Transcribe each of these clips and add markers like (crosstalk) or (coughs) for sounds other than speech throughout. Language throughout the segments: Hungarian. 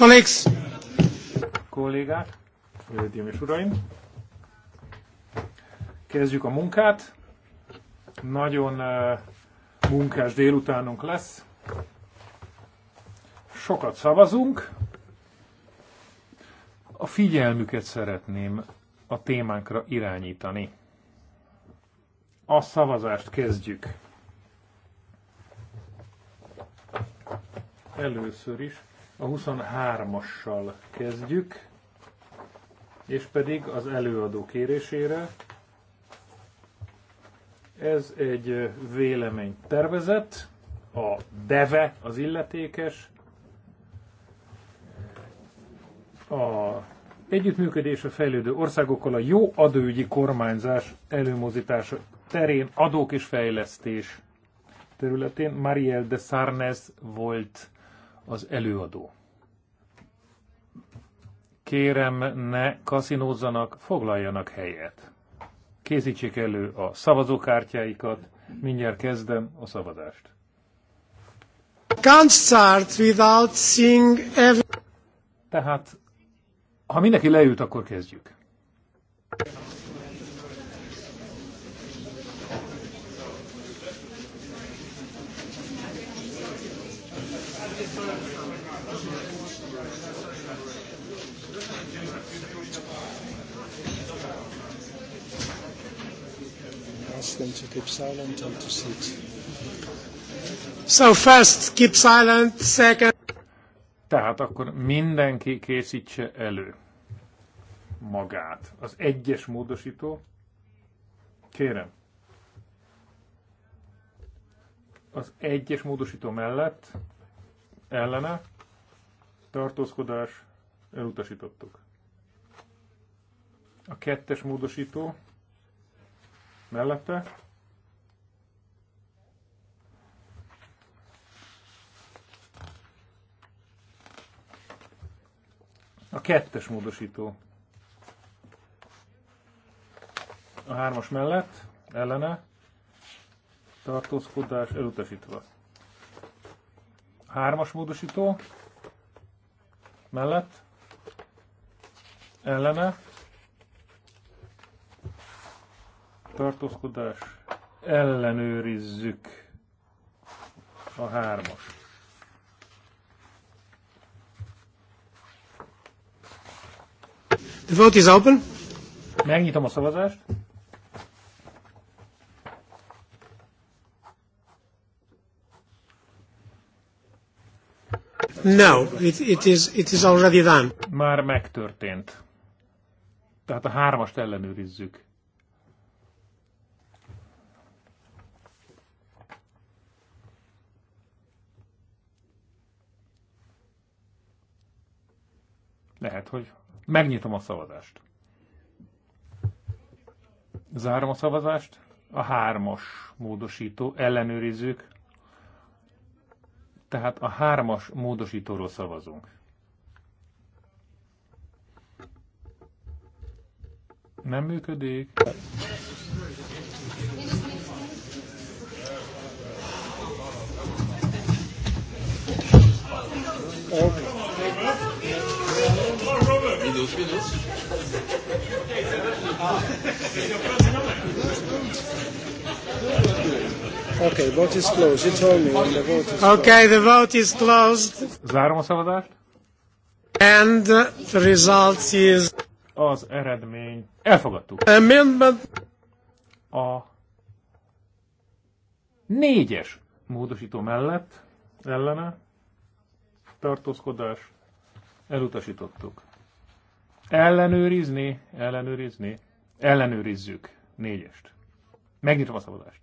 Colleagues. Kollégák, hölgyeim és uraim, kezdjük a munkát. Nagyon munkás délutánunk lesz. Sokat szavazunk. A figyelmüket szeretném a témánkra irányítani. A szavazást kezdjük. Először is a 23-assal kezdjük, és pedig az előadó kérésére. Ez egy vélemény tervezet, a DEVE az illetékes, a együttműködés a fejlődő országokkal a jó adóügyi kormányzás előmozítása terén adók és fejlesztés területén Marielle de Sarnes volt az előadó. Kérem, ne kaszinózzanak, foglaljanak helyet. Készítsék elő a szavazókártyáikat, mindjárt kezdem a szavazást. Can't start without seeing every... Tehát, ha mindenki leült, akkor kezdjük. going to keep silent and to sit. So first, keep silent, second. Tehát akkor mindenki készítse elő magát. Az egyes módosító. Kérem. Az egyes módosító mellett ellene tartózkodás elutasítottuk. A kettes módosító mellette. A kettes módosító a hármas mellett, ellene, tartózkodás elutasítva. A hármas módosító mellett, ellene, tartózkodás, ellenőrizzük a hármas. The vote is open. Megnyitom a szavazást. No, it, it, is, it is already done. Már megtörtént. Tehát a hármast ellenőrizzük. Lehet, hogy megnyitom a szavazást. Zárom a szavazást. A hármas módosító ellenőrizzük. Tehát a hármas módosítóról szavazunk. Nem működik. Okay in those windows. Okay, vote is closed. You told me when the vote is closed. Okay, the vote is closed. Zárom a szavazást. And the result is... Az eredmény... Elfogadtuk. Amendment... A négyes módosító mellett, ellene, tartózkodás, elutasítottuk. Ellenőrizni, ellenőrizni, ellenőrizzük. Négyest. Megnyitom a szavazást.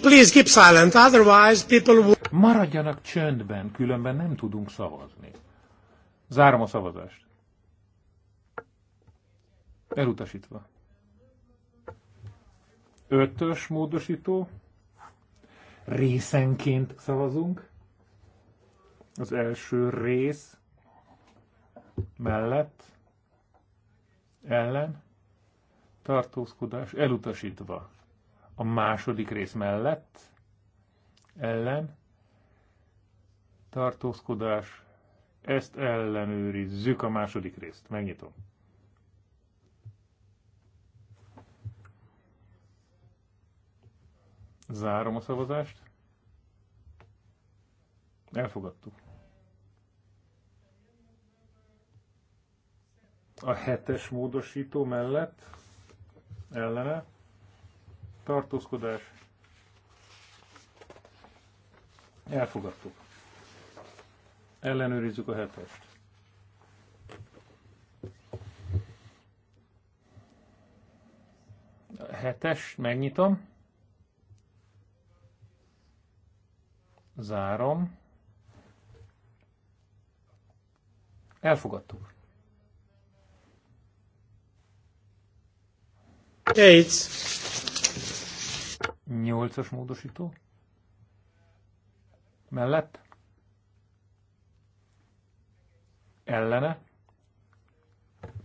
Please keep silent, otherwise people will... Maradjanak csöndben, különben nem tudunk szavazni. Zárom a szavazást. Elutasítva. Ötös módosító. Részenként szavazunk az első rész mellett ellen tartózkodás elutasítva. A második rész mellett ellen tartózkodás ezt ellenőrizzük a második részt. Megnyitom. Zárom a szavazást. Elfogadtuk. a hetes módosító mellett ellene tartózkodás elfogadtuk. Ellenőrizzük a hetest. A hetes, megnyitom. Zárom. Elfogadtuk. Eight. Nyolcas módosító. Mellett. Ellene.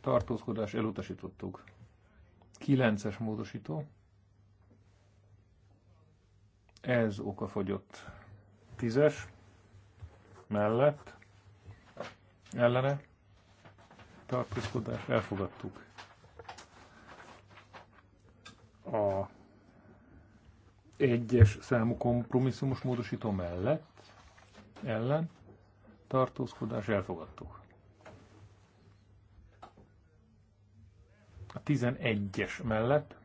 Tartózkodás elutasítottuk. Kilences módosító. Ez oka fogyott. Tízes. Mellett. Ellene. Tartózkodás. Elfogadtuk a egyes számú kompromisszumos módosító mellett ellen tartózkodás elfogadtuk. A 11-es mellett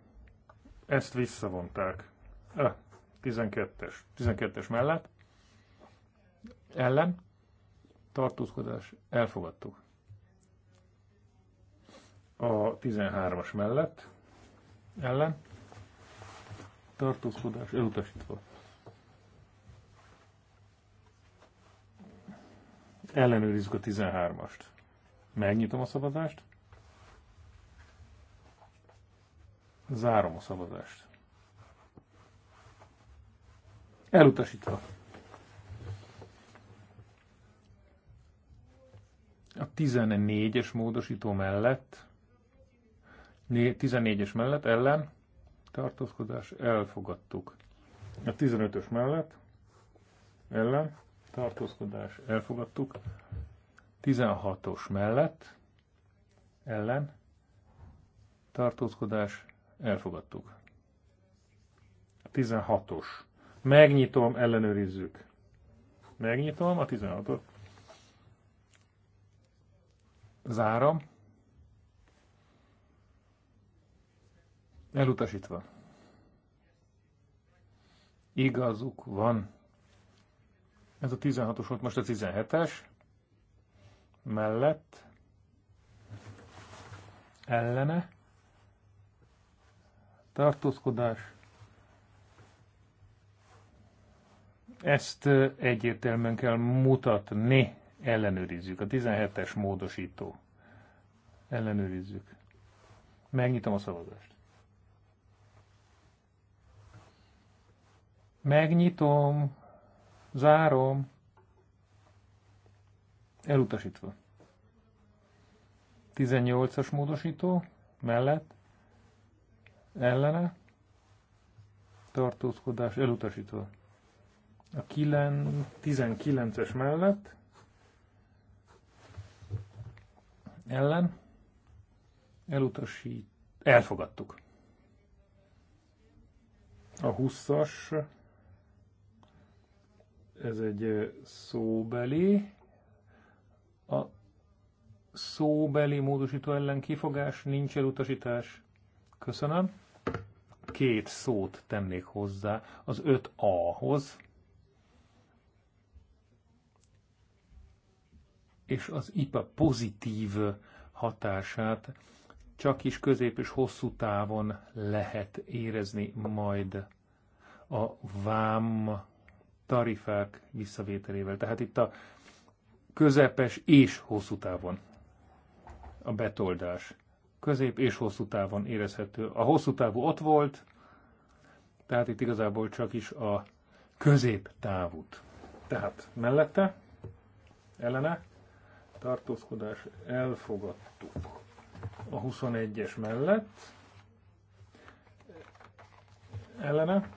ezt visszavonták. A 12-es, 12-es mellett ellen tartózkodás elfogadtuk. A 13-as mellett ellen tartózkodás elutasítva. Ellenőrizzük a 13-ast. Megnyitom a szavazást. Zárom a szavazást. Elutasítva. A 14-es módosító mellett, 14-es mellett ellen tartózkodás, elfogadtuk. A 15-ös mellett, ellen, tartózkodás, elfogadtuk. 16-os mellett, ellen, tartózkodás, elfogadtuk. 16-os. Megnyitom, ellenőrizzük. Megnyitom a 16-ot. Zárom. Elutasítva. Igazuk van. Ez a 16-os volt, most a 17-es. Mellett. Ellene. Tartózkodás. Ezt egyértelműen kell mutatni. Ellenőrizzük. A 17-es módosító. Ellenőrizzük. Megnyitom a szavazást. Megnyitom, zárom, elutasítva. 18-as módosító, mellett, ellene, tartózkodás elutasítva. A 19-es mellett, ellen, elutasít, elfogadtuk. A 20-as ez egy szóbeli. A szóbeli módosító ellen kifogás, nincs elutasítás. Köszönöm. Két szót tennék hozzá az 5A-hoz. És az IPA pozitív hatását csak is közép és hosszú távon lehet érezni majd a vám tarifák visszavételével. Tehát itt a közepes és hosszú távon a betoldás. Közép és hosszú távon érezhető. A hosszú távú ott volt, tehát itt igazából csak is a távút. Tehát mellette, ellene, tartózkodás elfogadtuk. A 21-es mellett, ellene,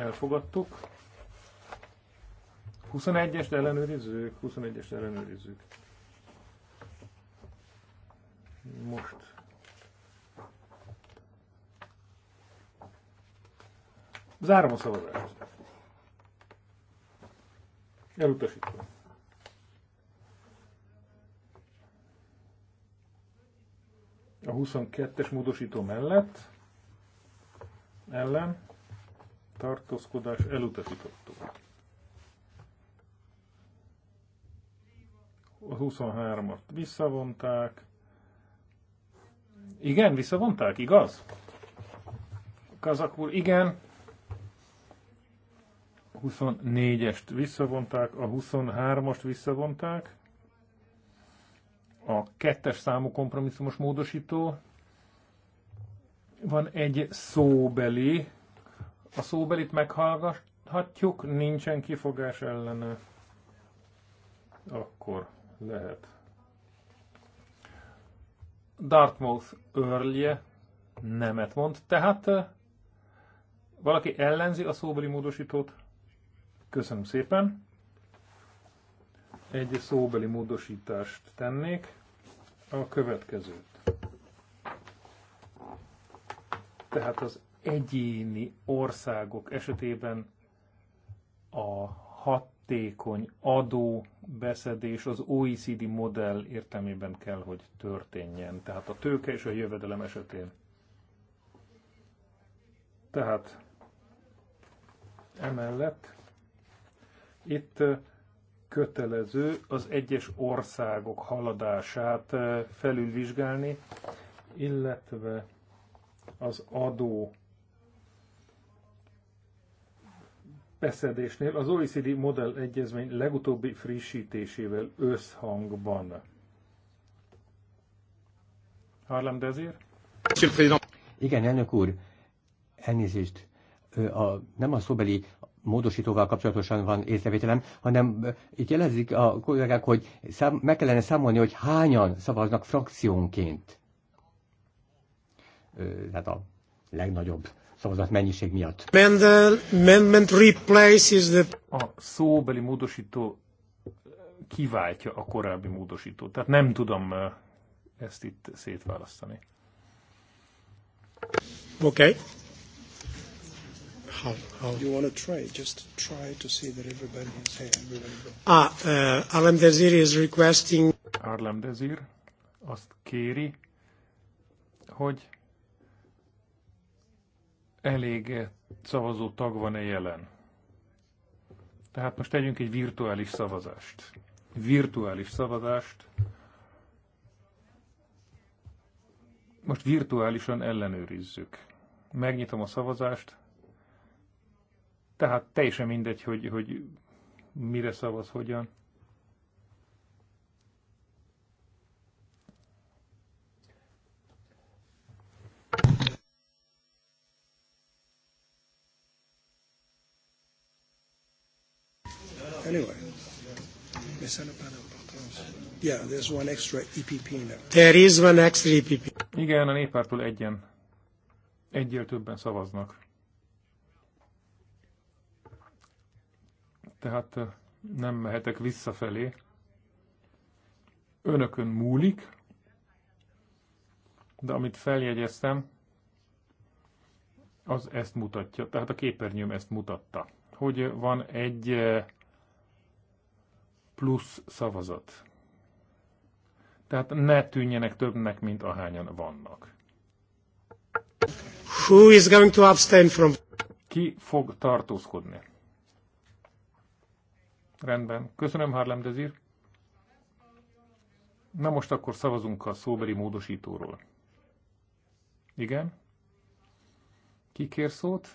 elfogadtuk. 21-est ellenőrizzük, 21-est ellenőrizzük. Most. Zárom a szavazást. Elutasítom. A 22-es módosító mellett ellen tartózkodás elutasítottuk. A 23-at visszavonták. Igen, visszavonták, igaz? Kazakul, igen. 24-est visszavonták, a 23-ast visszavonták. A kettes számú kompromisszumos módosító. Van egy szóbeli a szóbelit meghallgathatjuk, nincsen kifogás ellene. Akkor lehet. Dartmouth örlje nemet mond, tehát eh, valaki ellenzi a szóbeli módosítót? Köszönöm szépen. Egy szóbeli módosítást tennék, a következőt. Tehát az egyéni országok esetében a hatékony adó beszedés az OECD modell értelmében kell, hogy történjen. Tehát a tőke és a jövedelem esetén. Tehát emellett itt kötelező az egyes országok haladását felülvizsgálni, illetve az adó beszedésnél az OECD modell egyezmény legutóbbi frissítésével összhangban. Harlem Dezir? Igen, elnök úr, elnézést. A, nem a szóbeli módosítóval kapcsolatosan van észrevételem, hanem itt jelezik a kollégák, hogy szám, meg kellene számolni, hogy hányan szavaznak frakciónként. Tehát a legnagyobb szavazat mennyiség miatt. amendment replaces the... A szóbeli módosító eh, kiváltja a korábbi módosítót. Tehát nem tudom eh, ezt itt szétválasztani. Okay. How, how? You want to try? Just try to see that everybody is here. ah, uh, eh, Arlem Desir is requesting. Arlem Desir azt kéri, hogy elég szavazó tag van-e jelen. Tehát most tegyünk egy virtuális szavazást. Virtuális szavazást. Most virtuálisan ellenőrizzük. Megnyitom a szavazást. Tehát teljesen mindegy, hogy, hogy mire szavaz, hogyan. Yeah, there's one extra EPP now. There is one extra EPP. Igen, a néppártól egyen. Egyél többen szavaznak. Tehát nem mehetek visszafelé. Önökön múlik, de amit feljegyeztem, az ezt mutatja, tehát a képernyőm ezt mutatta, hogy van egy plusz szavazat. Tehát ne tűnjenek többnek, mint ahányan vannak. Who is going to abstain from... Ki fog tartózkodni? Rendben. Köszönöm, Harlem Dezir. Na most akkor szavazunk a szóbeli módosítóról. Igen? Ki kér szót?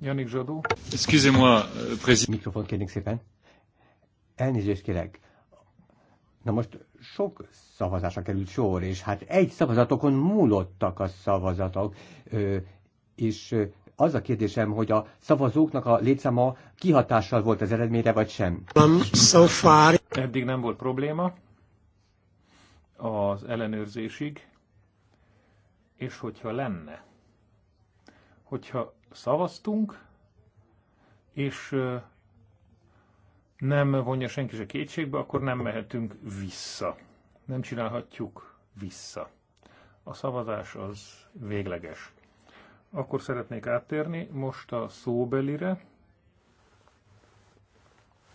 Janik Zsadó. Excusez-moi, euh, président. Mikrofon kérnék szépen. Elnézést kérek. Na most sok szavazásra került sor, és hát egy szavazatokon múlottak a szavazatok, ö, és az a kérdésem, hogy a szavazóknak a létszáma kihatással volt az eredményre, vagy sem? Um, so far. Eddig nem volt probléma az ellenőrzésig, és hogyha lenne, hogyha szavaztunk, és nem vonja senki se kétségbe, akkor nem mehetünk vissza. Nem csinálhatjuk vissza. A szavazás az végleges. Akkor szeretnék áttérni most a szóbelire.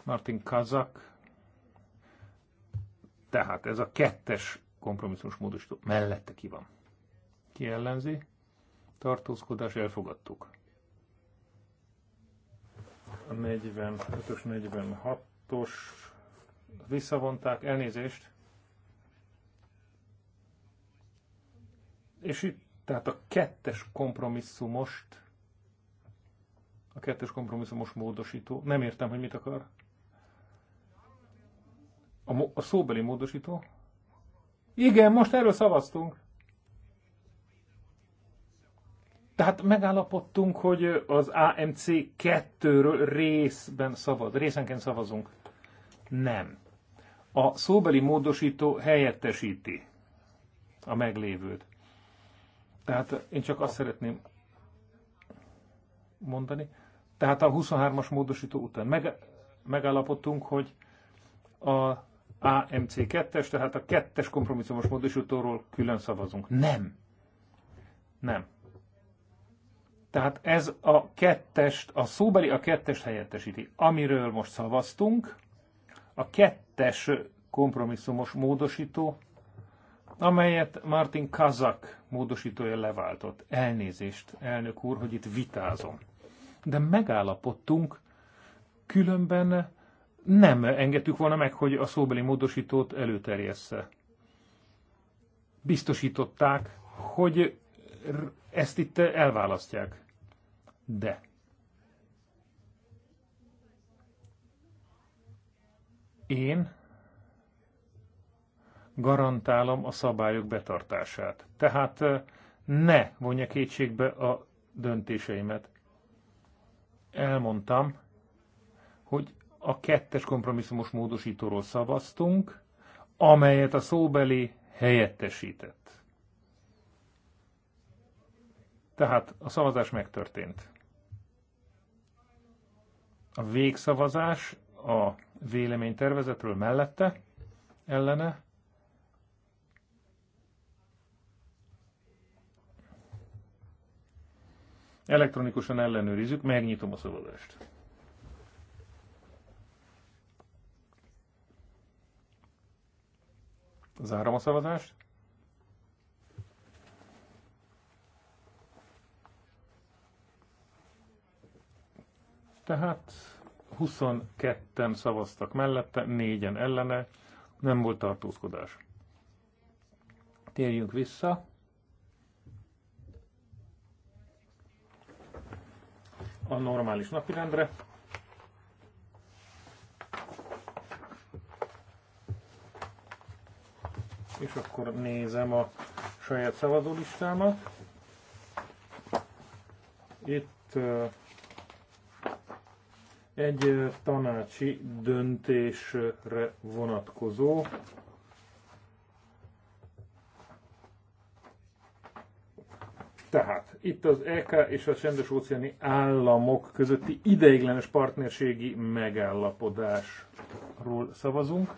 Martin Kazak. Tehát ez a kettes kompromisszumos módosító mellette ki van. Ki ellenzi? Tartózkodás elfogadtuk a 45-ös, 46-os visszavonták, elnézést. És itt, tehát a kettes most, a kettes kompromisszumos módosító, nem értem, hogy mit akar. A, a szóbeli módosító? Igen, most erről szavaztunk. Tehát megállapodtunk, hogy az AMC 2-ről részben szavaz, részenként szavazunk. Nem. A szóbeli módosító helyettesíti a meglévőt. Tehát én csak azt szeretném mondani. Tehát a 23-as módosító után meg, megállapodtunk, hogy a AMC 2-es, tehát a 2-es kompromisszumos módosítóról külön szavazunk. Nem. Nem tehát ez a kettest, a szóbeli a kettest helyettesíti. Amiről most szavaztunk, a kettes kompromisszumos módosító, amelyet Martin Kazak módosítója leváltott. Elnézést, elnök úr, hogy itt vitázom. De megállapodtunk, különben nem engedtük volna meg, hogy a szóbeli módosítót előterjessze. Biztosították, hogy ezt itt elválasztják de én garantálom a szabályok betartását. Tehát eh, ne vonja kétségbe a döntéseimet. Elmondtam, hogy a kettes kompromisszumos módosítóról szavaztunk, amelyet a szóbeli helyettesített. Tehát a szavazás megtörtént. A végszavazás a véleménytervezetről mellette, ellene. Elektronikusan ellenőrizzük, megnyitom a szavazást. Zárom a szavazást. Tehát 22-en szavaztak mellette, 4-en ellene, nem volt tartózkodás. Térjünk vissza. A normális napirendre. És akkor nézem a saját szavazólistámat. Itt uh, egy tanácsi döntésre vonatkozó Tehát itt az EK és a csendes óceáni államok közötti ideiglenes partnerségi megállapodásról szavazunk.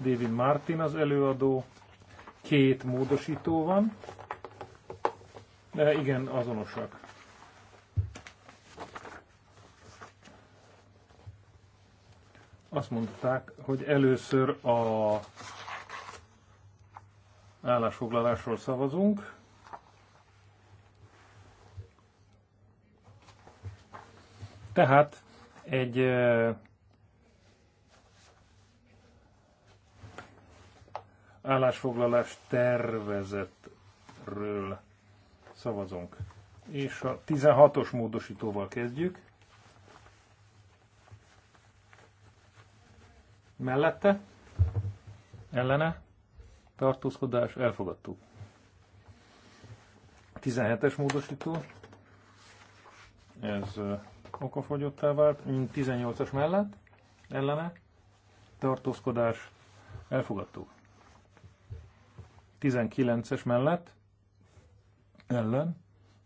David Martin az előadó, két módosító van, de igen, azonosak. azt mondták, hogy először a állásfoglalásról szavazunk. Tehát egy állásfoglalás tervezetről szavazunk. És a 16-os módosítóval kezdjük. mellette, ellene, tartózkodás, elfogadtuk. 17-es módosító, ez okafogyottá vált, 18-as hm, mellett, ellene, tartózkodás, elfogadtuk. 19-es mellett, ellen,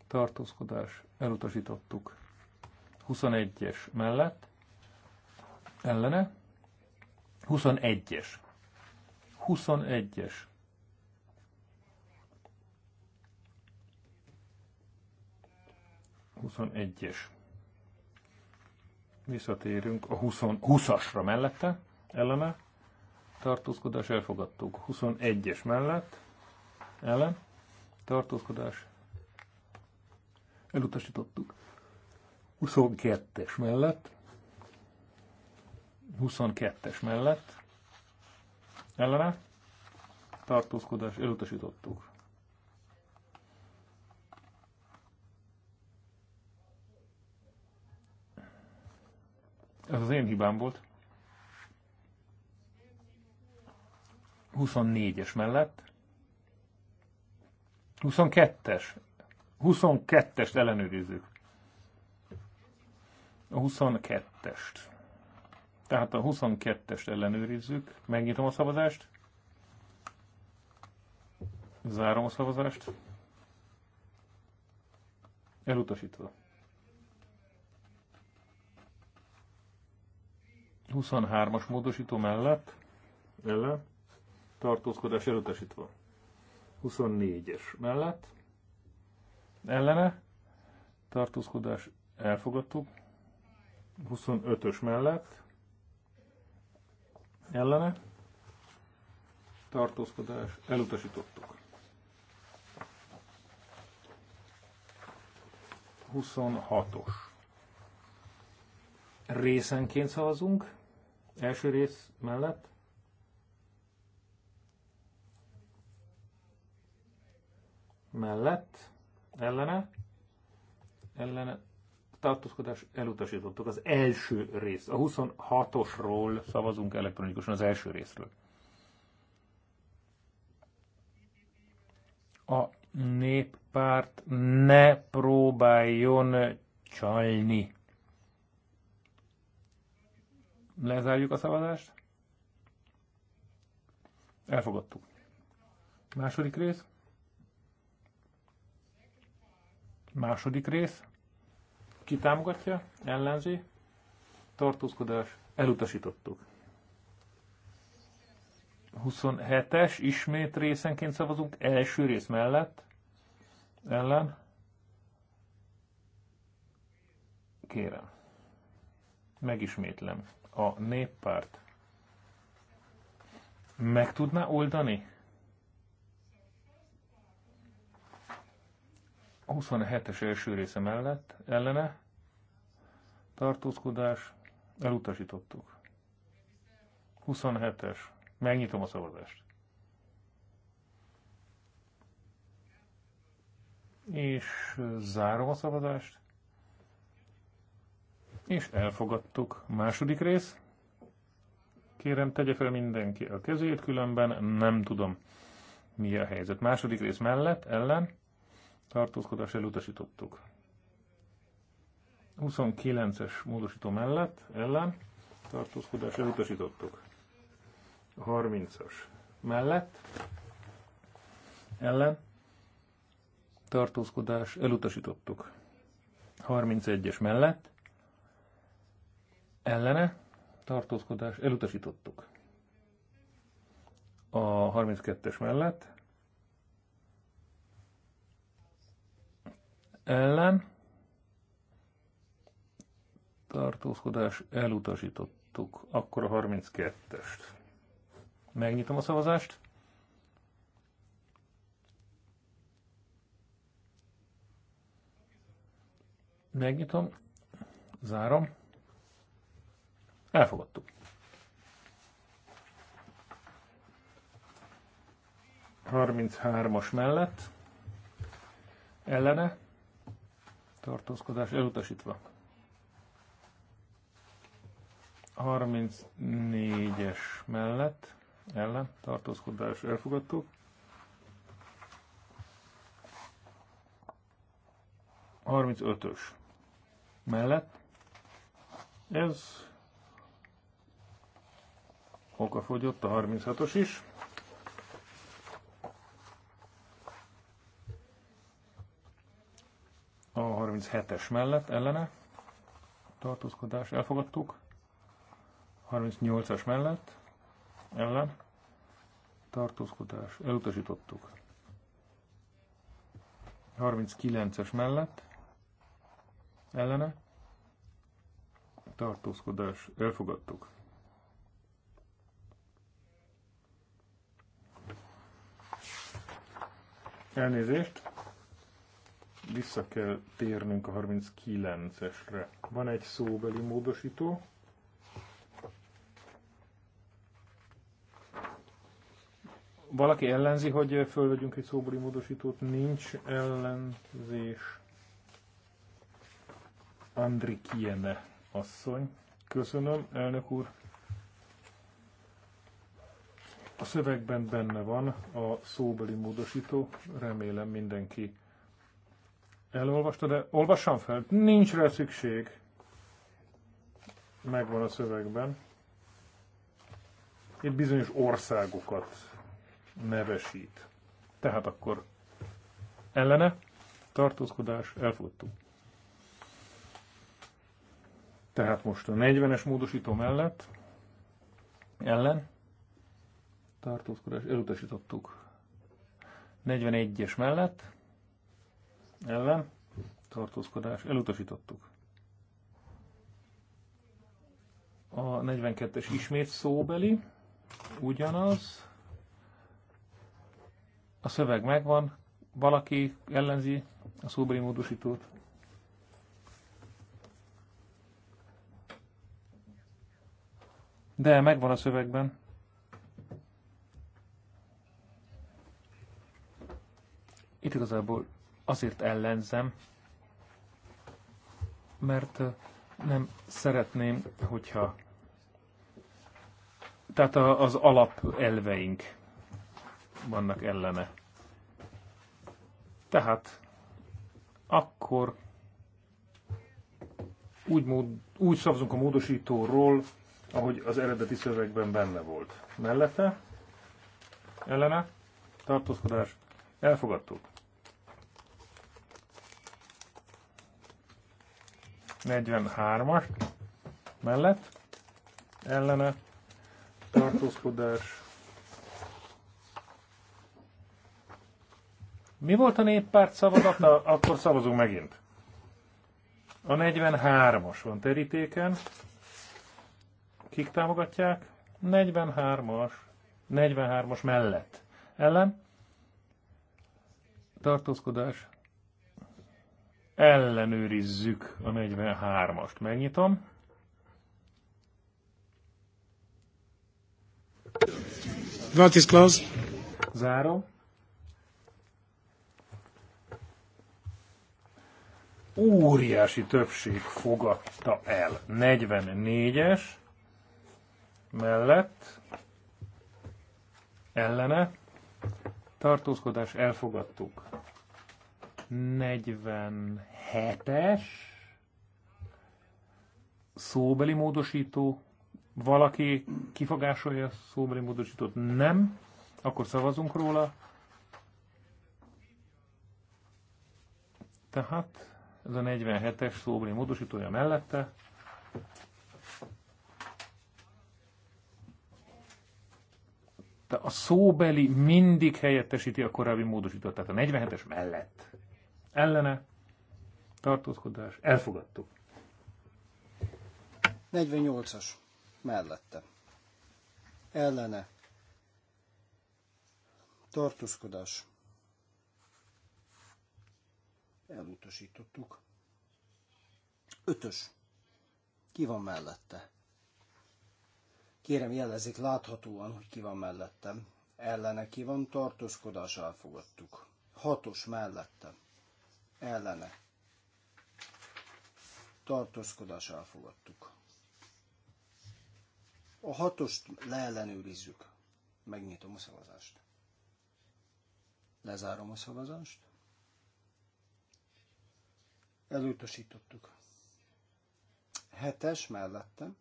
tartózkodás, elutasítottuk. 21-es mellett, ellene, 21-es. 21-es. Huszonegyes. Visszatérünk a 20-asra mellette, eleme. Tartózkodás elfogadtuk. 21-es mellett, ellen. Tartózkodás elutasítottuk. 22-es mellett, 22-es mellett ellene tartózkodás elutasítottuk. Ez az én hibám volt. 24-es mellett. 22-es. 22-est ellenőrizzük. A 22-est. Tehát a 22-est ellenőrizzük. Megnyitom a szavazást. Zárom a szavazást. Elutasítva. 23-as módosító mellett, ellen, tartózkodás elutasítva. 24-es mellett, ellene, tartózkodás elfogadtuk. 25-ös mellett, ellene, tartózkodás, elutasítottuk. 26-os. Részenként szavazunk, első rész mellett. Mellett, ellene, ellene tartózkodás elutasítottuk az első rész. A 26-osról szavazunk elektronikusan az első részről. A néppárt ne próbáljon csalni. Lezárjuk a szavazást. Elfogadtuk. Második rész. Második rész. Ki támogatja? Ellenzi? Tartózkodás. Elutasítottuk. 27-es, ismét részenként szavazunk, első rész mellett, ellen. Kérem, megismétlem, a néppárt meg tudná oldani A 27-es első része mellett ellene tartózkodás elutasítottuk. 27-es. Megnyitom a szavazást. És zárom a szavazást. És elfogadtuk. Második rész. Kérem, tegye fel mindenki a kezét, különben nem tudom, mi a helyzet. Második rész mellett, ellen tartózkodás elutasítottuk. 29-es módosító mellett, ellen, tartózkodás elutasítottuk. 30-as mellett, ellen, tartózkodás elutasítottuk. 31-es mellett, ellene, tartózkodás elutasítottuk. A 32-es mellett, ellen tartózkodás elutasítottuk, akkor a 32-est. Megnyitom a szavazást. Megnyitom, zárom. Elfogadtuk. Harminc hármas mellett ellene tartózkodás elutasítva. 34-es mellett ellen tartózkodás elfogadtuk. 35-ös mellett ez okafogyott a 36-os is. a 37-es mellett ellene tartózkodás elfogadtuk, 38-as mellett ellen tartózkodás elutasítottuk, 39-es mellett ellene tartózkodás elfogadtuk. Elnézést! vissza kell térnünk a 39-esre. Van egy szóbeli módosító. Valaki ellenzi, hogy fölvegyünk egy szóbeli módosítót? Nincs ellenzés. Andri Kiene asszony. Köszönöm, elnök úr. A szövegben benne van a szóbeli módosító, remélem mindenki Elolvastad de Olvassam fel? Nincs rá szükség. Megvan a szövegben. Itt bizonyos országokat nevesít. Tehát akkor ellene tartózkodás elfogadtuk. Tehát most a 40-es módosító mellett ellen tartózkodás elutasítottuk. 41-es mellett ellen tartózkodás elutasítottuk. A 42-es ismét szóbeli, ugyanaz. A szöveg megvan, valaki ellenzi a szóbeli módosítót. De megvan a szövegben. Itt igazából azért ellenzem, mert nem szeretném, hogyha tehát az alapelveink vannak ellene. Tehát akkor úgy, mód, úgy szavazunk a módosítóról, ahogy az eredeti szövegben benne volt. Mellette, ellene, tartózkodás, elfogadtuk. 43-as mellett ellene tartózkodás. Mi volt a néppárt szavazata? Akkor szavazunk megint. A 43-as van terítéken. Kik támogatják? 43-as. 43-as mellett. Ellen? Tartózkodás. Ellenőrizzük a 43-ast. Megnyitom. Vote is close? Zárom. Óriási többség fogadta el. 44-es mellett ellene tartózkodás elfogadtuk. 47-es szóbeli módosító. Valaki kifogásolja a szóbeli módosítót? Nem. Akkor szavazunk róla. Tehát ez a 47-es szóbeli módosítója mellette. De a szóbeli mindig helyettesíti a korábbi módosítót, tehát a 47-es mellett ellene, tartózkodás, elfogadtuk. 48-as mellette. Ellene. Tartózkodás. Elutasítottuk. Ötös. Ki van mellette? Kérem jelezik láthatóan, hogy ki van mellettem. Ellene ki van, tartózkodás elfogadtuk. Hatos mellettem ellene tartózkodás elfogadtuk. A hatost leellenőrizzük. Megnyitom a szavazást. Lezárom a szavazást. Elutasítottuk. Hetes mellettem.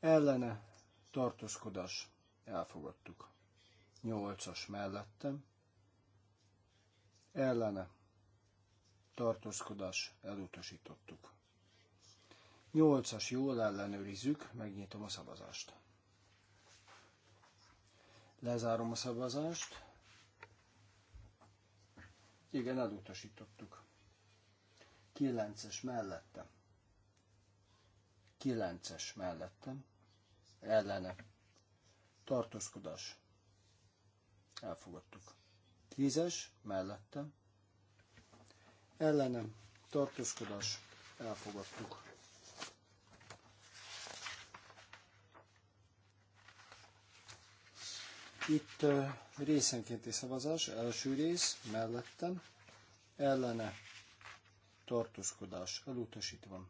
Ellene tartózkodás elfogadtuk. Nyolcas mellettem. Ellene tartózkodás elutasítottuk. 8-as jól ellenőrizzük, megnyitom a szavazást. Lezárom a szavazást. Igen, elutasítottuk. 9-es mellettem. 9-es mellettem. Ellene. Tartózkodás. Elfogadtuk. 10-es mellettem ellenem tartózkodás elfogadtuk. Itt részenkénti szavazás, első rész, mellettem, ellene tartózkodás elutasítva.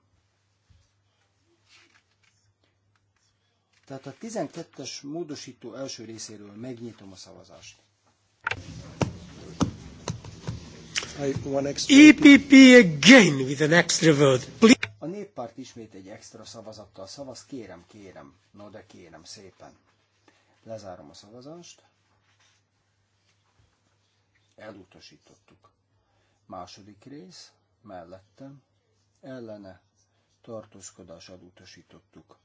Tehát a 12-es módosító első részéről megnyitom a szavazást. EPP e again with an extra vote. Please. A néppárt ismét egy extra szavazattal szavaz, kérem, kérem, no de kérem szépen. Lezárom a szavazást. Elutasítottuk. Második rész, mellettem, ellene, tartózkodás elutasítottuk.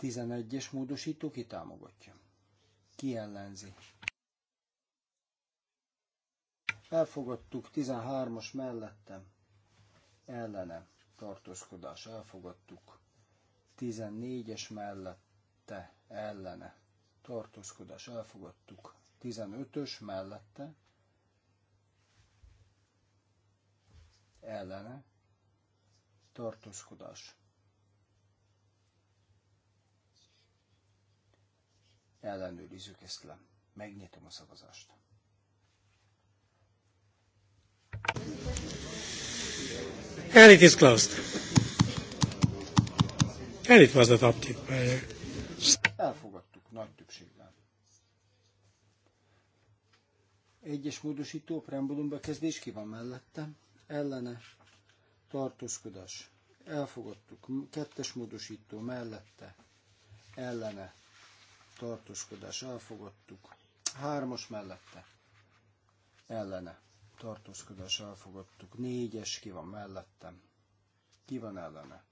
11-es módosító ki támogatja? Ki ellenzi? elfogadtuk 13-as mellettem, ellene tartózkodás, elfogadtuk 14-es mellette, ellene tartózkodás, elfogadtuk 15-ös mellette, ellene tartózkodás. Ellenőrizzük ezt le. Megnyitom a szavazást. And it is closed. And it was adopted by... Elfogadtuk nagy többséggel. Egyes módosító preambulum bekezdés ki van mellettem? Ellenes, tartózkodás. Elfogadtuk. Kettes módosító mellette. Ellene tartózkodás. Elfogadtuk. Hármas mellette. Ellene tartózkodás elfogadtuk. Négyes ki van mellettem. Ki van ellene?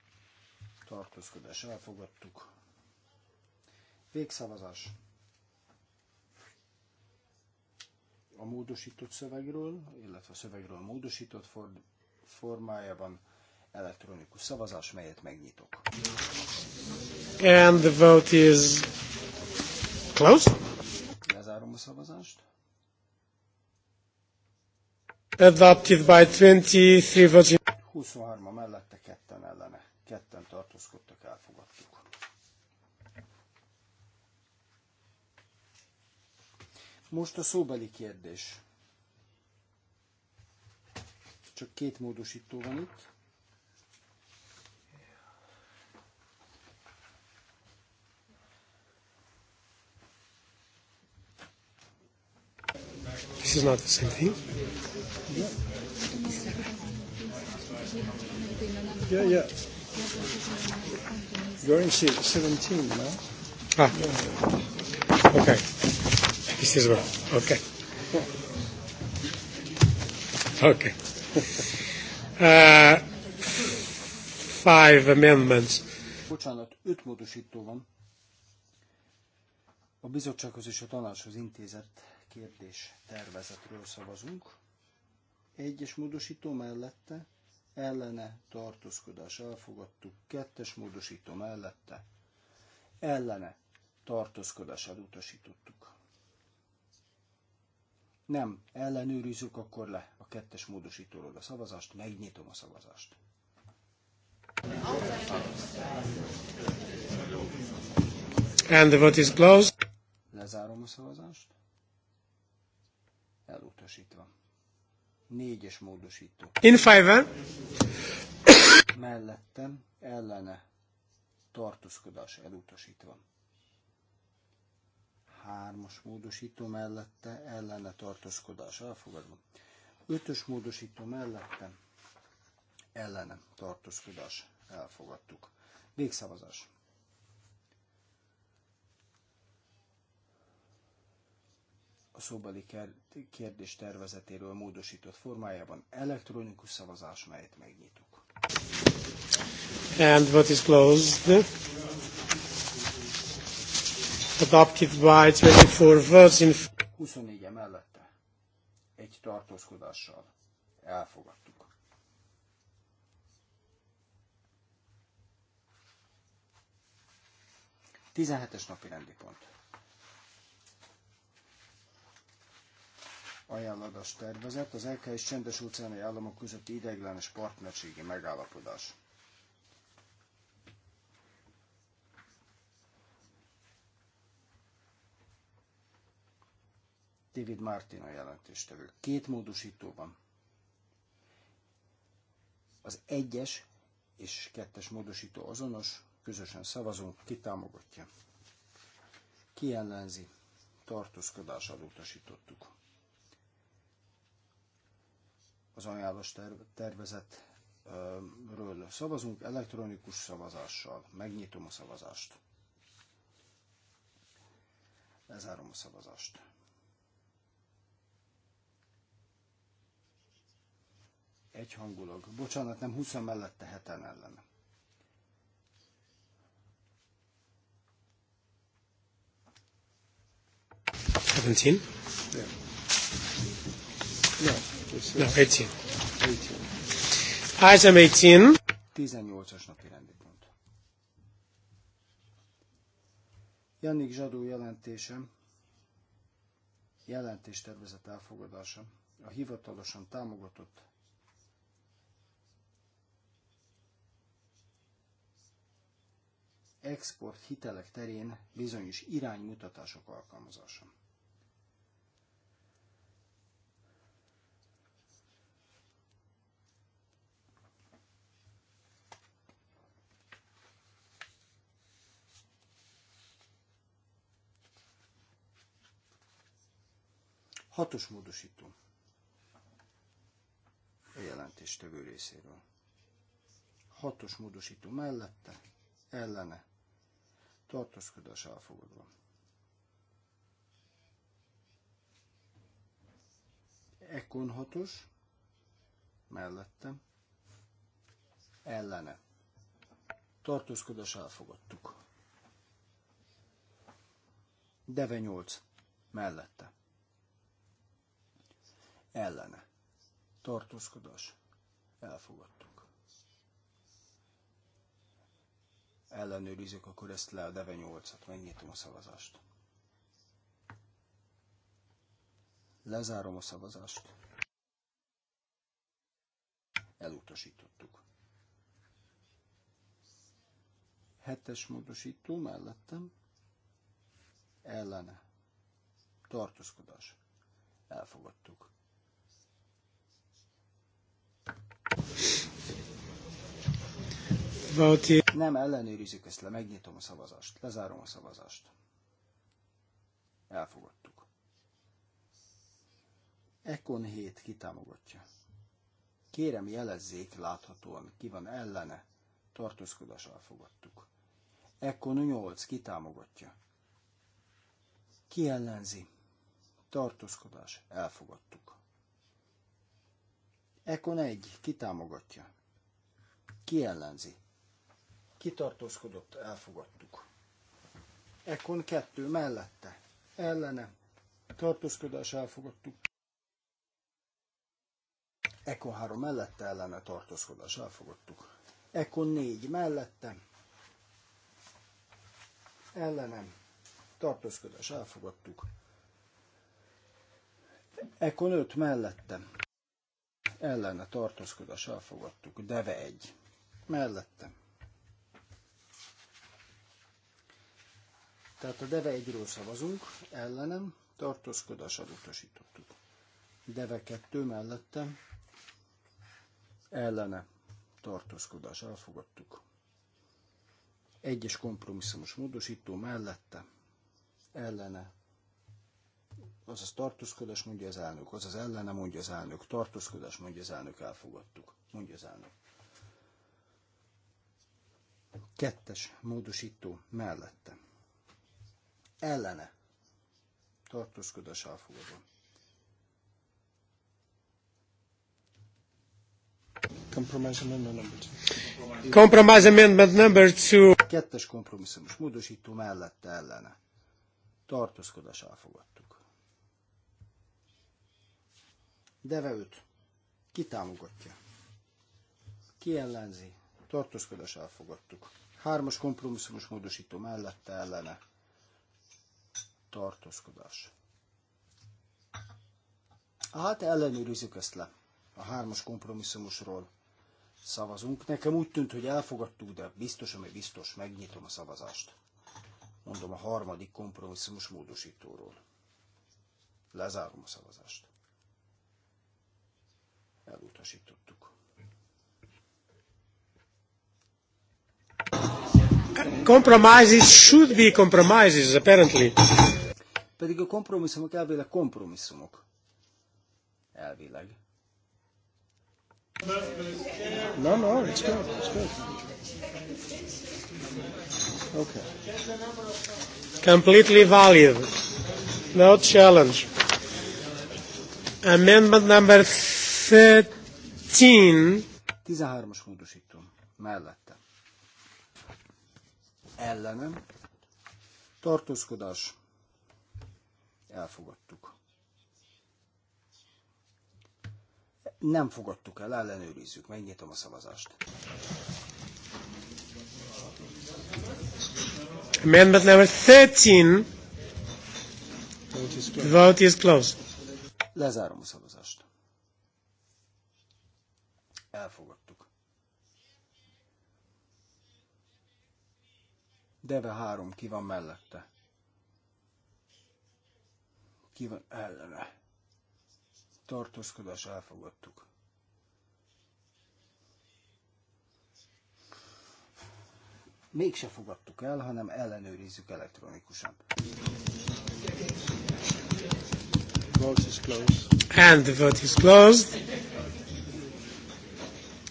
Tartózkodás elfogadtuk. Végszavazás. A módosított szövegről, illetve a szövegről módosított for- formájában elektronikus szavazás, melyet megnyitok. And the vote is closed. Lezárom a szavazást. Adopted by 23 votes. 23 mellette, ketten ellene. Ketten tartózkodtak, elfogadtuk. Most a szóbeli kérdés. Csak két módosító van itt. This is not the same thing. Yeah, yeah. You're in 17 no? Ah, Yeah. okay. This is well. Okay. Okay. Uh, five amendments. Bocsánat, öt módosító van. A bizottsághoz és a tanácshoz intézett kérdés tervezetről szavazunk. Egyes módosító mellette ellene tartózkodás elfogadtuk, kettes módosító mellette ellene tartózkodás elutasítottuk. Nem, ellenőrizzük akkor le a kettes módosítóról a szavazást, megnyitom a szavazást. And the vote is closed. Lezárom a szavazást. Elutasítva. Négyes módosító. In five. Mellettem, ellene, tartózkodás elutasítva. Hármas módosító mellette, ellene tartózkodás elfogadva. Ötös módosító mellette, ellene tartózkodás elfogadtuk. Végszavazás. a szóbeli kérdés tervezetéről módosított formájában elektronikus szavazás, melyet megnyitok. And what is closed? Adopted by 24 votes in... 24 -e mellette. Egy tartózkodással. Elfogadtuk. Tizenhetes napi rendi pont. ajánlatos tervezet, az LK és csendes óceáni államok közötti ideiglenes partnerségi megállapodás. David Martin a jelentéstevő. Két módosító van. Az egyes és kettes módosító azonos, közösen szavazunk, ki támogatja. Ki ellenzi? Tartózkodással az ajánlás tervezetről szavazunk elektronikus szavazással. Megnyitom a szavazást. Lezárom a szavazást. Egyhangulag. Bocsánat, nem 20 mellette, heten ellen. Seventeen? Yeah. Yeah. No, 18. 18. 18. 18-as napi rendi pont. Jannik Zsadó jelentésem, jelentéstervezet elfogadása a hivatalosan támogatott export hitelek terén bizonyos iránymutatások alkalmazása. Hatos módosító. A jelentéstevő részéről. Hatos módosító mellette, ellene, tartózkodás elfogadva. Ekon hatos, mellette, ellene. Tartózkodás elfogadtuk. Deve 8. Mellette ellene tartózkodás elfogadtuk. Ellenőrizzük akkor ezt le a Deve 8-at, megnyitom a szavazást. Lezárom a szavazást. Elutasítottuk. Hetes módosító mellettem ellene tartózkodás. Elfogadtuk. Nem ellenőrizzük ezt le, megnyitom a szavazást, lezárom a szavazást. Elfogadtuk. Ekon 7 kitámogatja. Kérem jelezzék láthatóan, ki van ellene. Tartózkodás elfogadtuk. Ekon 8 kitámogatja. Ki ellenzi? Tartózkodás elfogadtuk. Ekon egy, Ki támogatja? Ki ellenzi? Kitartózkodott, elfogadtuk. Ekkor kettő, Mellette. Ellene. Tartózkodás elfogadtuk. Ekkor három Mellette ellene tartózkodás elfogadtuk. Ekkor négy Mellette. Ellenem. Tartózkodás elfogadtuk. Ekkor öt mellettem ellene tartózkodás elfogadtuk. Deve egy. Mellettem. Tehát a Deve egyről szavazunk, ellenem tartózkodás utasítottuk Deve kettő mellettem, ellene tartózkodás elfogadtuk. Egyes kompromisszumos módosító mellette, ellene azaz tartózkodás, mondja az elnök, azaz ellene, mondja az elnök, tartózkodás, mondja az elnök, elfogadtuk, mondja az elnök. Kettes módosító mellette. Ellene. Tartózkodás elfogadva. Compromise amendment number two. Compromise amendment number two. Kettes kompromisszumos módosító mellette ellene. Tartózkodás elfogadtuk. Deve 5. Ki támogatja? Ki ellenzi? Tartózkodás elfogadtuk. Hármas kompromisszumos módosító mellette ellene. Tartózkodás. Hát ellenőrizzük ezt le. A hármas kompromisszumosról szavazunk. Nekem úgy tűnt, hogy elfogadtuk, de biztos, ami biztos, megnyitom a szavazást. Mondom a harmadik kompromisszumos módosítóról. Lezárom a szavazást. Elutasítottuk. Compromises should be compromises, apparently. Pedig a kompromisszumok elvileg kompromisszumok. Elvileg. No, no, it's good, it's good. Okay. Completely valid. No challenge. Amendment number 13. 13-as módosító. Mellette. Ellenem. Tartózkodás. Elfogadtuk. Nem fogadtuk el, ellenőrizzük. Megnyitom a szavazást. Amendment number 13. The vote is closed. Lezárom a szavazást. Elfogadtuk. Deve három, ki van mellette? Ki van ellene? Tartózkodás elfogadtuk. Mégse fogadtuk el, hanem ellenőrizzük elektronikusan. And the vote is closed.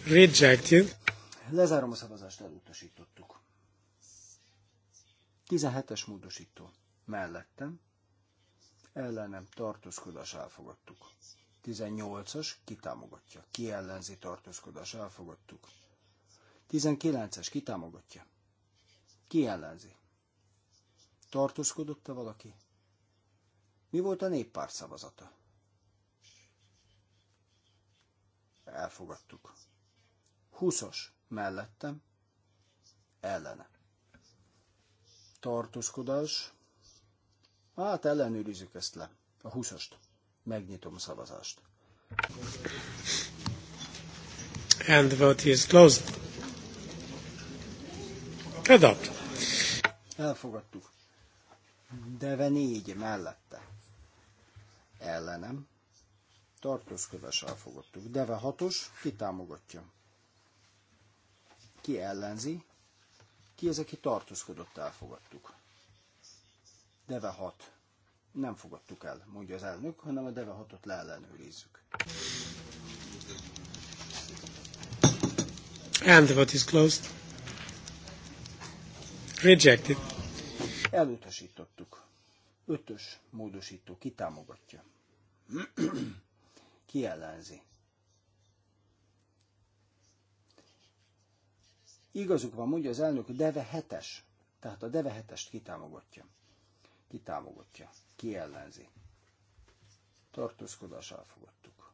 Rejected. Lezárom a szavazást, elutasítottuk. 17-es módosító. Mellettem. Ellenem tartózkodás elfogadtuk. 18-as kitámogatja. Ki ellenzi tartózkodás elfogadtuk. 19-es kitámogatja. Ki ellenzi? Tartózkodott-e valaki? Mi volt a néppárt szavazata? Elfogadtuk. 20 mellettem, ellene. Tartózkodás. Hát ellenőrizzük ezt le, a 20 Megnyitom a szavazást. And the vote is closed. Adopt. Elfogadtuk. Deve négy mellette. Ellenem. Tartózkodás elfogadtuk. Deve hatos, ki támogatja? ki ellenzi, ki az, aki tartózkodott, elfogadtuk. Deve 6. Nem fogadtuk el, mondja az elnök, hanem a Deve 6-ot leellenőrizzük. And the vote is closed. Rejected. Elutasítottuk. Ötös módosító kitámogatja. (clears throat) ki ellenzi? Igazuk van, mondja az elnök, deve hetes. Tehát a deve hetest kitámogatja. Kitámogatja. Kiellenzi. Tartózkodás elfogadtuk.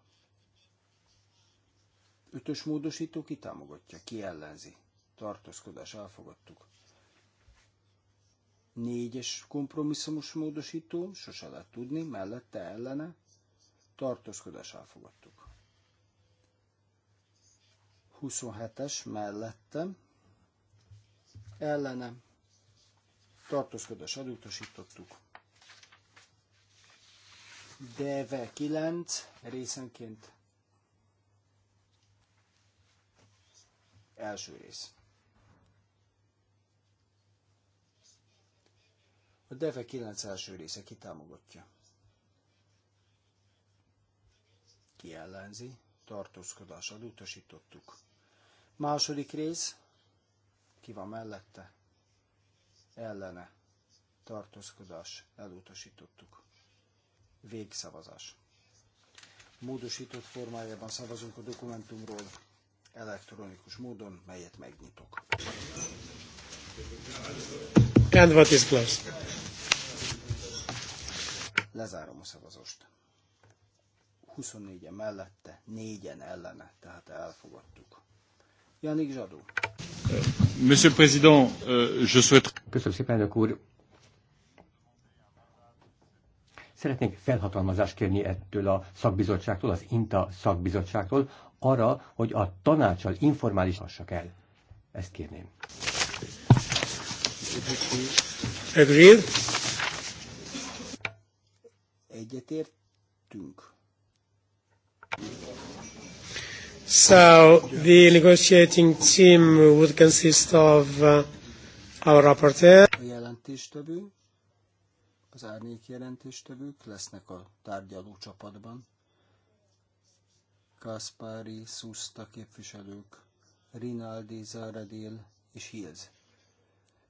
Ötös módosító kitámogatja. Kiellenzi. Tartózkodás elfogadtuk. Négyes kompromisszumos módosító, sose lehet tudni, mellette ellene, tartózkodás elfogadtuk. 27-es mellettem, ellenem tartózkodás elutasítottuk. Deve 9 részenként első rész. A Deve 9 első része kitámogatja. Ki ellenzi? Tartózkodás elutasítottuk. Második rész ki van mellette, ellene, tartózkodás, elutasítottuk. Végszavazás. Módosított formájában szavazunk a dokumentumról elektronikus módon, melyet megnyitok. And what is closed? Lezárom a szavazást. 24-en mellette, 4-en ellene, tehát elfogadtuk. Janik Zsadó. Monsieur le Président, euh, je Köszönöm szépen, elnök úr. Szeretnék felhatalmazást kérni ettől a szakbizottságtól, az INTA szakbizottságtól, arra, hogy a tanácsal informális hassak el. Ezt kérném. Agreed? Egyetértünk. So the negotiating team would consist of uh, our rapporteur. A jelentéstevő, az árnyék jelentéstevők lesznek a tárgyaló csapatban. Kaspari, Susta képviselők, Rinaldi, Zaradil és Hills.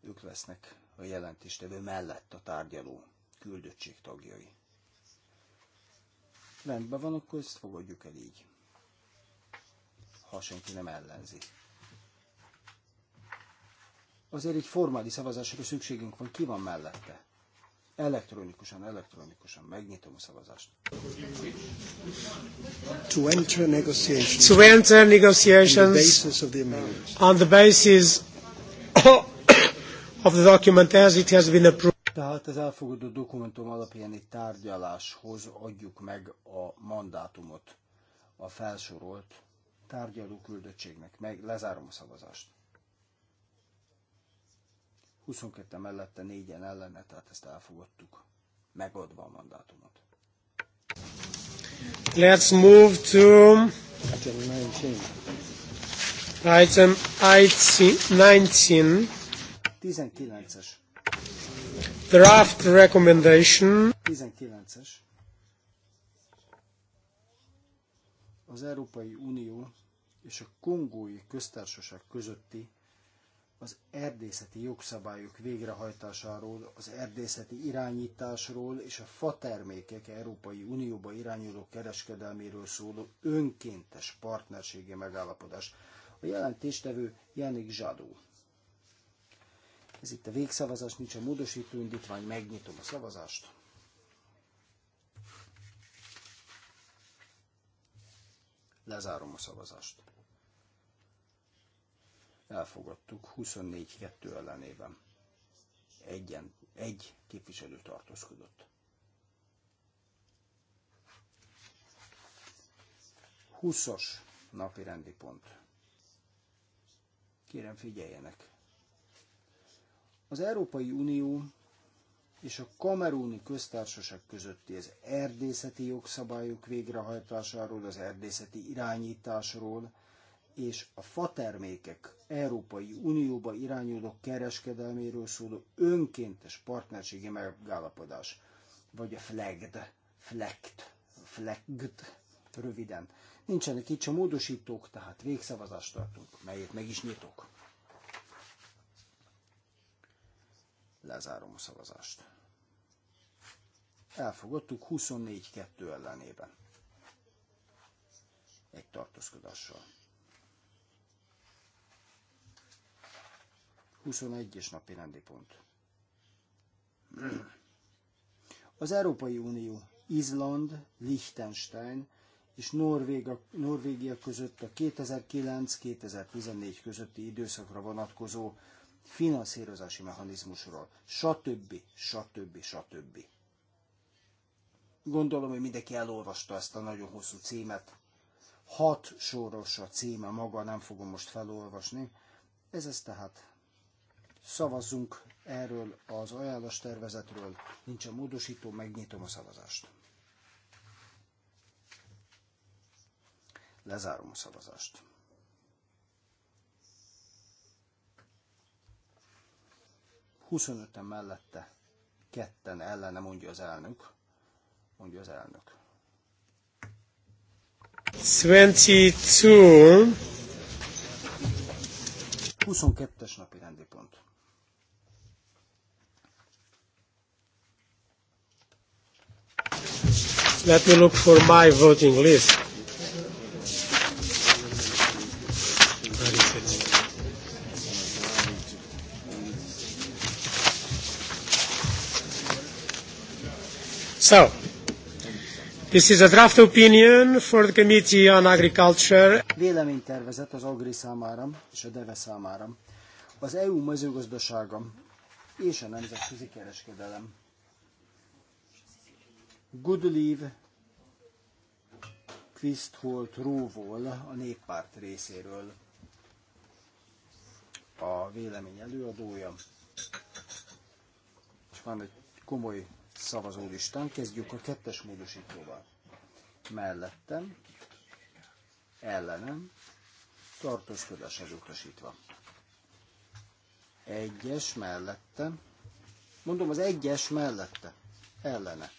Ők lesznek a jelentéstevő mellett a tárgyaló küldöttség tagjai. Rendben van, akkor ezt fogadjuk el így ha senki nem ellenzi. Azért egy formális szavazásra szükségünk van, ki van mellette? Elektronikusan, elektronikusan megnyitom a szavazást. To enter negotiations. To enter negotiations. On the basis of the On the basis (coughs) of the document as it has been approved. Tehát az elfogadott dokumentum alapján egy tárgyaláshoz adjuk meg a mandátumot a felsorolt tárgyaló küldöttségnek. Meg lezárom a szavazást. 22 mellette négyen ellene, tehát ezt elfogadtuk. Megadva a mandátumot. Let's move to item 19. 19-es. Draft recommendation. 19-es. Az Európai Unió és a kongói köztársaság közötti az erdészeti jogszabályok végrehajtásáról, az erdészeti irányításról és a fa termékek Európai Unióba irányuló kereskedelméről szóló önkéntes partnerségi megállapodás. A jelentéstevő Jánik Zsadó. Ez itt a végszavazás, nincs a módosító indítvány, megnyitom a szavazást. Lezárom a szavazást elfogadtuk 24-2 ellenében. Egyen, egy képviselő tartózkodott. 20-as napi rendi pont. Kérem figyeljenek. Az Európai Unió és a Kamerúni Köztársaság közötti az erdészeti jogszabályok végrehajtásáról, az erdészeti irányításról, és a fa termékek Európai Unióba irányuló kereskedelméről szóló önkéntes partnerségi megállapodás, vagy a FLEGD, FLEGD, FLEGD, röviden. Nincsenek itt sem módosítók, tehát végszavazást tartunk, melyet meg is nyitok. Lezárom a szavazást. Elfogadtuk 24-2 ellenében. Egy tartózkodással. 21-es napi rendi pont. Az Európai Unió, Izland, Liechtenstein és Norvéga, Norvégia között a 2009-2014 közötti időszakra vonatkozó finanszírozási mechanizmusról, stb. stb. stb. Gondolom, hogy mindenki elolvasta ezt a nagyon hosszú címet. Hat soros a címe maga, nem fogom most felolvasni. Ez ez tehát Szavazzunk erről az ajánlás tervezetről. Nincs a módosító, megnyitom a szavazást. Lezárom a szavazást. Huszonöten mellette, ketten ellene mondja az elnök. Mondja az elnök. 22. 22-es napi rendi pont. Let me look for my voting list. Where is it? So, this is a draft opinion for the Committee on Agriculture. Véleménytervezet az Agri számára és a DEVE számára. Az EU mezőgazdasága és a nemzetközi kereskedelem Goodleave Quistholt Róvól a néppárt részéről a vélemény előadója. És van egy komoly szavazólistán, kezdjük a kettes módosítóval. Mellettem, ellenem, tartózkodás elutasítva. Egyes mellette, mondom az egyes mellette, ellene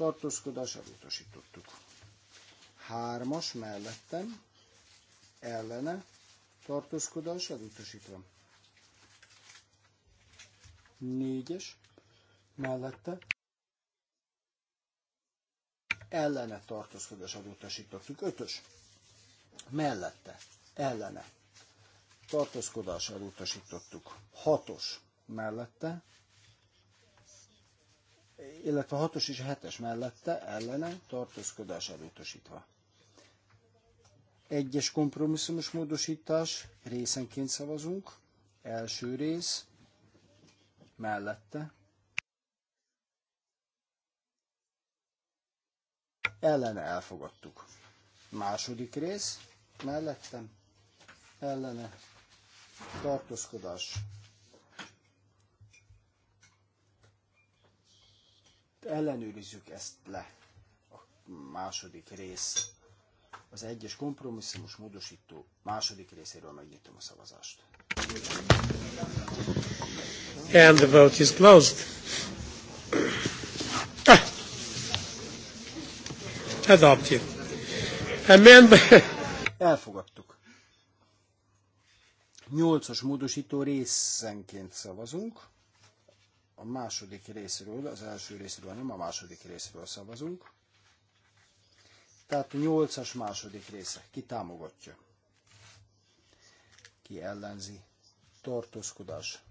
tartózkodás elutasítottuk. Hármas mellettem, ellene, tartózkodás elutasítva. Négyes mellette, ellene tartózkodás elutasítottuk. Ötös mellette, ellene, tartózkodás elutasítottuk. Hatos mellette, illetve a 6-os és a 7-es mellette ellene tartózkodás elutasítva. Egyes kompromisszumos módosítás, részenként szavazunk. Első rész, mellette. Ellene elfogadtuk. Második rész, mellettem, ellene tartózkodás ellenőrizzük ezt le. A második rész, az egyes kompromisszumos módosító második részéről megnyitom a szavazást. And the vote is closed. Ah. Adopted. Amendment. Elfogadtuk. Nyolcas módosító részenként szavazunk a második részről, az első részről, nem a második részről szavazunk. Tehát a nyolcas második része. Ki támogatja? Ki ellenzi? Tartózkodás.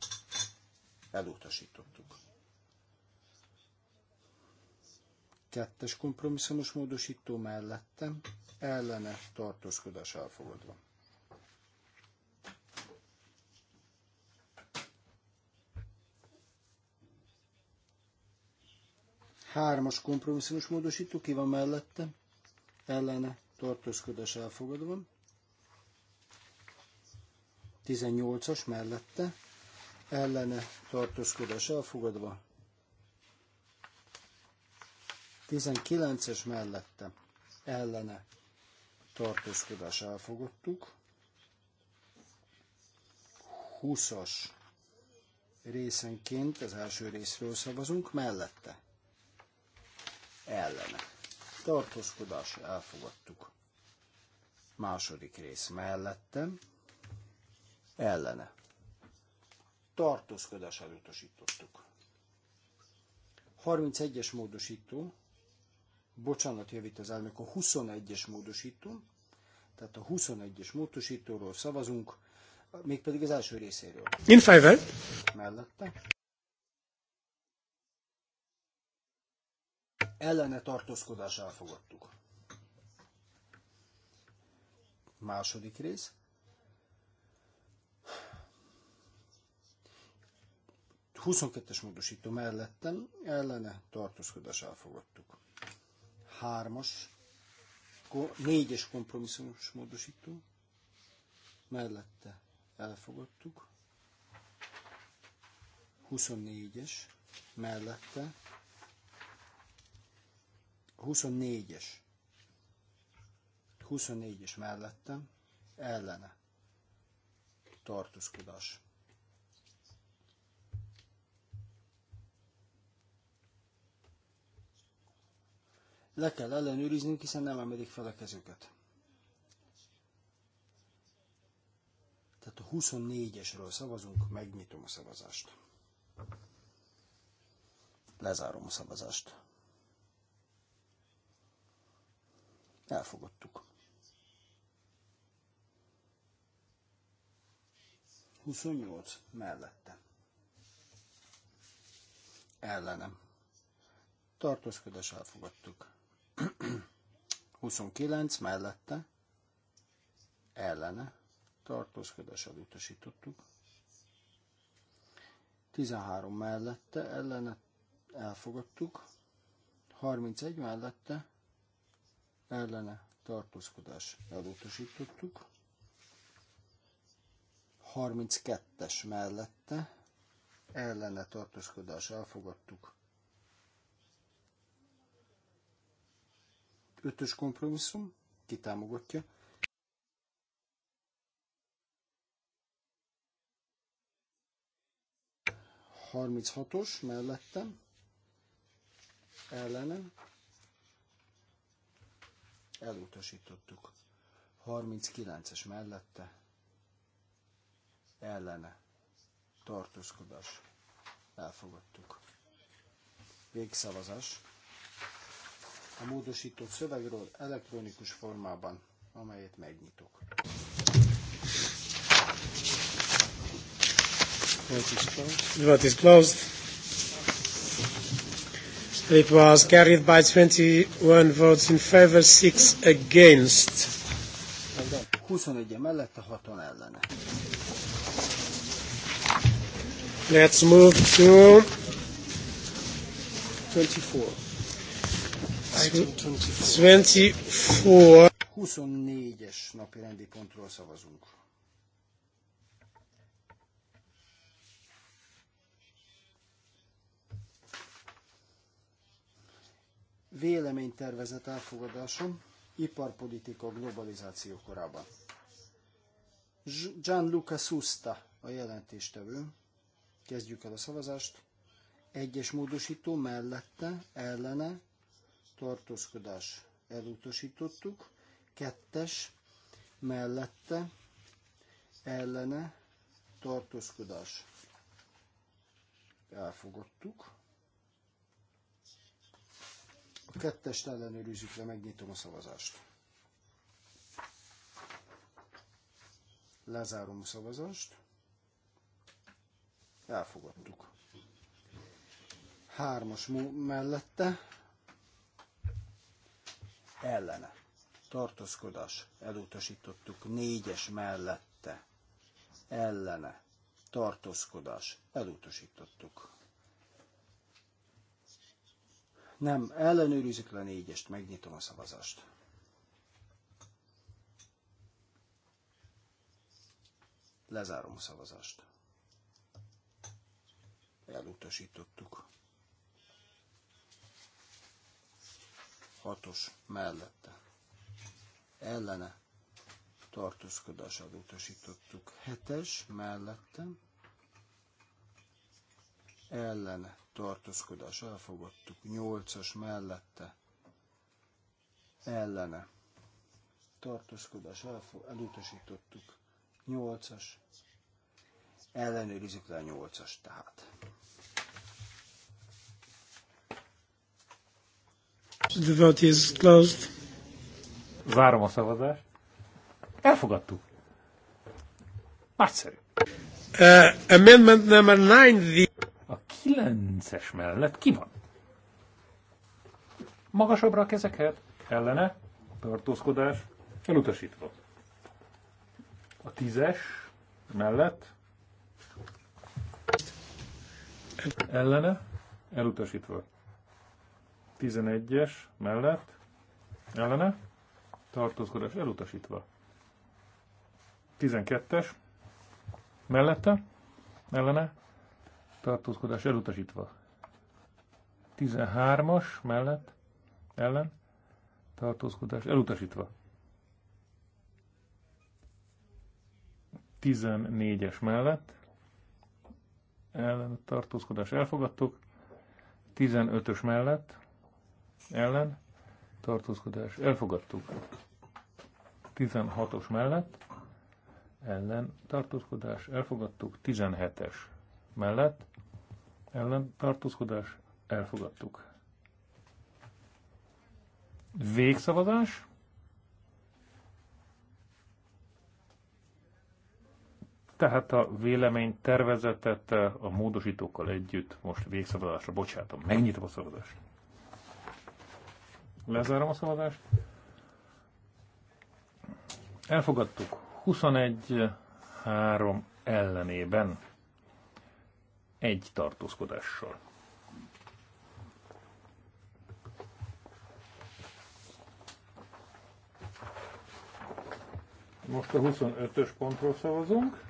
Elutasítottuk. Kettes kompromisszumos módosító mellettem ellene tartózkodás elfogadva. Hármas kompromisszumos módosító, ki van mellette? Ellene tartózkodás elfogadva. 18-as mellette, ellene tartózkodás elfogadva. 19-es mellette, ellene tartózkodás elfogadtuk. 20-as részenként az első részről szavazunk, mellette ellene. Tartózkodás elfogadtuk. Második rész mellettem, ellene. Tartózkodás elutasítottuk. 31-es módosító, bocsánat, javít az elnök, a 21-es módosító, tehát a 21-es módosítóról szavazunk, mégpedig az első részéről. In favor. Mellette. ellene tartózkodás elfogadtuk. Második rész. es módosító mellettem, ellene tartózkodás elfogadtuk. Hármas, négyes kompromisszumos módosító, mellette elfogadtuk. 24-es, mellette 24-es. 24-es mellettem, ellene. Tartózkodás. Le kell ellenőriznünk, hiszen nem emelik fel a kezüket. Tehát a 24-esről szavazunk, megnyitom a szavazást. Lezárom a szavazást. Elfogadtuk. 28 mellette. Ellenem. Tartózkodás elfogadtuk. 29 (clears throat) mellette. Ellene. Tartózkodás elutasítottuk. 13 mellette. Ellene. Elfogadtuk. 31 mellette ellene tartózkodás elutasítottuk. 32-es mellette ellene tartózkodás elfogadtuk. 5-ös kompromisszum kitámogatja. Harminchatos mellettem ellenem elutasítottuk. 39-es mellette ellene tartózkodás elfogadtuk. Végszavazás. A módosított szövegről elektronikus formában, amelyet megnyitok. What is is closed? It was carried by 21 votes in favor, 6 against. 21 mellette, 6 ellene. Let's move to 24. 24. 24. 24-es napi rendi pontról szavazunk. véleménytervezet elfogadásom iparpolitika globalizáció korában. Gianluca Susta a jelentéstevő. Kezdjük el a szavazást. Egyes módosító mellette, ellene, tartózkodás elutasítottuk. Kettes mellette, ellene, tartózkodás elfogadtuk. Kettest ellenőrizzük, de megnyitom a szavazást. Lezárom a szavazást. Elfogadtuk. Hármas mellette. Ellene. Tartózkodás. Elutasítottuk. Négyes mellette. Ellene. Tartózkodás. Elutasítottuk nem, ellenőrizzük le a négyest, megnyitom a szavazást. Lezárom a szavazást. Elutasítottuk. Hatos mellette. Ellene tartózkodás elutasítottuk. Hetes mellettem ellen tartózkodás elfogadtuk, 8-as mellette ellene tartózkodás elutasítottuk, 8-as, ellenőrizzük le a 8-as tehát. The vote is closed. Várom a szavazást. Elfogadtuk. Nagyszerű. Uh, amendment number 9 kilences mellett ki van? Magasabbra a kezeket? Ellene? Tartózkodás? Elutasítva. A tízes mellett? Ellene? Elutasítva. tizenegyes mellett? Ellene? Tartózkodás elutasítva. Tizenkettes mellette? Ellene? tartózkodás elutasítva. 13-as mellett, ellen, tartózkodás elutasítva. 14-es mellett, ellen, tartózkodás elfogadtuk. 15-ös mellett, ellen, tartózkodás elfogadtuk. 16-os mellett, ellen, tartózkodás elfogadtuk. 17-es mellett ellen tartózkodás elfogadtuk. Végszavazás. Tehát a vélemény tervezetet eh, a módosítókkal együtt most végszavazásra bocsátom. Megnyitom a szavazást. Lezárom a szavazást. Elfogadtuk 21-3 eh, ellenében egy tartózkodással. Most a 25-ös pontról szavazunk.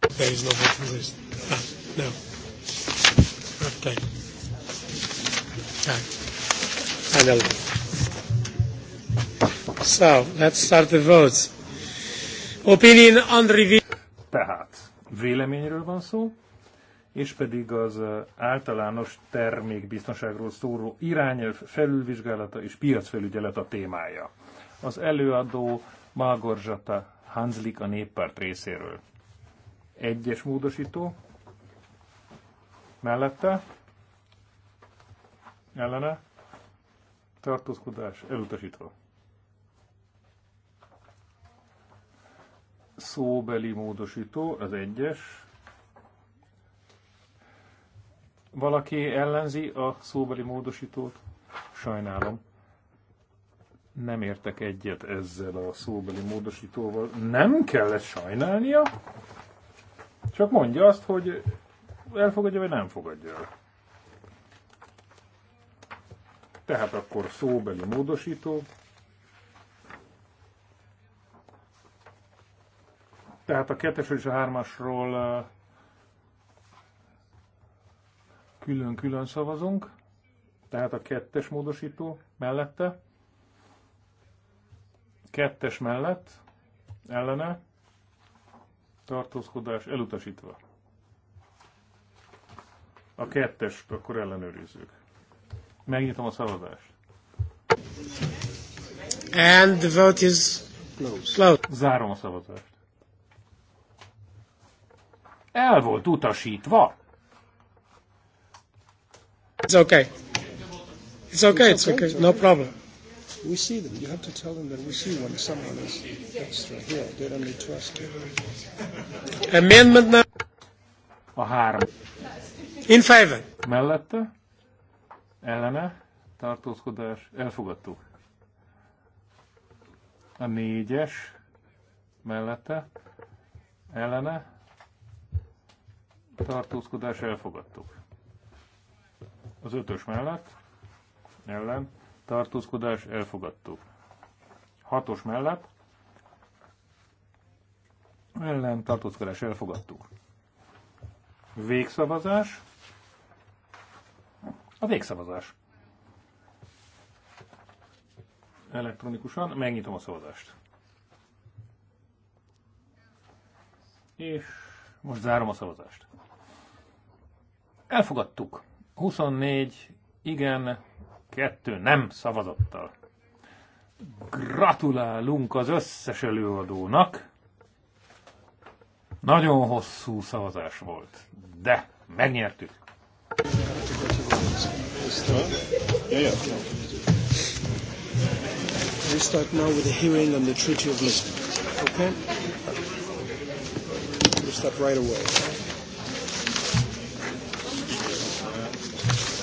There is no voting list. Ah, no. Okay. Okay panel. So, let's start the votes. Opinion on review. Tehát véleményről van szó, és pedig az eh, általános termékbiztonságról szóló irányelv felülvizsgálata és piacfelügyelet a témája. Az előadó Malgorzsata Hanzlik a néppárt részéről. Egyes módosító, mellette, ellene, tartózkodás elutasítva. Szóbeli módosító, az egyes. Valaki ellenzi a szóbeli módosítót? Sajnálom. Nem értek egyet ezzel a szóbeli módosítóval. Nem kell ezt sajnálnia? Csak mondja azt, hogy elfogadja, vagy nem fogadja el. Tehát akkor szóbeli módosító. Tehát a kettesről és a hármasról külön-külön szavazunk. Tehát a kettes módosító mellette. Kettes mellett ellene tartózkodás elutasítva. A kettes, akkor ellenőrizzük. Megnyitom a szavazást. And the vote is closed. Zárom a szavazást. El volt utasítva. It's okay. It's okay, it's okay, no problem. We see them. You have to tell them that we see when someone is extra here. They don't need to ask you. Amendment number. A három. In favor. Mellette ellene tartózkodás elfogadtuk. A négyes mellette ellene tartózkodás elfogadtuk. Az ötös mellett ellen tartózkodás elfogadtuk. Hatos mellett ellen tartózkodás elfogadtuk. Végszavazás. A végszavazás. Elektronikusan megnyitom a szavazást. És most zárom a szavazást. Elfogadtuk. 24 igen, 2 nem szavazattal. Gratulálunk az összes előadónak. Nagyon hosszú szavazás volt, de megnyertük. Yeah, yeah. We start now with a hearing on the Treaty of Lisbon. Okay? We start right away.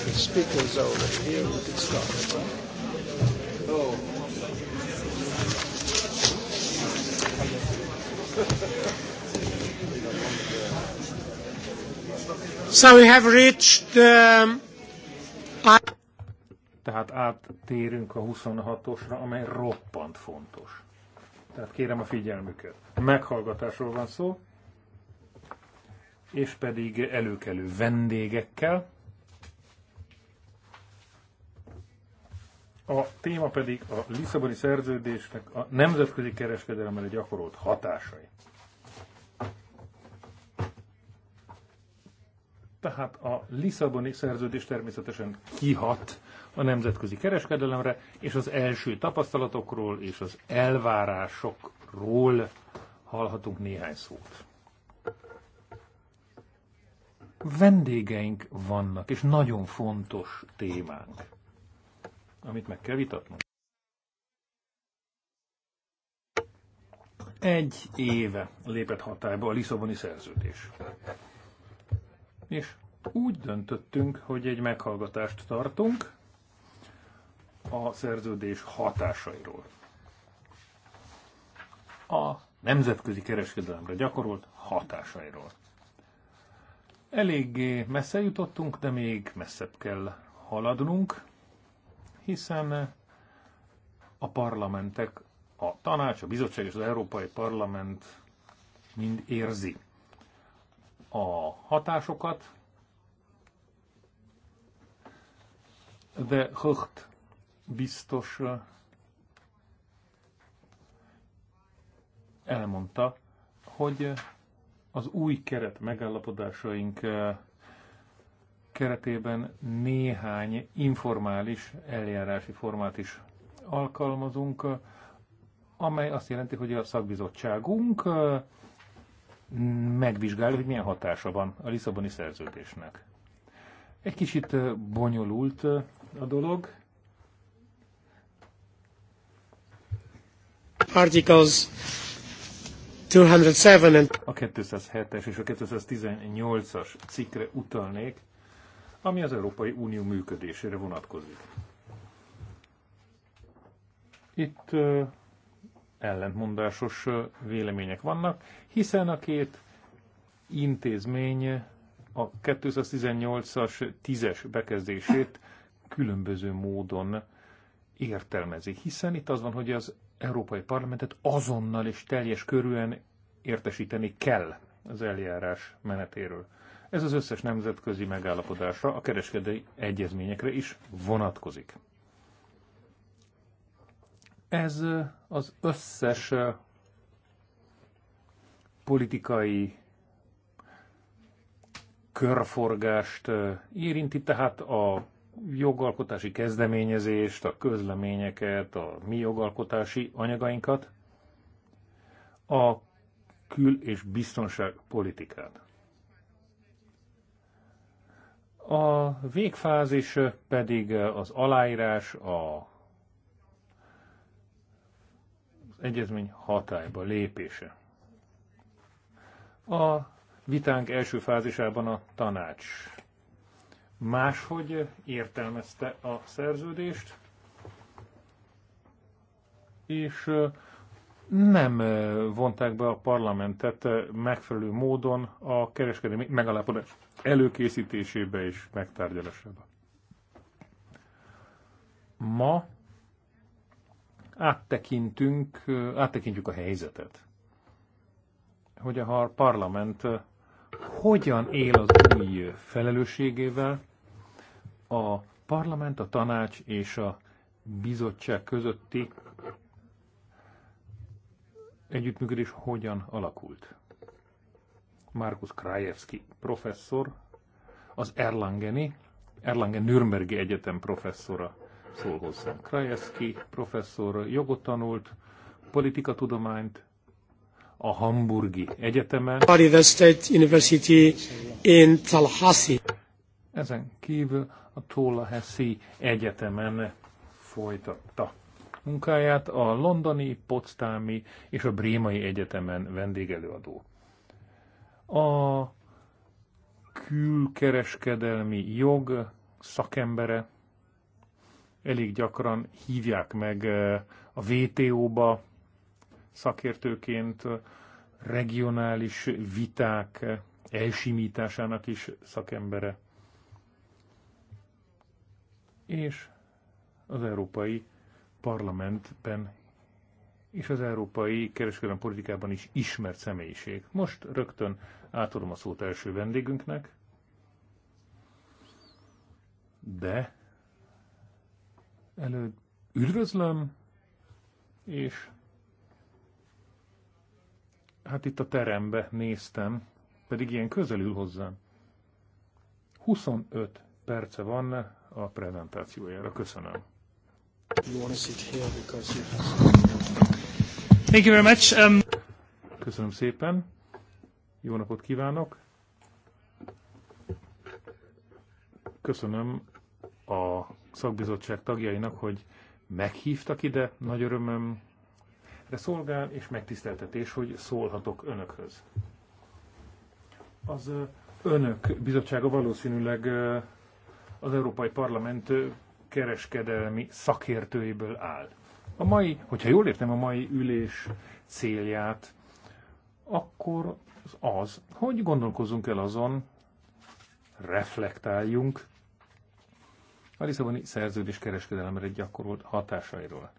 The speakers are here. We can start. So we have reached um, tehát áttérünk a 26-osra, amely roppant fontos. Tehát kérem a figyelmüket. Meghallgatásról van szó, és pedig előkelő vendégekkel. A téma pedig a Lisszaboni szerződésnek a nemzetközi kereskedelemre gyakorolt hatásai. Tehát a Lisszaboni szerződés természetesen kihat a nemzetközi kereskedelemre, és az első tapasztalatokról és az elvárásokról hallhatunk néhány szót. Vendégeink vannak, és nagyon fontos témánk, amit meg kell vitatnunk. Egy éve lépett hatályba a Lisszaboni szerződés. És úgy döntöttünk, hogy egy meghallgatást tartunk, a szerződés hatásairól. A nemzetközi kereskedelemre gyakorolt hatásairól. Eléggé messze jutottunk, de még messzebb kell haladnunk, hiszen a parlamentek, a tanács, a bizottság és az Európai Parlament mind érzi a hatásokat, de Höcht biztos elmondta, hogy az új keret megállapodásaink keretében néhány informális eljárási formát is alkalmazunk, amely azt jelenti, hogy a szakbizottságunk megvizsgálja, hogy milyen hatása van a Lisszaboni szerződésnek. Egy kicsit bonyolult a dolog, Articles 207 and... A 207-es és a 218-as cikkre utalnék, ami az Európai Unió működésére vonatkozik. Itt uh, ellentmondásos vélemények vannak, hiszen a két intézmény a 218-as 10-es bekezdését különböző módon értelmezi, hiszen itt az van, hogy az Európai Parlamentet azonnal és teljes körűen értesíteni kell az eljárás menetéről. Ez az összes nemzetközi megállapodásra, a kereskedői egyezményekre is vonatkozik. Ez az összes politikai körforgást érinti, tehát a jogalkotási kezdeményezést, a közleményeket, a mi jogalkotási anyagainkat, a kül- és biztonságpolitikát. A végfázis pedig az aláírás, a az egyezmény hatályba lépése. A vitánk első fázisában a tanács máshogy értelmezte a szerződést, és nem vonták be a parlamentet megfelelő módon a kereskedelmi megalapodás előkészítésébe és megtárgyalásába. Ma áttekintünk, áttekintjük a helyzetet. Hogy a parlament hogyan él az új felelősségével, a parlament, a tanács és a bizottság közötti együttműködés hogyan alakult. Markus Krajewski professzor, az Erlangeni, Erlangen Nürnbergi Egyetem professzora szól hozzá. Krajewski professzor jogot tanult, politikatudományt, a Hamburgi Egyetemen. Florida State University in Tallahassee. Ezen kívül a Tólaheszi Egyetemen folytatta munkáját a londoni, potsdami és a brémai egyetemen vendégelőadó. A külkereskedelmi jog szakembere elég gyakran hívják meg eh, a VTO-ba szakértőként, regionális viták eh, elsimításának is szakembere és az Európai Parlamentben és az európai kereskedelmi politikában is ismert személyiség. Most rögtön átadom a szót első vendégünknek, de előtt üdvözlöm, és hát itt a terembe néztem, pedig ilyen közelül hozzám. 25 perce van a prezentációjára. Köszönöm. Thank you very much. Um... Köszönöm szépen. Jó napot kívánok. Köszönöm a szakbizottság tagjainak, hogy meghívtak ide. Nagy örömömre szolgál, és megtiszteltetés, hogy szólhatok önökhöz. Az önök bizottsága valószínűleg az Európai Parlament kereskedelmi szakértőiből áll. A mai, hogyha jól értem a mai ülés célját, akkor az, az hogy gondolkozunk el azon, reflektáljunk a Lisszaboni szerződés kereskedelemre gyakorolt hatásairól.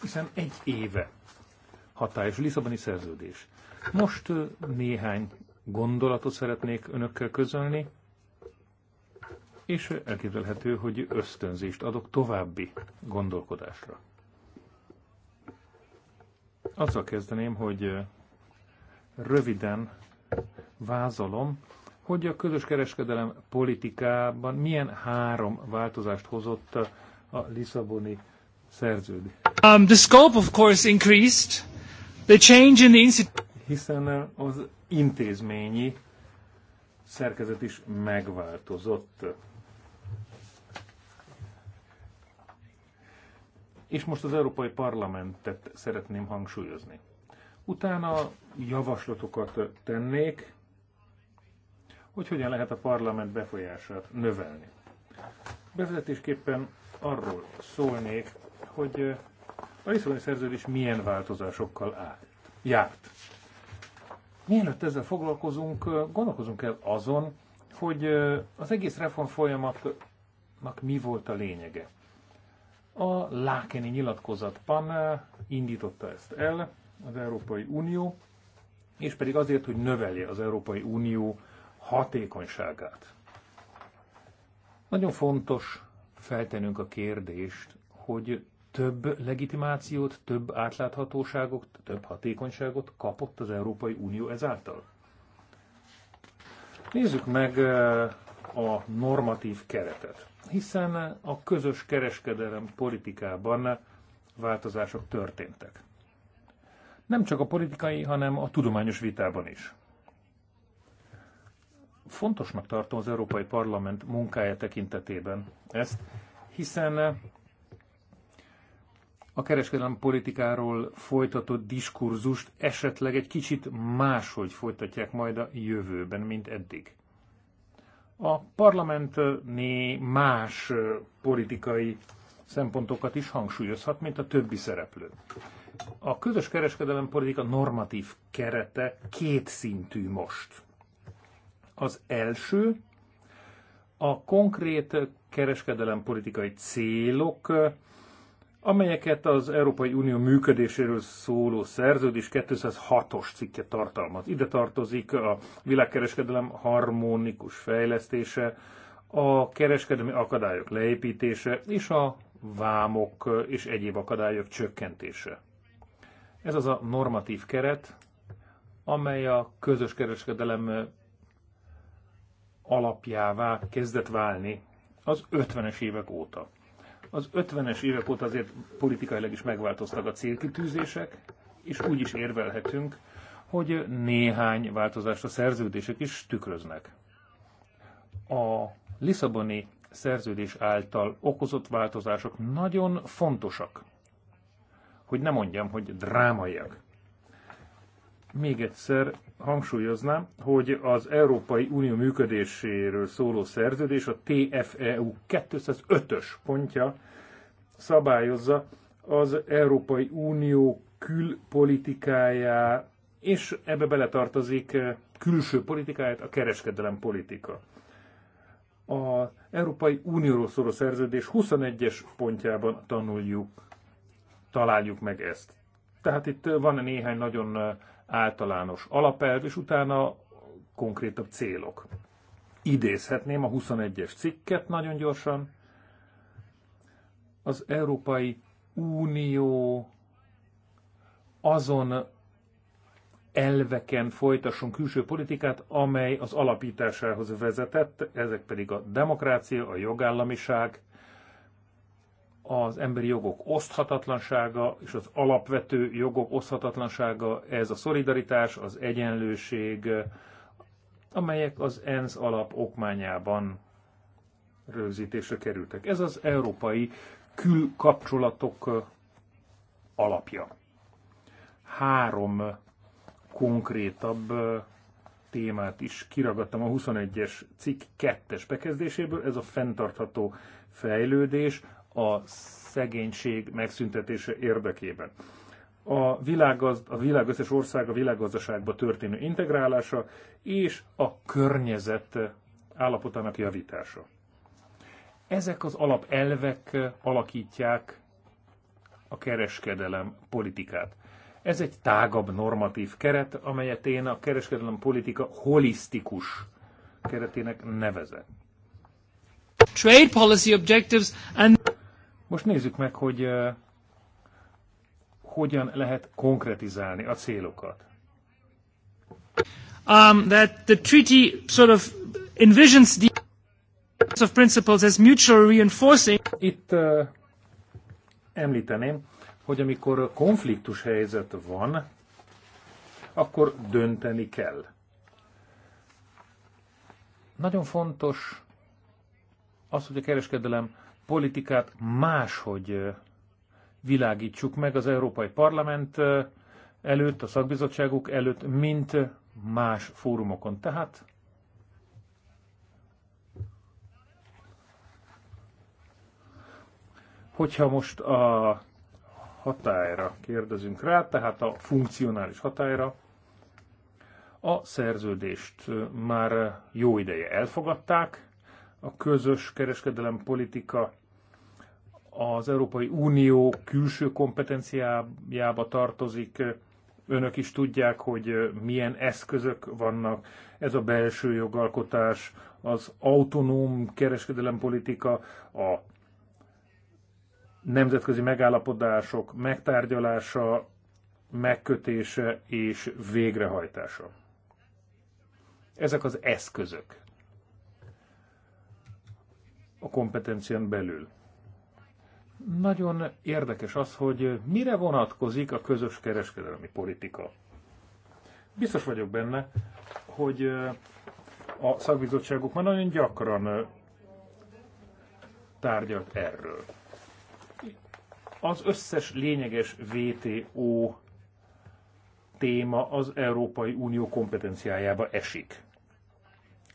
Hiszen egy éve hatályos a Lisszaboni szerződés. Most néhány gondolatot szeretnék önökkel közölni, és elképzelhető, hogy ösztönzést adok további gondolkodásra. Azzal kezdeném, hogy röviden vázalom, hogy a közös kereskedelem politikában milyen három változást hozott a Lisszaboni szerződés. Um, the scope of course increased. The change in the hiszen az intézményi szerkezet is megváltozott. És most az Európai Parlamentet szeretném hangsúlyozni. Utána javaslatokat tennék, hogy hogyan lehet a parlament befolyását növelni. Bevezetésképpen arról szólnék, hogy a Lisszaboni szerződés milyen változásokkal állt, járt. Mielőtt ezzel foglalkozunk, gondolkozunk el azon, hogy az egész reform folyamatnak mi volt a lényege. A Lákeni nyilatkozatban indította ezt el az Európai Unió, és pedig azért, hogy növelje az Európai Unió hatékonyságát. Nagyon fontos feltenünk a kérdést, hogy több legitimációt, több átláthatóságot, több hatékonyságot kapott az Európai Unió ezáltal? Nézzük meg eh, a normatív keretet, hiszen a közös kereskedelem politikában változások történtek. Nem csak a politikai, hanem a tudományos vitában is. Fontosnak tartom az Európai Parlament munkája tekintetében ezt, hiszen a kereskedelmi politikáról folytatott diskurzust esetleg egy kicsit máshogy folytatják majd a jövőben, mint eddig. A parlament né más politikai szempontokat is hangsúlyozhat, mint a többi szereplő. A közös kereskedelem politika normatív kerete két szintű most. Az első a konkrét kereskedelem politikai célok amelyeket az Európai Unió működéséről szóló szerződés 206-os cikke tartalmaz. Ide tartozik a világkereskedelem harmonikus fejlesztése, a kereskedelmi akadályok leépítése és a vámok és egyéb akadályok csökkentése. Ez az a normatív keret, amely a közös kereskedelem alapjává kezdett válni az 50-es évek óta. Az 50-es évek óta azért politikailag is megváltoztak a célkitűzések, és úgy is érvelhetünk, hogy néhány változást a szerződések is tükröznek. A Lisszaboni szerződés által okozott változások nagyon fontosak, hogy ne mondjam, hogy drámaiak. Még egyszer hangsúlyoznám, hogy az Európai Unió működéséről szóló szerződés, a TFEU 205-ös pontja szabályozza az Európai Unió külpolitikájá, és ebbe beletartozik eh, külső politikáját a kereskedelem politika. Az Európai Unióról szóló szerződés 21-es pontjában tanuljuk, találjuk meg ezt. Tehát itt van néhány nagyon eh, általános alapelv, és utána konkrétabb célok. Idézhetném a 21-es cikket nagyon gyorsan. Az Európai Unió azon elveken folytasson külső politikát, amely az alapításához vezetett, ezek pedig a demokrácia, a jogállamiság, az emberi jogok oszthatatlansága és az alapvető jogok oszthatatlansága, ez a szolidaritás, az egyenlőség, amelyek az ENSZ alap okmányában rögzítésre kerültek. Ez az európai külkapcsolatok alapja. Három konkrétabb témát is kiragadtam a 21-es cikk 2-es bekezdéséből, ez a fenntartható fejlődés, a szegénység megszüntetése érdekében. A, világgazd, a világ összes ország a világgazdaságba történő integrálása és a környezet állapotának javítása. Ezek az alapelvek alakítják a kereskedelem politikát. Ez egy tágabb normatív keret, amelyet én a kereskedelem politika holisztikus keretének nevezek. Trade policy objectives and most nézzük meg, hogy uh, hogyan lehet konkretizálni a célokat. Um, that the treaty sort of envisions the of principles as mutual reinforcing. Itt uh, említeném, hogy amikor konfliktus helyzet van, akkor dönteni kell. Nagyon fontos az, hogy a kereskedelem politikát máshogy világítsuk meg az Európai Parlament előtt, a szakbizottságok előtt, mint más fórumokon. Tehát hogyha most a hatályra kérdezünk rá, tehát a funkcionális hatályra, a szerződést már jó ideje elfogadták, a közös kereskedelem politika az Európai Unió külső kompetenciájába tartozik. Önök is tudják, hogy milyen eszközök vannak. Ez a belső jogalkotás, az autonóm kereskedelempolitika, a nemzetközi megállapodások megtárgyalása, megkötése és végrehajtása. Ezek az eszközök a kompetencián belül. Nagyon érdekes az, hogy mire vonatkozik a közös kereskedelmi politika. Biztos vagyok benne, hogy eh, a szakbizottságok már nagyon gyakran eh, tárgyalt erről. Az összes lényeges VTO téma az Európai Unió kompetenciájába esik.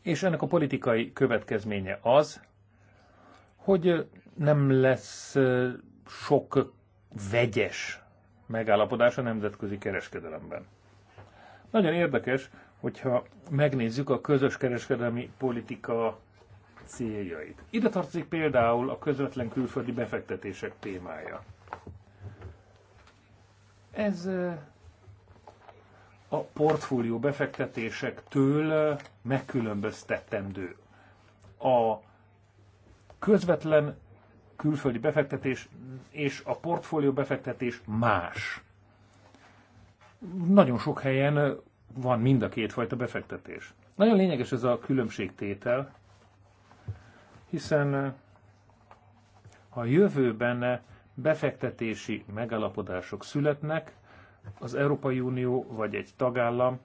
És ennek a politikai következménye az, hogy nem lesz sok vegyes megállapodás a nemzetközi kereskedelemben. Nagyon érdekes, hogyha megnézzük a közös kereskedelmi politika céljait. Ide tartozik például a közvetlen külföldi befektetések témája. Ez a portfólió befektetésektől megkülönböztetendő. A közvetlen külföldi befektetés és a portfólió befektetés más. Nagyon sok helyen van mind a két fajta befektetés. Nagyon lényeges ez a különbségtétel, hiszen ha eh, a jövőben eh, befektetési megalapodások születnek, az Európai Unió vagy egy tagállam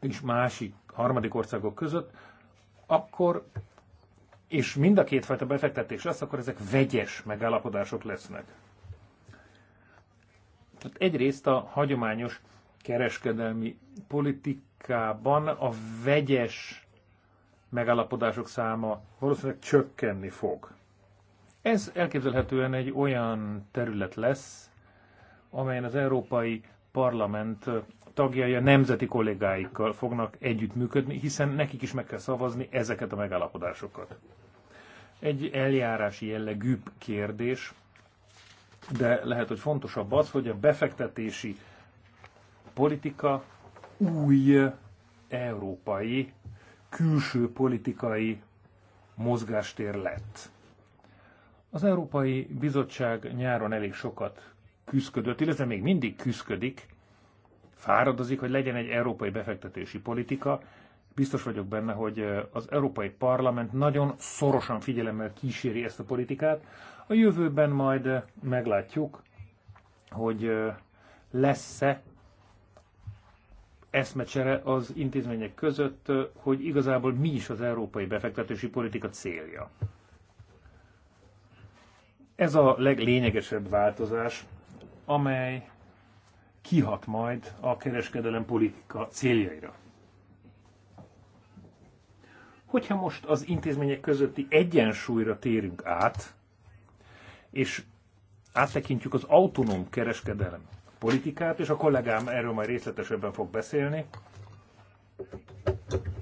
és másik harmadik országok között, akkor és mind a két fajta befektetés lesz, akkor ezek vegyes megállapodások lesznek. Tehát egyrészt a hagyományos kereskedelmi politikában a vegyes megállapodások száma valószínűleg csökkenni fog. Ez elképzelhetően egy olyan terület lesz, amelyen az Európai Parlament tagjai a nemzeti kollégáikkal fognak együttműködni, hiszen nekik is meg kell szavazni ezeket a megállapodásokat. Egy eljárási jellegű kérdés, de lehet, hogy fontosabb az, hogy a befektetési politika új európai külső politikai mozgástér lett. Az Európai Bizottság nyáron elég sokat küzdött, illetve még mindig küzdik fáradozik, hogy legyen egy európai befektetési politika. Biztos vagyok benne, hogy az Európai Parlament nagyon szorosan figyelemmel kíséri ezt a politikát. A jövőben majd meglátjuk, hogy lesz-e eszmecsere az intézmények között, hogy igazából mi is az európai befektetési politika célja. Ez a leglényegesebb változás, amely kihat majd a kereskedelem politika céljaira. Hogyha most az intézmények közötti egyensúlyra térünk át, és áttekintjük az autonóm kereskedelem politikát, és a kollégám erről majd részletesebben fog beszélni,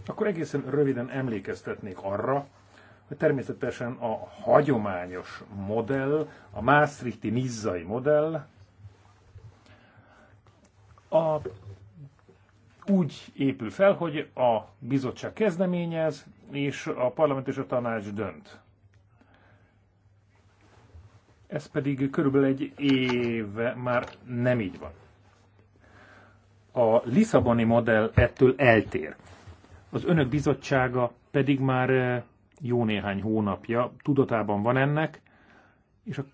akkor egészen röviden emlékeztetnék arra, hogy természetesen a hagyományos modell, a Maastrichti nizzai modell a, úgy épül fel, hogy a bizottság kezdeményez, és a parlament és a tanács dönt. Ez pedig körülbelül egy éve már nem így van. A Lisszaboni modell ettől eltér. Az önök bizottsága pedig már eh, jó néhány hónapja tudatában van ennek, és a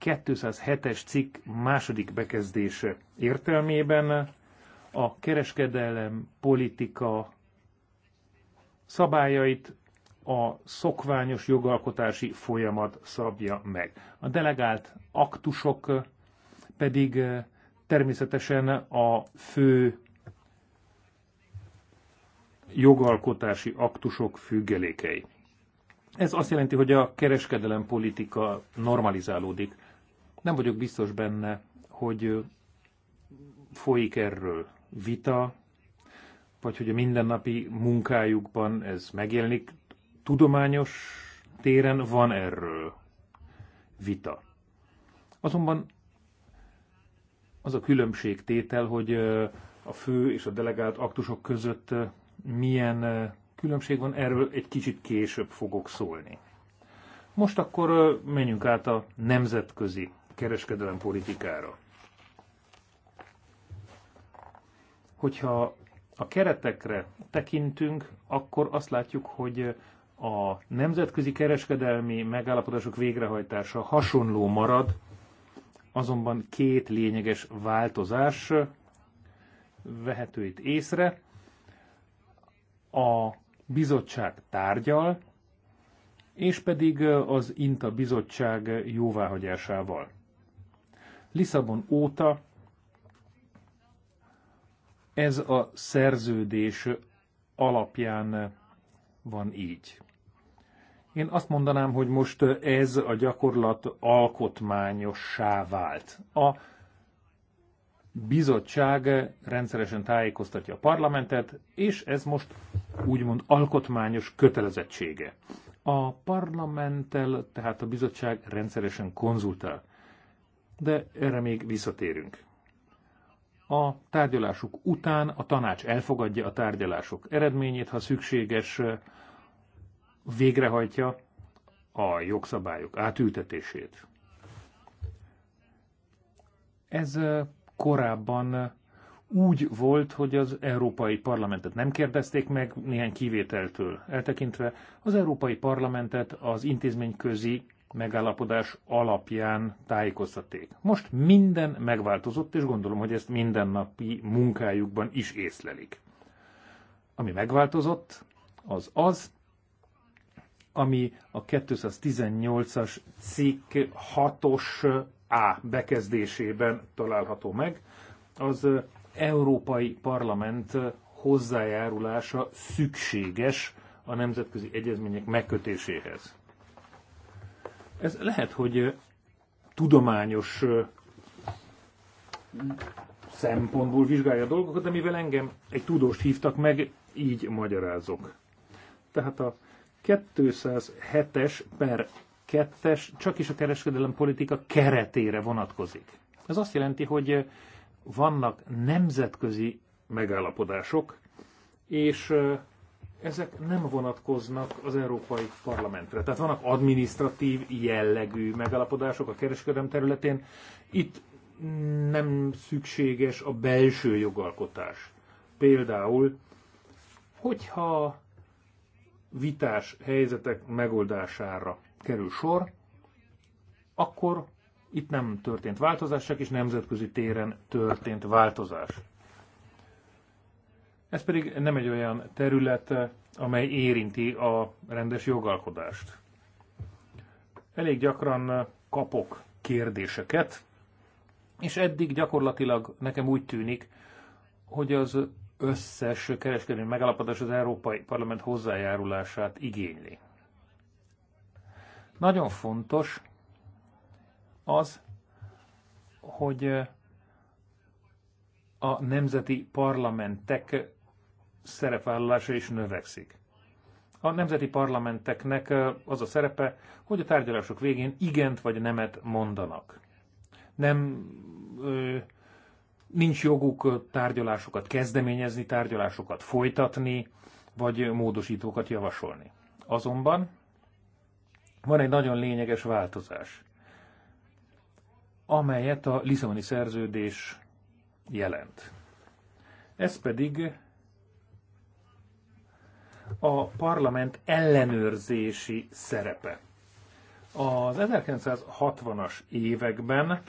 207-es cikk második bekezdése értelmében a kereskedelem politika szabályait a szokványos jogalkotási folyamat szabja meg. A delegált aktusok pedig eh, természetesen a fő jogalkotási aktusok függelékei. Ez azt jelenti, hogy a kereskedelem politika normalizálódik. Nem vagyok biztos benne, hogy folyik erről vita, vagy hogy a mindennapi munkájukban ez megjelenik. Tudományos téren van erről vita. Azonban az a különbség tétel, hogy a fő és a delegált aktusok között milyen különbség van, erről egy kicsit később fogok szólni. Most akkor menjünk át a nemzetközi kereskedelem politikára. Hogyha a keretekre tekintünk, akkor azt látjuk, hogy a nemzetközi kereskedelmi megállapodások végrehajtása hasonló marad, azonban két lényeges változás vehető itt észre. A bizottság tárgyal, és pedig az INTA bizottság jóváhagyásával. Lisszabon óta ez a szerződés alapján van így. Én azt mondanám, hogy most ez a gyakorlat alkotmányossá vált. A bizottság rendszeresen tájékoztatja a parlamentet, és ez most úgymond alkotmányos kötelezettsége. A parlamenttel tehát a bizottság rendszeresen konzultál de erre még visszatérünk. A tárgyalások után a tanács elfogadja a tárgyalások eredményét, ha szükséges, végrehajtja a jogszabályok átültetését. Ez korábban úgy volt, hogy az Európai Parlamentet nem kérdezték meg, néhány kivételtől eltekintve. Az Európai Parlamentet az intézményközi megállapodás alapján tájékoztatték. Most minden megváltozott, és gondolom, hogy ezt mindennapi munkájukban is észlelik. Ami megváltozott, az az, ami a 218-as cikk 6-os A bekezdésében található meg, az Európai Parlament hozzájárulása szükséges a nemzetközi egyezmények megkötéséhez. Ez lehet, hogy tudományos szempontból vizsgálja a dolgokat, de mivel engem egy tudóst hívtak meg, így magyarázok. Tehát a 207-es per 2-es csak is a kereskedelem politika keretére vonatkozik. Ez azt jelenti, hogy vannak nemzetközi megállapodások, és ezek nem vonatkoznak az Európai Parlamentre. Tehát vannak administratív, jellegű megalapodások a kereskedelem területén. Itt nem szükséges a belső jogalkotás. Például, hogyha vitás helyzetek megoldására kerül sor, akkor itt nem történt változás, csak is nemzetközi téren történt változás. Ez pedig nem egy olyan terület, amely érinti a rendes jogalkodást. Elég gyakran kapok kérdéseket, és eddig gyakorlatilag nekem úgy tűnik, hogy az összes kereskedelmi megállapodás az Európai Parlament hozzájárulását igényli. Nagyon fontos az, hogy a nemzeti parlamentek szerepvállalása is növekszik. A nemzeti parlamenteknek az a szerepe, hogy a tárgyalások végén igent vagy nemet mondanak. Nem ö, nincs joguk tárgyalásokat kezdeményezni, tárgyalásokat folytatni, vagy módosítókat javasolni. Azonban van egy nagyon lényeges változás, amelyet a Lisszaboni szerződés jelent. Ez pedig a parlament ellenőrzési szerepe. Az 1960-as években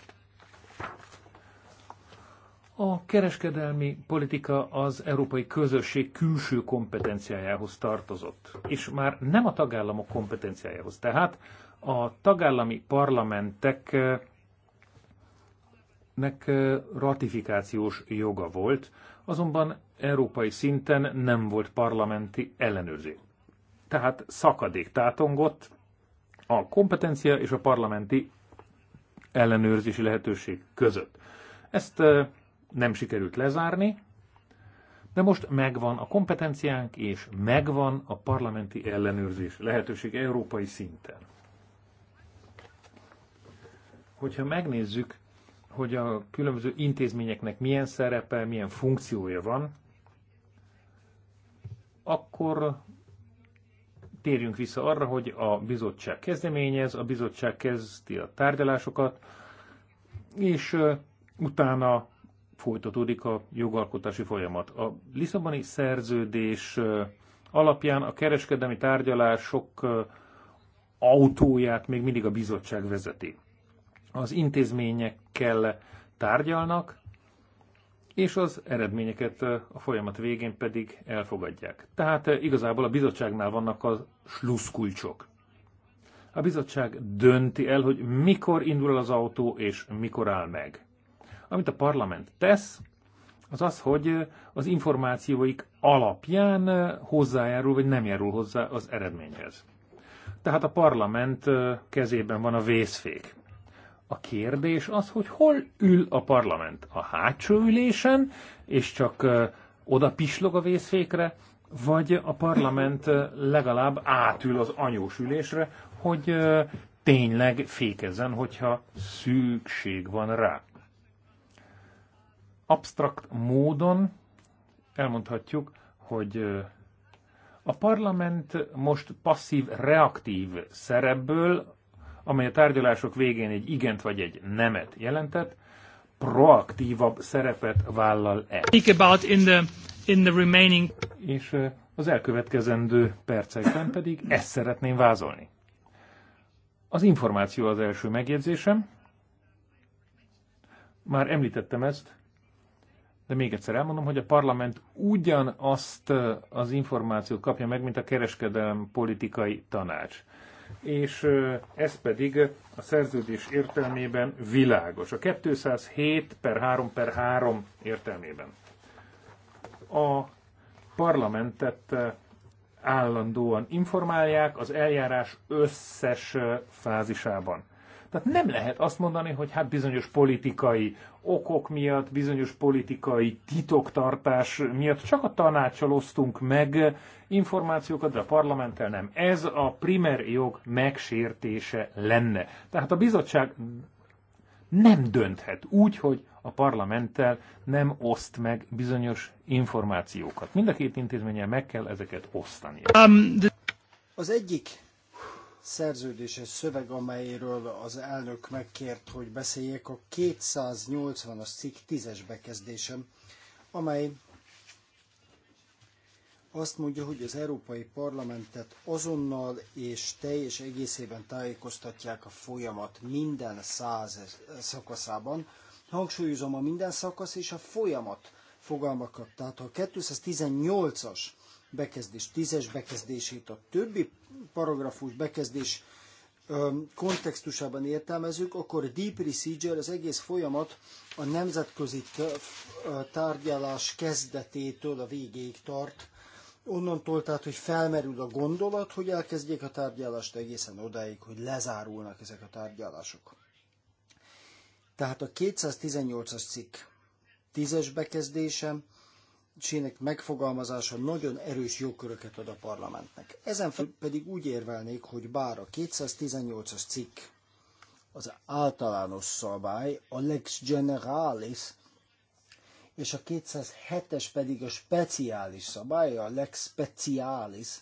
a kereskedelmi politika az európai közösség külső kompetenciájához tartozott, és már nem a tagállamok kompetenciájához. Tehát a tagállami parlamenteknek ratifikációs joga volt azonban európai szinten nem volt parlamenti ellenőrzés. Tehát szakadék tátongott a kompetencia és a parlamenti ellenőrzési lehetőség között. Ezt nem sikerült lezárni, de most megvan a kompetenciánk, és megvan a parlamenti ellenőrzés lehetőség európai szinten. Hogyha megnézzük hogy a különböző intézményeknek milyen szerepe, milyen funkciója van, akkor térjünk vissza arra, hogy a bizottság kezdeményez, a bizottság kezdi a tárgyalásokat, és utána folytatódik a jogalkotási folyamat. A Lisszaboni szerződés alapján a kereskedelmi tárgyalások autóját még mindig a bizottság vezeti az intézményekkel tárgyalnak, és az eredményeket a folyamat végén pedig elfogadják. Tehát igazából a bizottságnál vannak a sluszkulcsok. A bizottság dönti el, hogy mikor indul az autó és mikor áll meg. Amit a parlament tesz, az az, hogy az információik alapján hozzájárul vagy nem járul hozzá az eredményhez. Tehát a parlament kezében van a vészfék. A kérdés az, hogy hol ül a parlament? A hátsó ülésen, és csak oda pislog a vészfékre, vagy a parlament legalább átül az anyós ülésre, hogy tényleg fékezzen, hogyha szükség van rá. Abstrakt módon elmondhatjuk, hogy a parlament most passzív-reaktív szerepből amely a tárgyalások végén egy igent vagy egy nemet jelentett, proaktívabb szerepet vállal-e? About in the, in the remaining... És az elkövetkezendő percekben pedig ezt szeretném vázolni. Az információ az első megjegyzésem. Már említettem ezt, de még egyszer elmondom, hogy a parlament ugyanazt az információt kapja meg, mint a kereskedelem politikai tanács és ez pedig a szerződés értelmében világos. A 207 per 3 per 3 értelmében. A parlamentet állandóan informálják az eljárás összes fázisában. Tehát nem lehet azt mondani, hogy hát bizonyos politikai okok miatt, bizonyos politikai titoktartás miatt csak a tanácsal osztunk meg információkat, de a parlamenttel nem. Ez a primer jog megsértése lenne. Tehát a bizottság nem dönthet úgy, hogy a parlamenttel nem oszt meg bizonyos információkat. Mind a két intézménnyel meg kell ezeket osztani. Um, Az egyik szerződéses szöveg, amelyről az elnök megkért, hogy beszéljek, a 280-as cikk 10-es bekezdése, amely azt mondja, hogy az Európai Parlamentet azonnal és teljes egészében tájékoztatják a folyamat minden száz szakaszában. Hangsúlyozom a minden szakasz és a folyamat fogalmakat. Tehát ha a 218-as bekezdés tízes es bekezdését a többi paragrafus bekezdés kontextusában értelmezzük, akkor a deep procedure, az egész folyamat a nemzetközi tárgyalás kezdetétől a végéig tart. Onnantól tehát, hogy felmerül a gondolat, hogy elkezdjék a tárgyalást egészen odáig, hogy lezárulnak ezek a tárgyalások. Tehát a 218-as cikk tízes bekezdése jelentésének megfogalmazása nagyon erős jogköröket ad a parlamentnek. Ezen felül pedig úgy érvelnék, hogy bár a 218-as cikk az általános szabály, a lex generalis, és a 207-es pedig a speciális szabály, a lex specialis.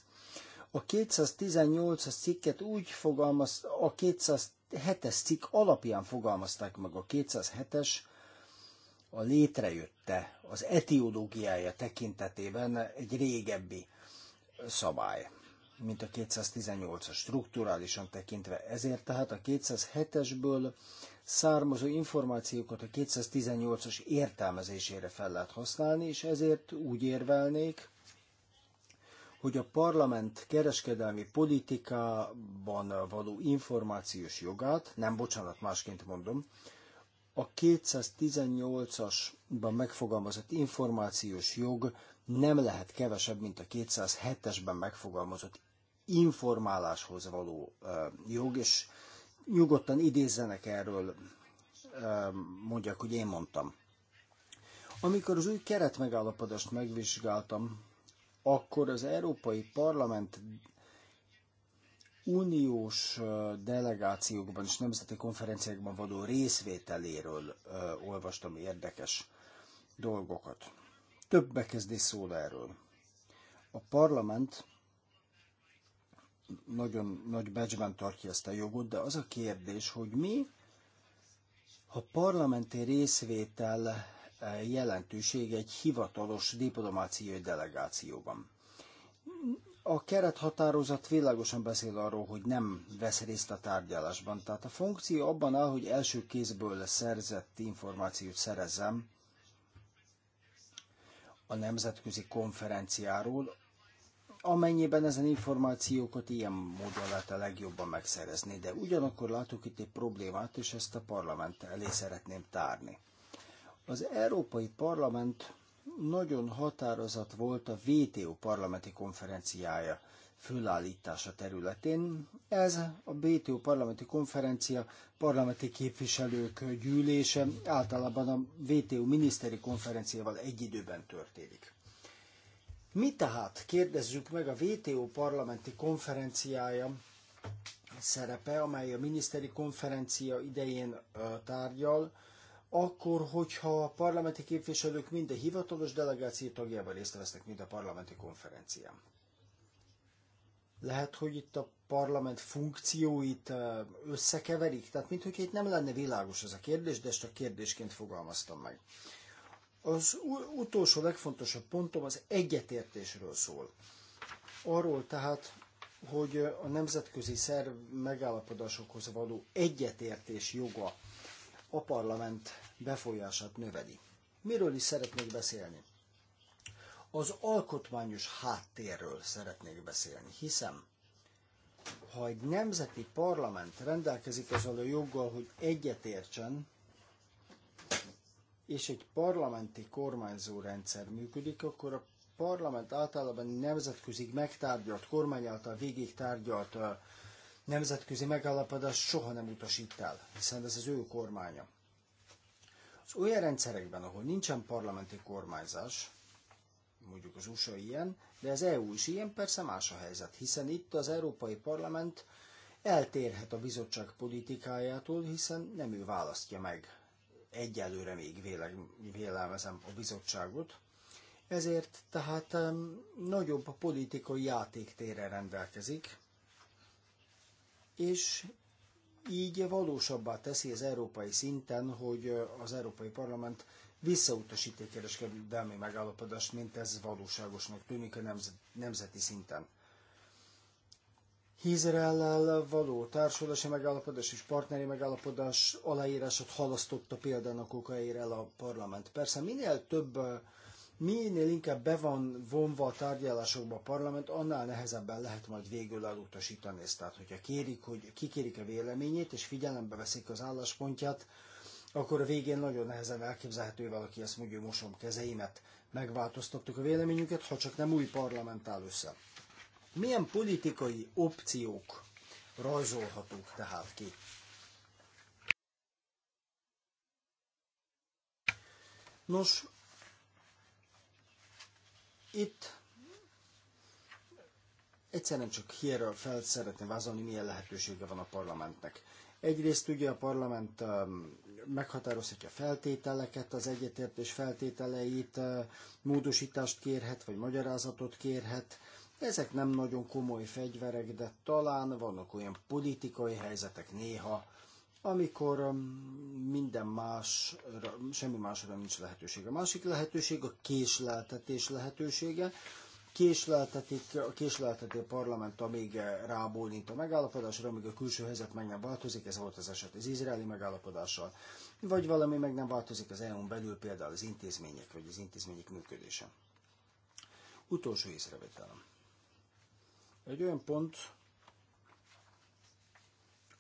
A 218-as cikket úgy fogalmaz, a 207-es cikk alapján fogalmazták meg a 207-es a létrejötte, az etiológiája tekintetében egy régebbi szabály, mint a 218-as strukturálisan tekintve. Ezért tehát a 207-esből származó információkat a 218-as értelmezésére fel lehet használni, és ezért úgy érvelnék, hogy a parlament kereskedelmi politikában való információs jogát, nem bocsánat, másként mondom, a 218-asban megfogalmazott információs jog nem lehet kevesebb, mint a 207-esben megfogalmazott informáláshoz való jog, és nyugodtan idézzenek erről, mondják, hogy én mondtam. Amikor az új keretmegállapodást megvizsgáltam, akkor az Európai Parlament uniós delegációkban és nemzeti konferenciákban való részvételéről olvastam érdekes dolgokat. Több bekezdés szól erről. A parlament nagyon nagy becsben tartja ezt a jogot, de az a kérdés, hogy mi, ha parlamenti részvétel jelentőség egy hivatalos diplomáciai delegációban a kerethatározat világosan beszél arról, hogy nem vesz részt a tárgyalásban. Tehát a funkció abban áll, hogy első kézből szerzett információt szerezzem a nemzetközi konferenciáról, amennyiben ezen információkat ilyen módon lehet a legjobban megszerezni. De ugyanakkor látok itt egy problémát, és ezt a parlament elé szeretném tárni. Az Európai Parlament nagyon határozat volt a WTO parlamenti konferenciája fölállítása területén. Ez a WTO parlamenti konferencia parlamenti képviselők gyűlése általában a WTO miniszteri konferenciával egy időben történik. Mi tehát kérdezzük meg a WTO parlamenti konferenciája szerepe, amely a miniszteri konferencia idején tárgyal, akkor, hogyha a parlamenti képviselők mind a hivatalos delegáció tagjában részt vesznek, mind a parlamenti konferencián. Lehet, hogy itt a parlament funkcióit összekeverik, tehát mint hogy, itt nem lenne világos ez a kérdés, de ezt a kérdésként fogalmaztam meg. Az utolsó legfontosabb pontom az egyetértésről szól. Arról tehát, hogy a nemzetközi szerv megállapodásokhoz való egyetértés joga a parlament befolyását növeli. Miről is szeretnék beszélni? Az alkotmányos háttérről szeretnék beszélni, hiszem, ha egy nemzeti parlament rendelkezik azzal a joggal, hogy egyetértsen, és egy parlamenti kormányzó rendszer működik, akkor a parlament általában nemzetközi megtárgyalt, kormány által végig tárgyalt nemzetközi megállapodást soha nem utasít el, hiszen ez az ő kormánya. Az olyan rendszerekben, ahol nincsen parlamenti kormányzás, mondjuk az USA ilyen, de az EU is ilyen, persze más a helyzet, hiszen itt az Európai Parlament eltérhet a bizottság politikájától, hiszen nem ő választja meg egyelőre még véle, vélelmezem a bizottságot. Ezért tehát um, nagyobb politikai játéktérre rendelkezik, és így valósabbá teszi az európai szinten, hogy az Európai Parlament visszautasíti a kereskedelmi megállapodást, mint ez valóságosnak tűnik a nemzeti szinten. Hízerellel való társulási megállapodás és partneri megállapodás aláírását halasztotta példának okáért el a parlament. Persze minél több minél inkább be van vonva a tárgyalásokba a parlament, annál nehezebben lehet majd végül elutasítani ezt. Tehát, hogyha kérik, hogy kikérik a véleményét, és figyelembe veszik az álláspontját, akkor a végén nagyon nehezen elképzelhető valaki ezt mondja, mosom kezeimet, megváltoztattuk a véleményünket, ha csak nem új parlament áll össze. Milyen politikai opciók rajzolhatók tehát ki? Nos, itt egyszerűen csak hierről fel szeretném vázolni, milyen lehetősége van a parlamentnek. Egyrészt ugye a parlament um, meghatározhatja feltételeket, az egyetértés feltételeit, uh, módosítást kérhet, vagy magyarázatot kérhet. Ezek nem nagyon komoly fegyverek, de talán vannak olyan politikai helyzetek néha, amikor um, minden más, semmi másra nincs lehetőség. A másik lehetőség a késleltetés lehetősége. Késleltetik, a késlelteti a parlament, amíg rábólint a megállapodásra, amíg a külső helyzet meg nem változik, ez volt az eset az izraeli megállapodással, vagy valami meg nem változik az EU-n belül, például az intézmények, vagy az intézmények működése. Utolsó észrevételem. Egy olyan pont,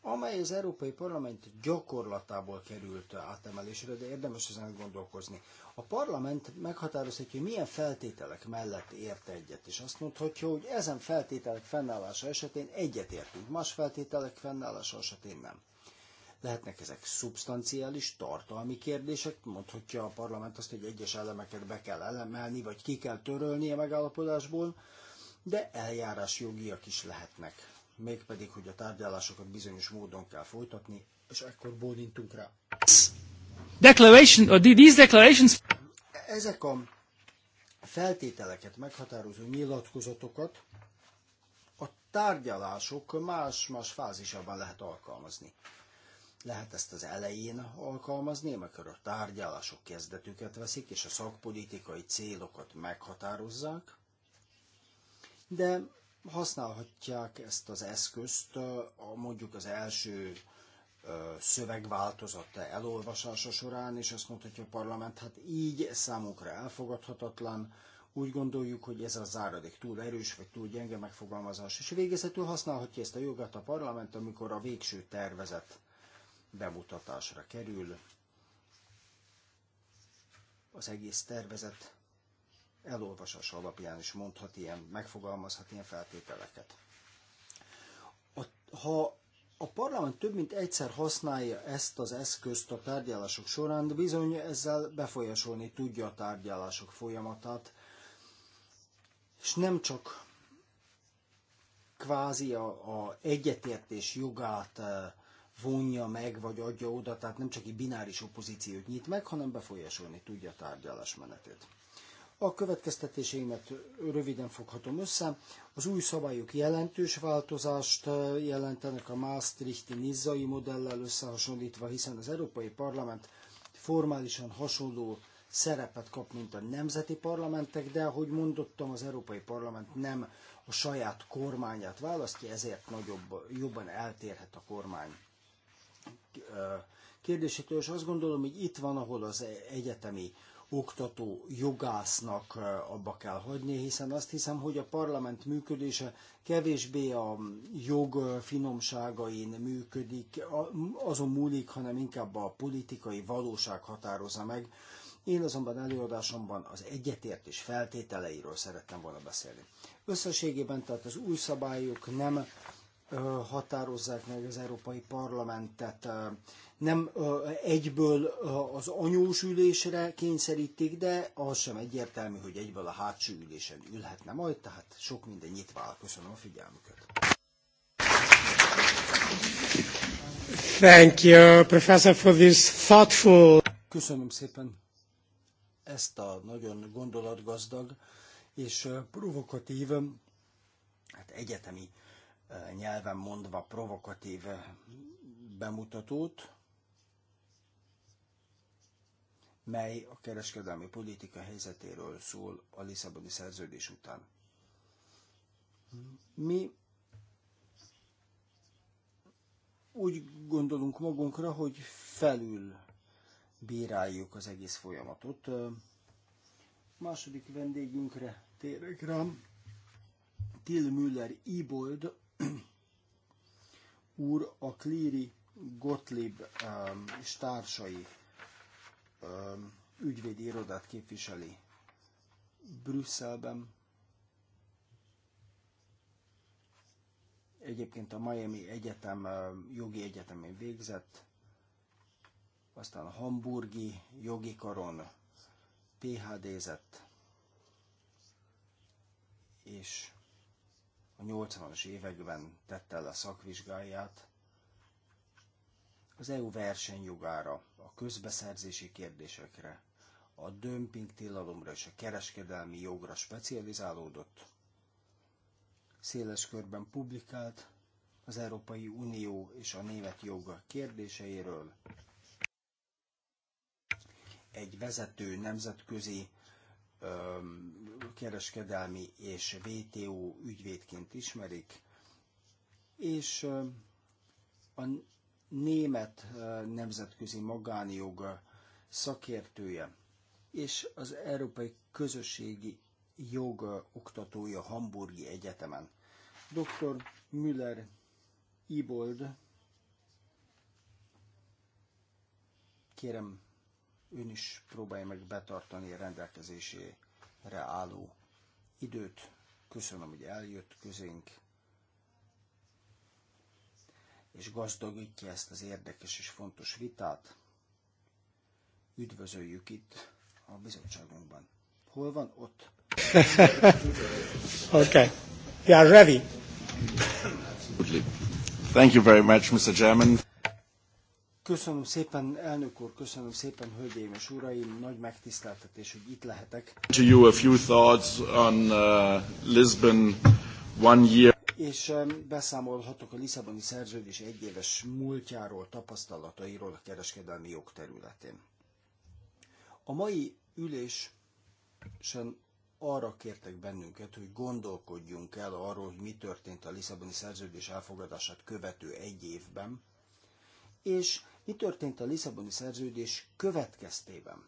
amely az Európai Parlament gyakorlatából került átemelésre, de érdemes ezen gondolkozni. A parlament meghatározhatja, hogy milyen feltételek mellett ért egyet, és azt mondhatja, hogy ezen feltételek fennállása esetén egyetértünk, más feltételek fennállása esetén nem. Lehetnek ezek szubstanciális, tartalmi kérdések, mondhatja a parlament azt, hogy egyes elemeket be kell elemelni, vagy ki kell törölni a megállapodásból, de eljárásjogiak is lehetnek mégpedig, hogy a tárgyalásokat bizonyos módon kell folytatni, és ekkor bólintunk rá. Declaration, or these declarations... Ezek a feltételeket meghatározó nyilatkozatokat a tárgyalások más-más fázisában lehet alkalmazni. Lehet ezt az elején alkalmazni, amikor a tárgyalások kezdetüket veszik, és a szakpolitikai célokat meghatározzák, de használhatják ezt az eszközt mondjuk az első szövegváltozata elolvasása során, és azt mondhatja a parlament, hát így számunkra elfogadhatatlan, úgy gondoljuk, hogy ez a záradék túl erős vagy túl gyenge megfogalmazás, és végezetül használhatja ezt a jogát a parlament, amikor a végső tervezet bemutatásra kerül. Az egész tervezet elolvasása alapján is mondhat ilyen, megfogalmazhat ilyen feltételeket. A, ha a parlament több mint egyszer használja ezt az eszközt a tárgyalások során, de bizony ezzel befolyásolni tudja a tárgyalások folyamatát, és nem csak kvázi a, a egyetértés jogát eh, vonja meg, vagy adja oda, tehát nem csak egy bináris opozíciót nyit meg, hanem befolyásolni tudja a tárgyalás menetét. A következtetéseimet röviden foghatom össze. Az új szabályok jelentős változást eh, jelentenek a Maastrichti nizzai modellel összehasonlítva, hiszen az Európai Parlament formálisan hasonló szerepet kap, mint a nemzeti parlamentek, de ahogy mondottam, az Európai Parlament nem a saját kormányát választja, ezért nagyobb, jobban eltérhet a kormány eh, kérdésétől, és azt gondolom, hogy itt van, ahol az egyetemi oktató jogásznak abba kell hagyni, hiszen azt hiszem, hogy a parlament működése kevésbé a jog finomságain működik, azon múlik, hanem inkább a politikai valóság határozza meg. Én azonban előadásomban az egyetértés feltételeiről szerettem volna beszélni. Összességében tehát az új szabályok nem határozzák meg az Európai Parlamentet. Nem egyből az anyós ülésre kényszerítik, de az sem egyértelmű, hogy egyből a hátsó ülésen ülhetne majd, tehát sok minden nyitva áll. Köszönöm a figyelmüket. Thank you, Professor, for this thoughtful... Köszönöm szépen ezt a nagyon gondolatgazdag és provokatív, hát egyetemi nyelven mondva provokatív bemutatót, mely a kereskedelmi politika helyzetéről szól a Lisszaboni szerződés után. Mi úgy gondolunk magunkra, hogy felül bíráljuk az egész folyamatot. Második vendégünkre térek rám. Till Müller Ibold, úr a Cleary Gottlieb um, és társai um, ügyvédi irodát képviseli Brüsszelben. Egyébként a Miami Egyetem um, jogi egyetemén végzett, aztán a Hamburgi jogi karon PhD-zett, és a 80-as években tette el a szakvizsgáját, az EU versenyjogára, a közbeszerzési kérdésekre, a dömping tilalomra és a kereskedelmi jogra specializálódott. Széles körben publikált az Európai Unió és a német jog kérdéseiről. Egy vezető nemzetközi kereskedelmi és VTO ügyvédként ismerik, és a német nemzetközi magánjog szakértője és az Európai Közösségi Jog oktatója Hamburgi Egyetemen. Dr. Müller Ibold, kérem ön is próbálja meg betartani a rendelkezésére álló időt. Köszönöm, hogy eljött közénk, és gazdagítja ezt az érdekes és fontos vitát. Üdvözöljük itt a bizottságunkban. Hol van? Ott. Oké, (laughs) okay. We are ready. Thank you very much, Mr. Chairman. Köszönöm szépen, elnök úr, köszönöm szépen, hölgyeim és uraim, nagy megtiszteltetés, hogy itt lehetek. To you a few thoughts on uh, Lisbon one year. És um, beszámolhatok a Lisszaboni szerződés egyéves múltjáról, tapasztalatairól a kereskedelmi jog területén. A mai ülésen arra kértek bennünket, hogy gondolkodjunk el arról, hogy mi történt a Lisszaboni szerződés elfogadását követő egy évben, és mi történt a Lisszaboni szerződés következtében?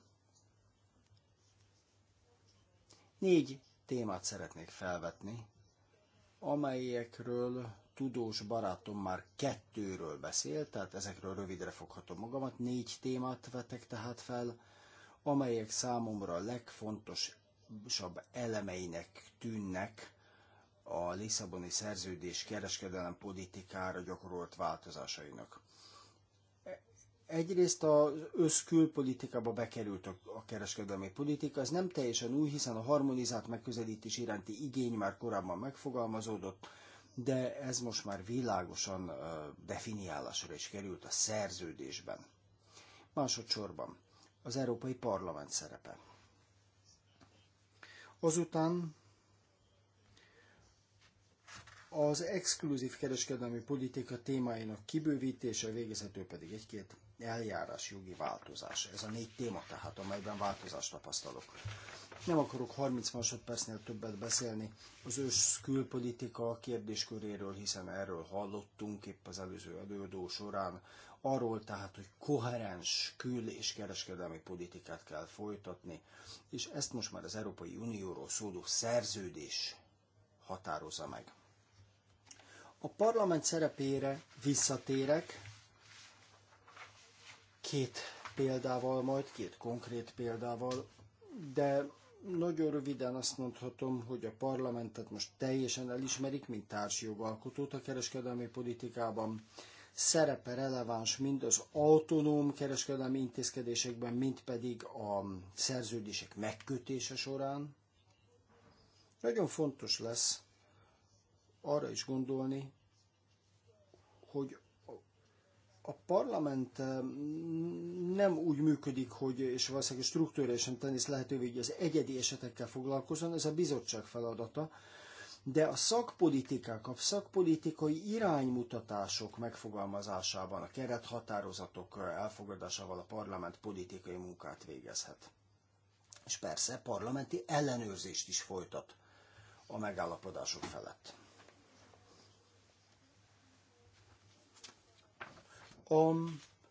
Négy témát szeretnék felvetni, amelyekről tudós barátom már kettőről beszélt, tehát ezekről rövidre foghatom magamat. Négy témát vetek tehát fel, amelyek számomra a legfontosabb elemeinek tűnnek a Lisszaboni szerződés kereskedelem politikára gyakorolt változásainak. Egyrészt az összkülpolitikába bekerült a kereskedelmi politika, ez nem teljesen új, hiszen a harmonizált megközelítés iránti igény már korábban megfogalmazódott, de ez most már világosan definiálásra is került a szerződésben. Másodszorban az Európai Parlament szerepe. Azután az exkluzív kereskedelmi politika témáinak kibővítése, végezhető pedig egy-két eljárás jogi változás. Ez a négy téma tehát, amelyben változást tapasztalok. Nem akarok 30 másodpercnél többet beszélni az ősz külpolitika kérdésköréről, hiszen erről hallottunk épp az előző előadó során. Arról tehát, hogy koherens kül- és kereskedelmi politikát kell folytatni, és ezt most már az Európai Unióról szóló szerződés határozza meg. A parlament szerepére visszatérek, két példával, majd két konkrét példával, de nagyon röviden azt mondhatom, hogy a parlamentet most teljesen elismerik, mint társjogalkotót a kereskedelmi politikában. Szerepe releváns mind az autonóm kereskedelmi intézkedésekben, mint pedig a szerződések megkötése során. Nagyon fontos lesz arra is gondolni, hogy a parlament eh, nem úgy működik, hogy, és valószínűleg struktúrálisan tenisz lehetővé, hogy az egyedi esetekkel foglalkozzon, ez a bizottság feladata, de a szakpolitikák, a szakpolitikai iránymutatások megfogalmazásában, a kerethatározatok elfogadásával a parlament politikai munkát végezhet. És persze parlamenti ellenőrzést is folytat a megállapodások felett. A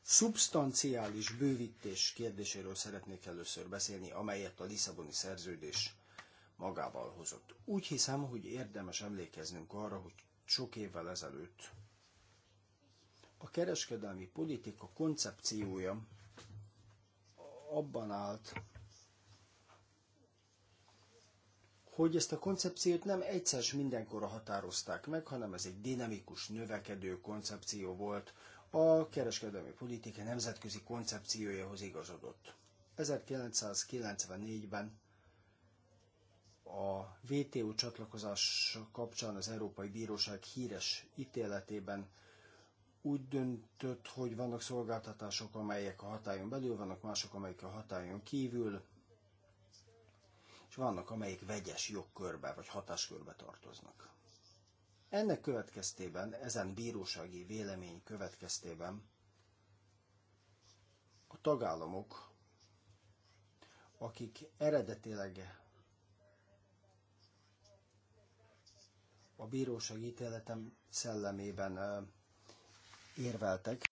szubstanciális bővítés kérdéséről szeretnék először beszélni, amelyet a Lisszaboni szerződés magával hozott. Úgy hiszem, hogy érdemes emlékeznünk arra, hogy sok évvel ezelőtt a kereskedelmi politika koncepciója abban állt, hogy ezt a koncepciót nem egyszer mindenkorra határozták meg, hanem ez egy dinamikus, növekedő koncepció volt, a kereskedelmi politika nemzetközi koncepciójához igazodott. 1994-ben a WTO csatlakozás kapcsán az Európai Bíróság híres ítéletében úgy döntött, hogy vannak szolgáltatások, amelyek a hatályon belül vannak, mások, amelyek a hatályon kívül, és vannak, amelyek vegyes jogkörbe vagy hatáskörbe tartoznak. Ennek következtében, ezen bírósági vélemény következtében a tagállamok, akik eredetileg a bírósági ítéletem szellemében érveltek,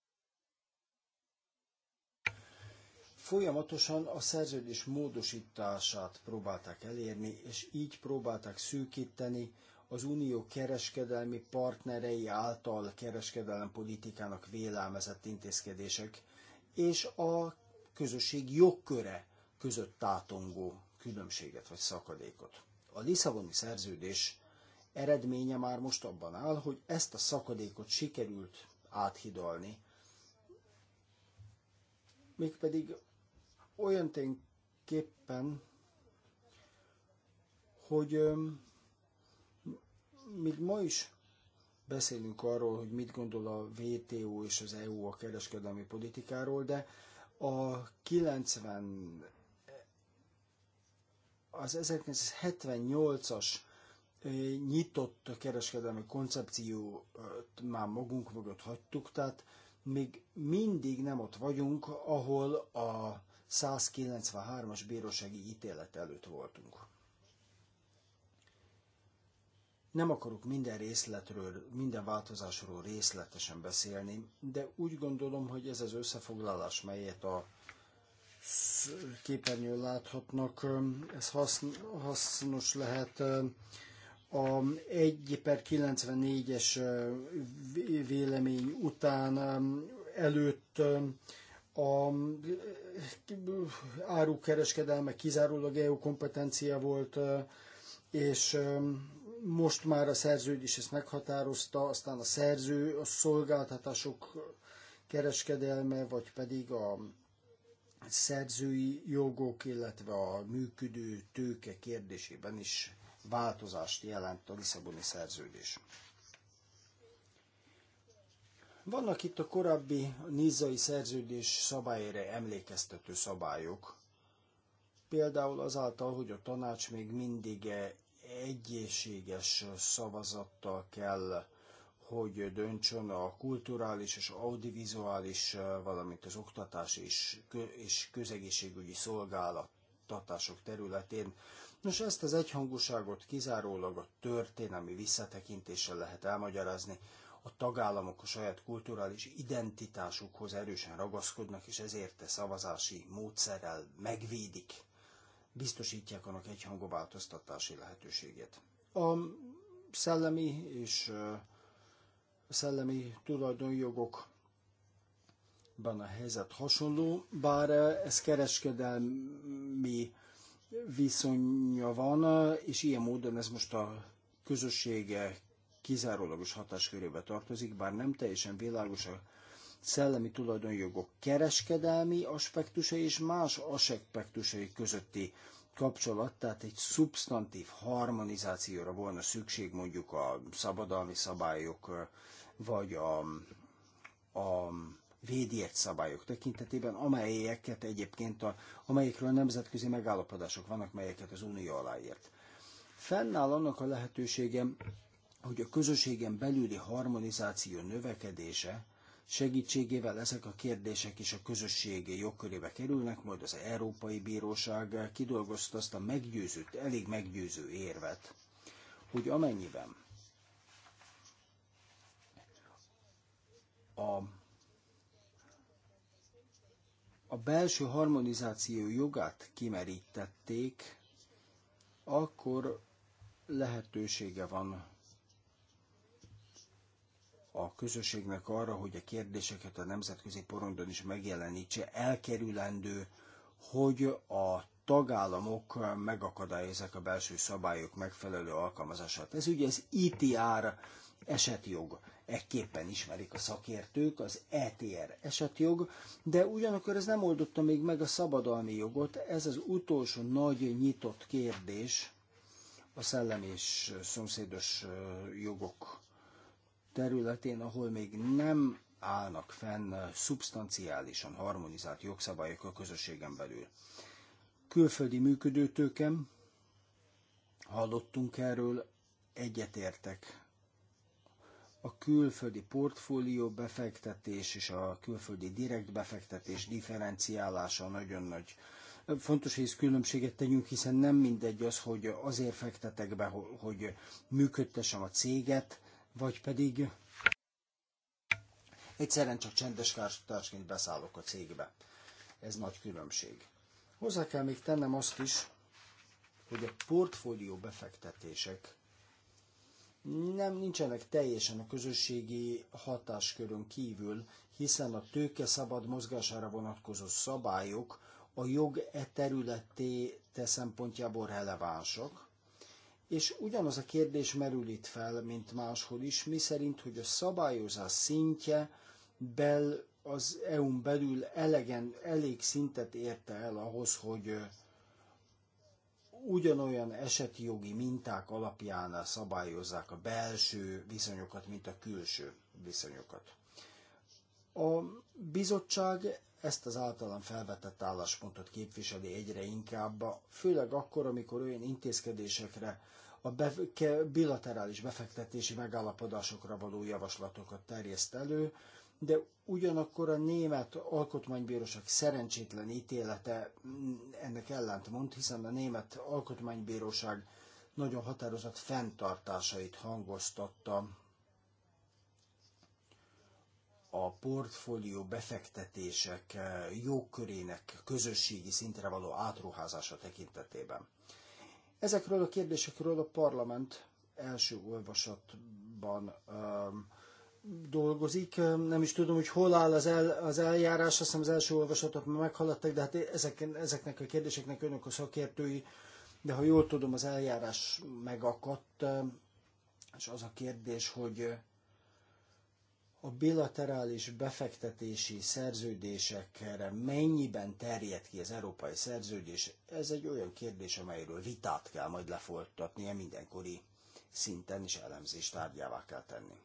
folyamatosan a szerződés módosítását próbálták elérni, és így próbálták szűkíteni az unió kereskedelmi partnerei által kereskedelmi politikának vélelmezett intézkedések, és a közösség jogköre között tátongó különbséget vagy szakadékot. A Lisszaboni szerződés eredménye már most abban áll, hogy ezt a szakadékot sikerült áthidalni, mégpedig olyan tényképpen, hogy még ma is beszélünk arról, hogy mit gondol a WTO és az EU a kereskedelmi politikáról, de a 90 az 1978-as nyitott kereskedelmi koncepciót már magunk mögött hagytuk, tehát még mindig nem ott vagyunk, ahol a 193-as bírósági ítélet előtt voltunk. Nem akarok minden részletről, minden változásról részletesen beszélni, de úgy gondolom, hogy ez az összefoglalás, melyet a képernyőn láthatnak, ez hasznos lehet. A 1 per 94-es vélemény után előtt a árukereskedelme kizárólag EU kompetencia volt, és most már a szerződés ezt meghatározta, aztán a szerző, a szolgáltatások kereskedelme, vagy pedig a szerzői jogok, illetve a működő tőke kérdésében is változást jelent a Lisszaboni szerződés. Vannak itt a korábbi nizai szerződés szabályére emlékeztető szabályok, például azáltal, hogy a tanács még mindig egységes szavazattal kell, hogy döntsön a kulturális és audiovizuális, valamint az oktatás és, és közegészségügyi szolgáltatások területén. Nos, ezt az egyhangúságot kizárólag a történelmi visszatekintéssel lehet elmagyarázni. A tagállamok a saját kulturális identitásukhoz erősen ragaszkodnak, és ezért a szavazási módszerrel megvédik biztosítják annak egyhangú változtatási lehetőségét. A szellemi és a szellemi tulajdonjogok ban a helyzet hasonló, bár ez kereskedelmi viszonya van, és ilyen módon ez most a közössége kizárólagos hatáskörébe tartozik, bár nem teljesen világos a szellemi tulajdonjogok kereskedelmi aspektusai és más aspektusai közötti kapcsolat, tehát egy szubstantív harmonizációra volna szükség mondjuk a szabadalmi szabályok, vagy a, a védiek szabályok tekintetében, amelyeket egyébként a, amelyekről nemzetközi megállapodások vannak, melyeket az Unió aláírt. Fennáll annak a lehetőségem, hogy a közösségen belüli harmonizáció növekedése segítségével ezek a kérdések is a közösségi jogkörébe kerülnek, majd az Európai Bíróság kidolgozta azt a meggyőzőt, elég meggyőző érvet, hogy amennyiben a a belső harmonizáció jogát kimerítették, akkor lehetősége van a közösségnek arra, hogy a kérdéseket a nemzetközi porondon is megjelenítse, elkerülendő, hogy a tagállamok megakadályozzák a belső szabályok megfelelő alkalmazását. Ez ugye az ITR esetjog. Ekképpen ismerik a szakértők az ETR esetjog, de ugyanakkor ez nem oldotta még meg a szabadalmi jogot. Ez az utolsó nagy nyitott kérdés a szellem és szomszédos jogok területén, ahol még nem állnak fenn szubstanciálisan harmonizált jogszabályok a közösségen belül. Külföldi működőtőkem, hallottunk erről, egyetértek. A külföldi portfólió befektetés és a külföldi direkt befektetés differenciálása nagyon nagy fontos, hogy ezt különbséget tegyünk, hiszen nem mindegy az, hogy azért fektetek be, hogy működtessem a céget, vagy pedig egyszerűen csak csendes társként beszállok a cégbe. Ez nagy különbség. Hozzá kell még tennem azt is, hogy a portfólió befektetések nem nincsenek teljesen a közösségi hatáskörön kívül, hiszen a tőke szabad mozgására vonatkozó szabályok a jog e területé te szempontjából relevánsak, és ugyanaz a kérdés merül itt fel, mint máshol is, mi szerint, hogy a szabályozás szintje bel, az EU-n belül elegen, elég szintet érte el ahhoz, hogy ugyanolyan eseti jogi minták alapján szabályozzák a belső viszonyokat, mint a külső viszonyokat. A bizottság ezt az általán felvetett álláspontot képviseli egyre inkább, főleg akkor, amikor olyan intézkedésekre, a bef- bilaterális befektetési megállapodásokra való javaslatokat terjeszt elő, de ugyanakkor a német alkotmánybíróság szerencsétlen ítélete mm, ennek ellentmond, hiszen a német alkotmánybíróság nagyon határozott fenntartásait hangoztatta a portfólió befektetések eh, jogkörének közösségi szintre való átruházása tekintetében. Ezekről a kérdésekről a parlament első olvasatban um, dolgozik. Nem is tudom, hogy hol áll az, el, az eljárás, azt hiszem az első olvasatot már meghaladták, de hát ezek, ezeknek a kérdéseknek önök a szakértői, de ha jól tudom, az eljárás megakadt, ehm, és az a kérdés, hogy a bilaterális befektetési szerződésekre mennyiben terjed ki az európai szerződés, ez egy olyan kérdés, amelyről vitát kell majd lefolytatnia mindenkori szinten is elemzést tárgyává kell tenni.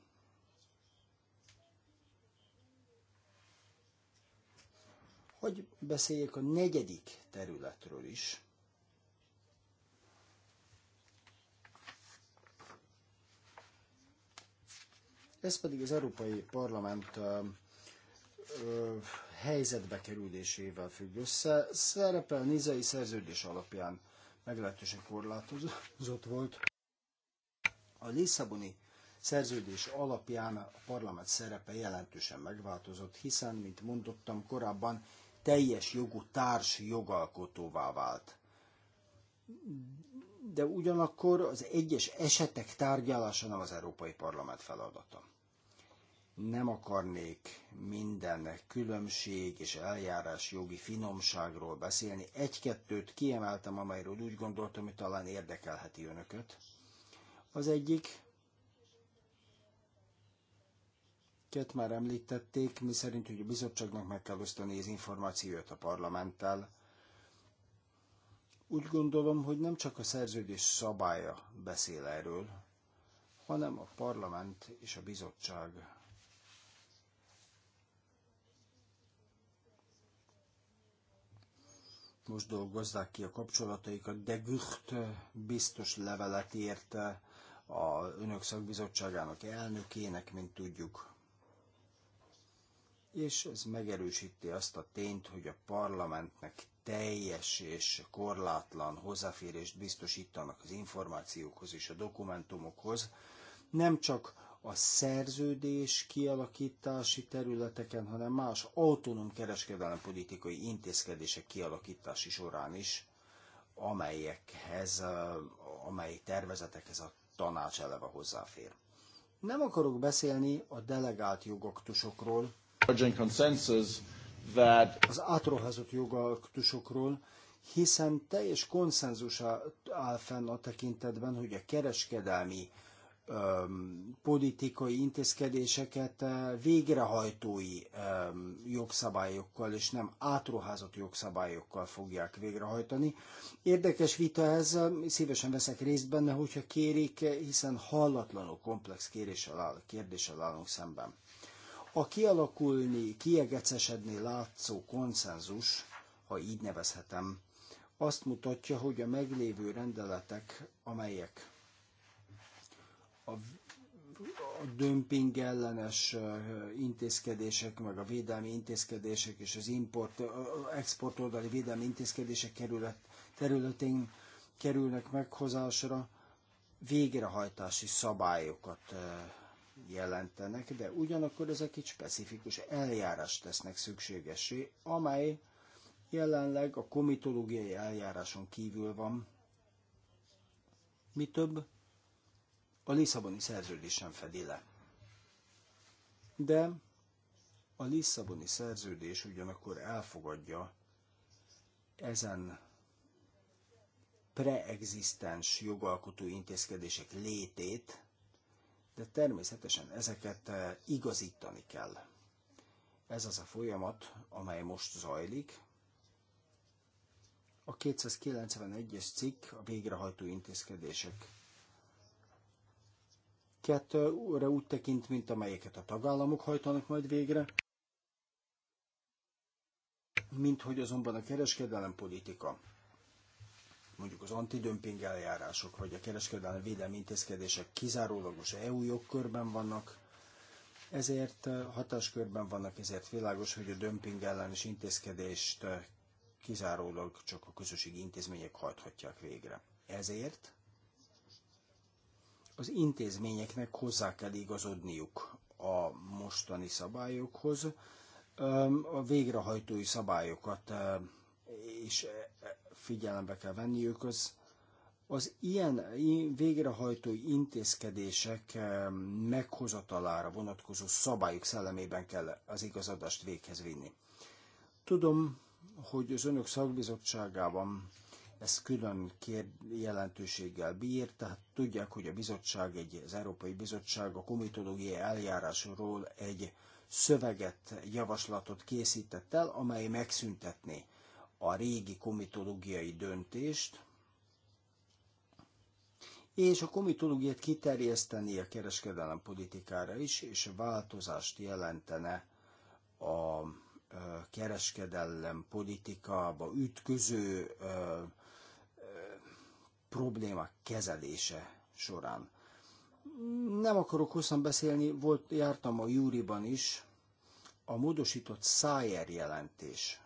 Hogy beszéljek a negyedik területről is, Ez pedig az Európai Parlament helyzetbe kerülésével függ össze. Szerepel nizai szerződés alapján meglehetősen korlátozott volt. A Lisszaboni szerződés alapján a parlament szerepe jelentősen megváltozott, hiszen, mint mondottam korábban, teljes jogú társ jogalkotóvá vált. De ugyanakkor az egyes esetek tárgyalása nem az Európai Parlament feladata nem akarnék minden különbség és eljárás jogi finomságról beszélni. Egy-kettőt kiemeltem, amelyről úgy gondoltam, hogy talán érdekelheti önöket. Az egyik, két már említették, mi szerint, hogy a bizottságnak meg kell osztani az információt a parlamenttel. Úgy gondolom, hogy nem csak a szerződés szabálya beszél erről, hanem a parlament és a bizottság most dolgozzák ki a kapcsolataikat, de Gücht biztos levelet írt a önök szakbizottságának elnökének, mint tudjuk. És ez megerősíti azt a tényt, hogy a parlamentnek teljes és korlátlan hozzáférést biztosítanak az információkhoz és a dokumentumokhoz, nem csak a szerződés kialakítási területeken, hanem más autonóm kereskedelempolitikai intézkedések kialakítási során is, amelyekhez, amely tervezetekhez a tanács eleve hozzáfér. Nem akarok beszélni a delegált jogaktusokról, az átrohazott jogaktusokról, hiszen teljes konszenzus áll fenn a tekintetben, hogy a kereskedelmi politikai intézkedéseket végrehajtói jogszabályokkal, és nem átruházott jogszabályokkal fogják végrehajtani. Érdekes vita ez, szívesen veszek részt benne, hogyha kérik, hiszen hallatlanul komplex kéréssel áll, kérdéssel állunk szemben. A kialakulni, kiegecesedni látszó konszenzus, ha így nevezhetem, azt mutatja, hogy a meglévő rendeletek, amelyek a, a dömping ellenes intézkedések, meg a védelmi intézkedések és az import, export oldali védelmi intézkedések kerület, területén kerülnek meghozásra, végrehajtási szabályokat jelentenek, de ugyanakkor ezek egy specifikus eljárást tesznek szükségesé, amely jelenleg a komitológiai eljáráson kívül van. Mi több, a Lisszaboni szerződés sem fedi le. De a Lisszaboni szerződés ugyanakkor elfogadja ezen preexisztens jogalkotó intézkedések létét, de természetesen ezeket eh, igazítani kell. Ez az a folyamat, amely most zajlik. A 291-es cikk a végrehajtó intézkedések ezekre úgy tekint, mint amelyeket a tagállamok hajtanak majd végre, mint hogy azonban a kereskedelem politika, mondjuk az antidömping eljárások vagy a kereskedelmi védelmi intézkedések kizárólagos EU jogkörben vannak, ezért eh, hatáskörben vannak, ezért világos, hogy a dömping ellenes intézkedést eh, kizárólag csak a közösségi intézmények hajthatják végre. Ezért az intézményeknek hozzá kell igazodniuk a mostani szabályokhoz, a végrehajtói szabályokat is figyelembe kell venniük, az, az ilyen végrehajtói intézkedések meghozatalára vonatkozó szabályok szellemében kell az igazadást véghez vinni. Tudom, hogy az önök szakbizottságában ez külön kér, jelentőséggel bír, tehát tudják, hogy a bizottság, egy, az Európai Bizottság a komitológiai eljárásról egy szöveget, javaslatot készített el, amely megszüntetné a régi komitológiai döntést, és a komitológiát kiterjeszteni a kereskedelem politikára is, és változást jelentene a kereskedelem politikába ütköző probléma kezelése során. Nem akarok hosszan beszélni, volt, jártam a Júriban is, a módosított Szájer jelentés,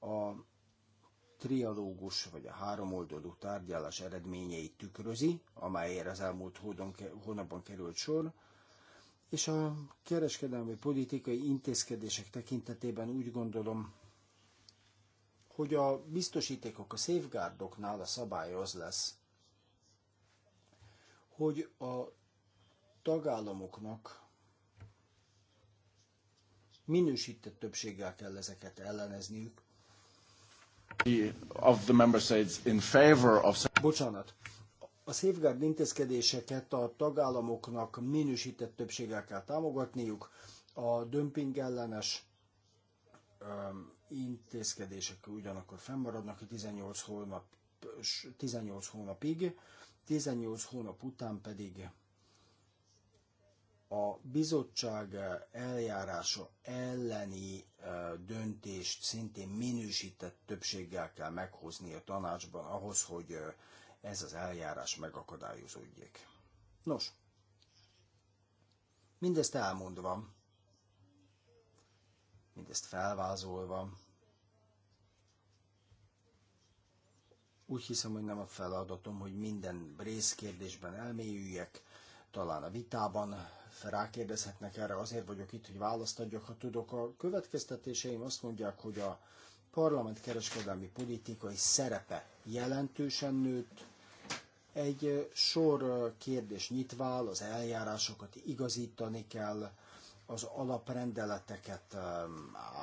a trialógus vagy a háromoldalú tárgyalás eredményeit tükrözi, amelyért az elmúlt hódon, hónapban került sor, és a kereskedelmi politikai intézkedések tekintetében úgy gondolom, hogy a biztosítékok a safeguardoknál a szabály az lesz, hogy a tagállamoknak minősített többséggel kell ezeket ellenezniük. Of the member states in favor of... Bocsánat. A safeguard intézkedéseket a tagállamoknak minősített többséggel kell támogatniuk, a dömping ellenes um, intézkedések ugyanakkor fennmaradnak a 18, hónap 18 hónapig, 18 hónap után pedig a bizottság eljárása elleni döntést szintén minősített többséggel kell meghozni a tanácsban ahhoz, hogy ez az eljárás megakadályozódjék. Nos, mindezt elmondva, mindezt felvázolva. Úgy hiszem, hogy nem a feladatom, hogy minden részkérdésben elmélyüljek, talán a vitában rákérdezhetnek erre, azért vagyok itt, hogy választ adjak, ha tudok. A következtetéseim azt mondják, hogy a parlament kereskedelmi politikai szerepe jelentősen nőtt, egy sor kérdés nyitvál, az eljárásokat igazítani kell, az alaprendeleteket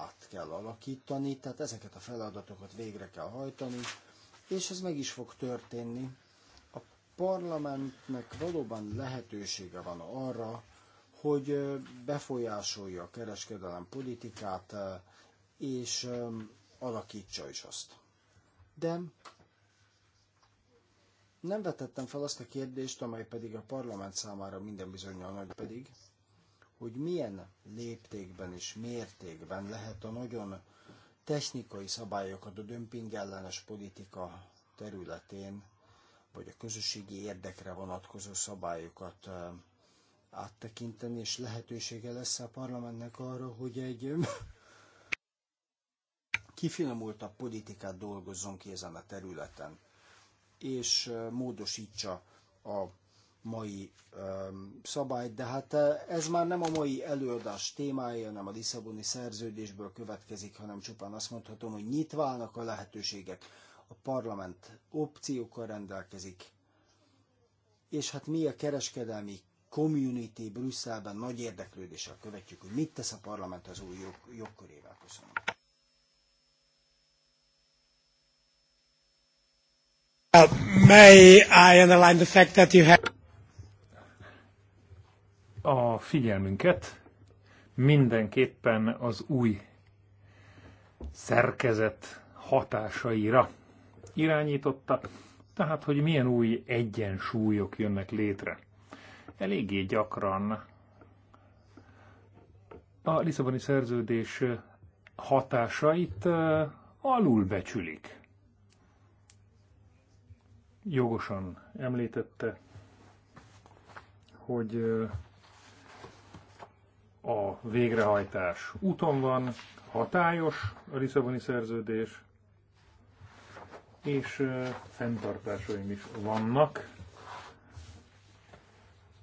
át kell alakítani, tehát ezeket a feladatokat végre kell hajtani, és ez meg is fog történni. A parlamentnek valóban lehetősége van arra, hogy befolyásolja a kereskedelem politikát, és alakítsa is azt. De nem vetettem fel azt a kérdést, amely pedig a parlament számára minden bizonyal nagy pedig, hogy milyen léptékben és mértékben lehet a nagyon technikai szabályokat a dömping ellenes politika területén, vagy a közösségi érdekre vonatkozó szabályokat eh, áttekinteni, és lehetősége lesz a parlamentnek arra, hogy egy eh, kifinomultabb politikát dolgozzon ki ezen a területen, és eh, módosítsa a mai um, szabályt, de hát ez már nem a mai előadás témája, nem a Lisszaboni szerződésből következik, hanem csupán azt mondhatom, hogy nyitva a lehetőségek, a parlament opciókkal rendelkezik, és hát mi a kereskedelmi community Brüsszelben nagy érdeklődéssel követjük, hogy mit tesz a parlament az új jog, jogkörével. Köszönöm. Uh, may I underline the fact that you have a figyelmünket mindenképpen az új szerkezet hatásaira irányította, tehát hogy milyen új egyensúlyok jönnek létre. Eléggé gyakran a Lisszaboni szerződés hatásait alulbecsülik. Jogosan említette, hogy a végrehajtás úton van, hatályos a Lisszaboni szerződés, és fenntartásaim is vannak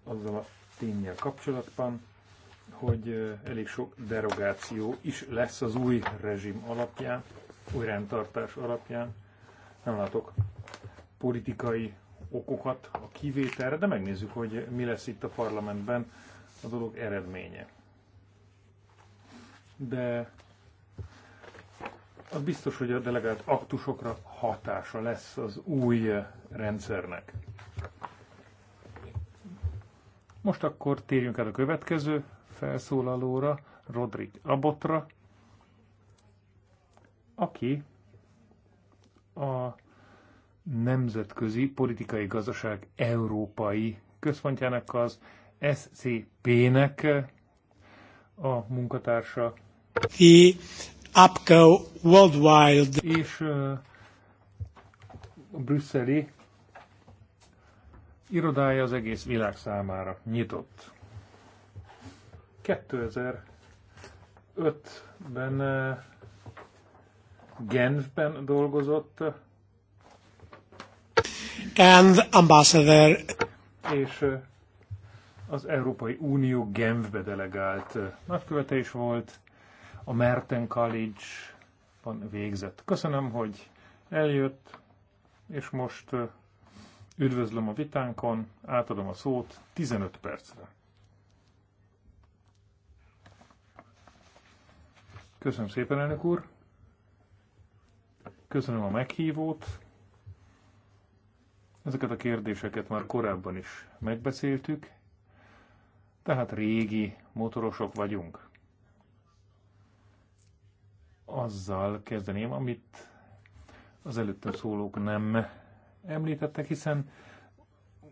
azzal a tényel kapcsolatban, hogy elég sok derogáció is lesz az új rezsim alapján, új rendtartás alapján. Nem látok politikai okokat a kivételre, de megnézzük, hogy mi lesz itt a parlamentben a dolog eredménye de az biztos, hogy a delegált aktusokra hatása lesz az új rendszernek. Most akkor térjünk el a következő felszólalóra, Rodrik Abotra, aki a Nemzetközi Politikai Gazdaság Európai Központjának az SCP-nek a munkatársa, the APCO Worldwide. És uh, a brüsszeli irodája az egész világ számára nyitott. 2005-ben uh, Genfben dolgozott. And ambassador. És uh, az Európai Unió Genfbe delegált nagykövete is volt, a Merten College-ban végzett. Köszönöm, hogy eljött, és most üdvözlöm a vitánkon, átadom a szót 15 percre. Köszönöm szépen, elnök úr! Köszönöm a meghívót. Ezeket a kérdéseket már korábban is megbeszéltük, tehát régi motorosok vagyunk azzal kezdeném, amit az előtte szólók nem említettek, hiszen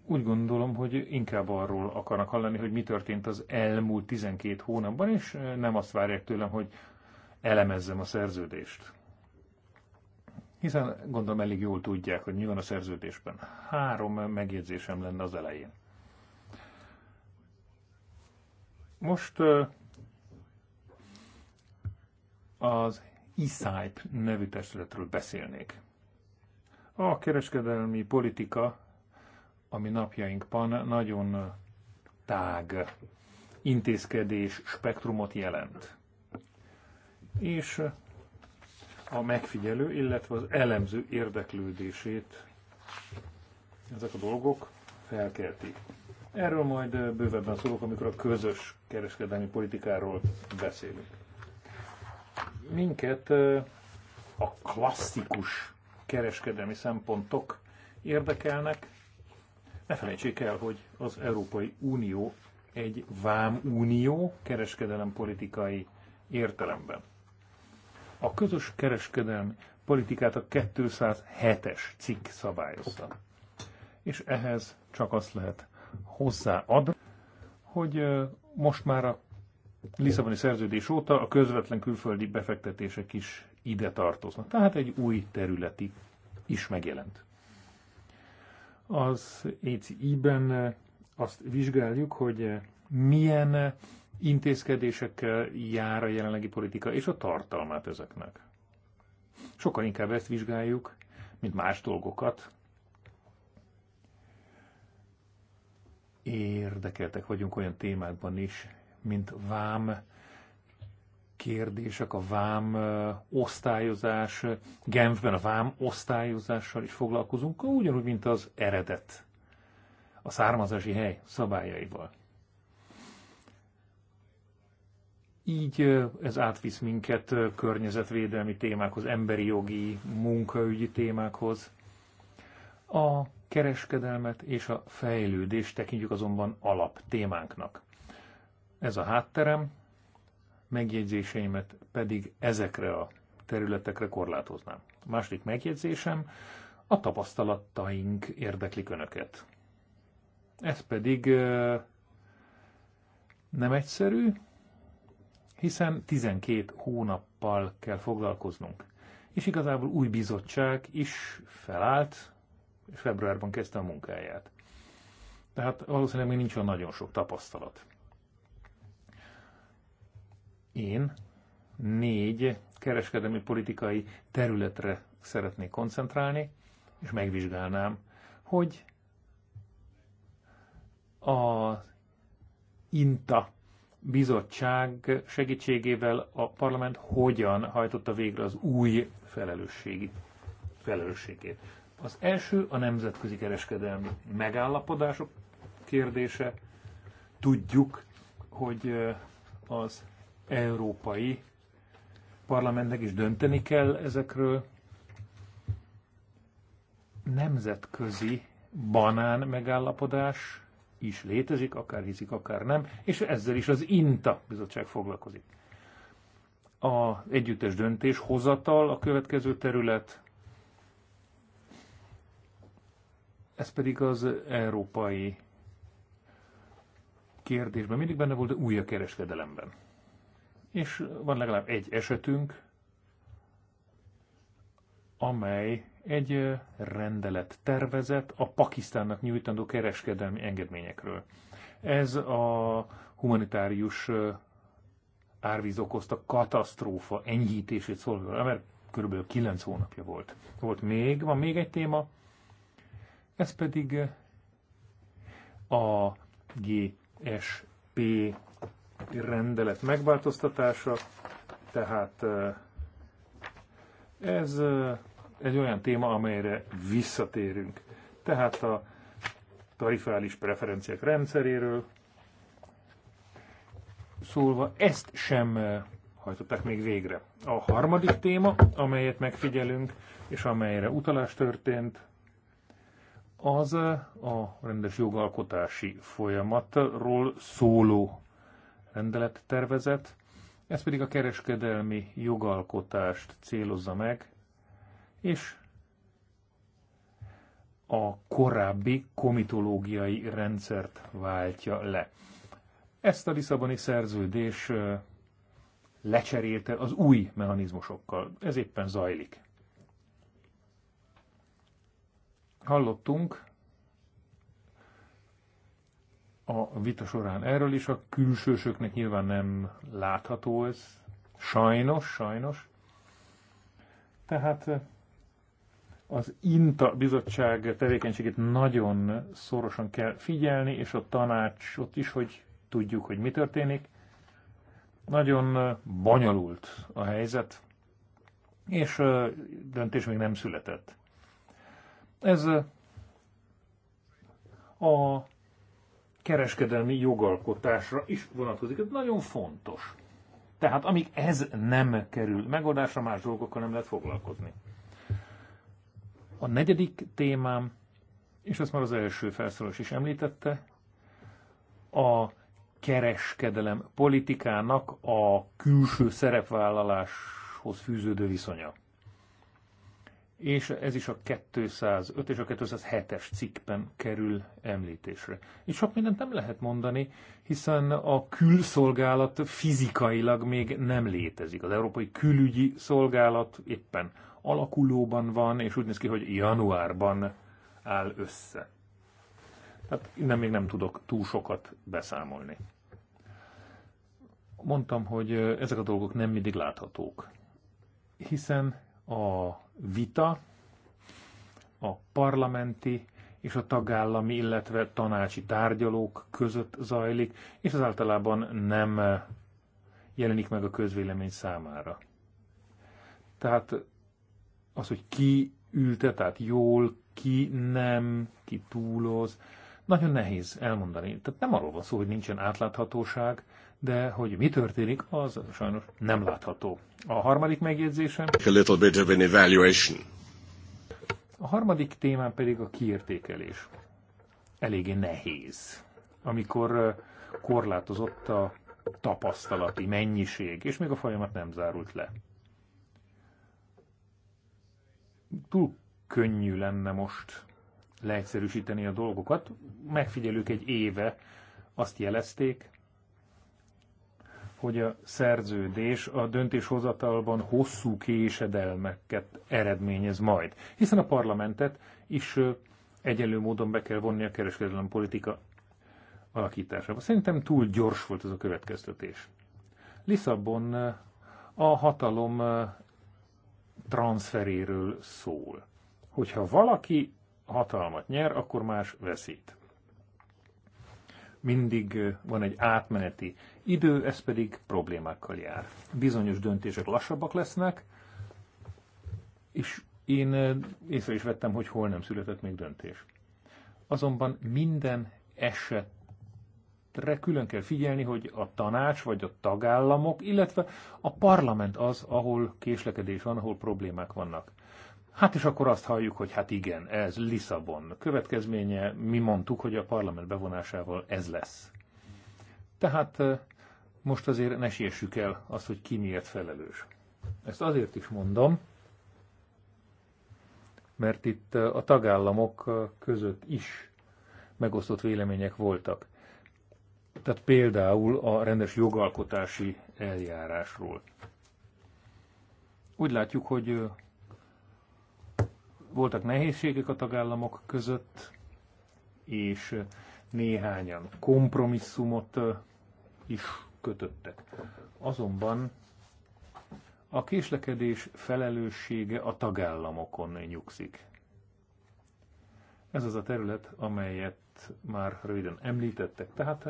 úgy gondolom, hogy inkább arról akarnak hallani, hogy mi történt az elmúlt 12 hónapban, és nem azt várják tőlem, hogy elemezzem a szerződést. Hiszen gondolom elég jól tudják, hogy mi van a szerződésben. Három megjegyzésem lenne az elején. Most az ESIPE nevű testületről beszélnék. A kereskedelmi politika, ami napjainkban nagyon tág intézkedés spektrumot jelent. És a megfigyelő, illetve az elemző érdeklődését ezek a dolgok felkelti Erről majd bővebben szólok, amikor a közös kereskedelmi politikáról beszélünk. Minket a klasszikus kereskedelmi szempontok érdekelnek. Ne felejtsék el, hogy az Európai Unió egy vámunió kereskedelem politikai értelemben. A közös kereskedelmi politikát a 207-es cikk szabályozta. És ehhez csak azt lehet hozzáadni, hogy most már a Lisszaboni szerződés óta a közvetlen külföldi befektetések is ide tartoznak. Tehát egy új területi is megjelent. Az ECI-ben azt vizsgáljuk, hogy milyen intézkedésekkel jár a jelenlegi politika és a tartalmát ezeknek. Sokkal inkább ezt vizsgáljuk, mint más dolgokat. Érdekeltek vagyunk olyan témákban is, mint vám kérdések, a vám osztályozás, Genfben a vám osztályozással is foglalkozunk, ugyanúgy, mint az eredet, a származási hely szabályaival. Így ez átvisz minket környezetvédelmi témákhoz, emberi jogi, munkaügyi témákhoz. A kereskedelmet és a fejlődést tekintjük azonban alap témánknak. Ez a hátterem, megjegyzéseimet pedig ezekre a területekre korlátoznám. A második megjegyzésem, a tapasztalataink érdeklik önöket. Ez pedig nem egyszerű, hiszen 12 hónappal kell foglalkoznunk. És igazából új bizottság is felállt, és februárban kezdte a munkáját. Tehát valószínűleg még nincs olyan nagyon sok tapasztalat. Én négy kereskedelmi politikai területre szeretnék koncentrálni, és megvizsgálnám, hogy a INTA bizottság segítségével a parlament hogyan hajtotta végre az új felelősségi, felelősségét. Az első a nemzetközi kereskedelmi megállapodások kérdése. Tudjuk, hogy az európai parlamentnek is dönteni kell ezekről. Nemzetközi banán megállapodás is létezik, akár hiszik, akár nem, és ezzel is az INTA bizottság foglalkozik. A együttes döntés hozatal a következő terület, ez pedig az európai kérdésben mindig benne volt, de új a kereskedelemben és van legalább egy esetünk, amely egy rendelet tervezet a Pakisztánnak nyújtandó kereskedelmi engedményekről. Ez a humanitárius árvíz okozta katasztrófa enyhítését szolgálja, mert körülbelül 9 hónapja volt. Volt még, van még egy téma, ez pedig a GSP rendelet megváltoztatása, tehát ez egy olyan téma, amelyre visszatérünk. Tehát a tarifális preferenciák rendszeréről szólva ezt sem hajtották még végre. A harmadik téma, amelyet megfigyelünk, és amelyre utalás történt, az a rendes jogalkotási folyamatról szóló rendelettervezet, ez pedig a kereskedelmi jogalkotást célozza meg, és a korábbi komitológiai rendszert váltja le. Ezt a Lisszaboni szerződés lecserélte az új mechanizmusokkal. Ez éppen zajlik. Hallottunk a vita során erről is. A külsősöknek nyilván nem látható ez. Sajnos, sajnos. Tehát eh, az INTA bizottság tevékenységét nagyon szorosan kell figyelni, és a tanács ott is, hogy tudjuk, hogy mi történik. Nagyon eh, bonyolult a helyzet, és eh, döntés még nem született. Ez a kereskedelmi jogalkotásra is vonatkozik. Ez nagyon fontos. Tehát amíg ez nem kerül megoldásra, más dolgokkal nem lehet foglalkozni. A negyedik témám, és ezt már az első felszólalás is említette, a kereskedelem politikának a külső szerepvállaláshoz fűződő viszonya és ez is a 205 és a 207-es cikkben kerül említésre. És sok mindent nem lehet mondani, hiszen a külszolgálat fizikailag még nem létezik. Az Európai Külügyi Szolgálat éppen alakulóban van, és úgy néz ki, hogy januárban áll össze. Tehát innen még nem tudok túl sokat beszámolni. Mondtam, hogy ezek a dolgok nem mindig láthatók, hiszen a vita a parlamenti és a tagállami, illetve tanácsi tárgyalók között zajlik, és az általában nem eh, jelenik meg a közvélemény számára. Tehát az, hogy ki ülte, tehát jól, ki nem, ki túloz, nagyon nehéz elmondani. Tehát nem arról van szó, hogy nincsen átláthatóság, de hogy mi történik, az sajnos nem látható. A harmadik megjegyzésem... A little bit of an evaluation. A harmadik témám pedig a kiértékelés. Eléggé nehéz, amikor korlátozott a tapasztalati mennyiség, és még a folyamat nem zárult le. Túl könnyű lenne most leegyszerűsíteni a dolgokat. Megfigyelők egy éve azt jelezték, hogy a szerződés a döntéshozatalban hosszú késedelmeket eredményez majd, hiszen a parlamentet is egyenlő módon be kell vonni a kereskedelmi politika alakításába. Szerintem túl gyors volt ez a következtetés. Lisszabon a hatalom transferéről szól. Hogyha valaki hatalmat nyer, akkor más veszít. Mindig van egy átmeneti idő, ez pedig problémákkal jár. Bizonyos döntések lassabbak lesznek, és én eh, észre is vettem, hogy hol nem született még döntés. Azonban minden esetre külön kell figyelni, hogy a tanács vagy a tagállamok, illetve a parlament az, ahol késlekedés van, ahol problémák vannak. Hát és akkor azt halljuk, hogy hát igen, ez Lisszabon következménye, mi mondtuk, hogy a parlament bevonásával ez lesz. Tehát eh, most azért ne siessük el azt, hogy ki miért felelős. Ezt azért is mondom, mert itt a tagállamok között is megosztott vélemények voltak. Tehát például a rendes jogalkotási eljárásról. Úgy látjuk, hogy voltak nehézségek a tagállamok között, és néhányan kompromisszumot is kötöttek. Azonban a késlekedés felelőssége a tagállamokon nyugszik. Ez az a terület, amelyet már röviden említettek. Tehát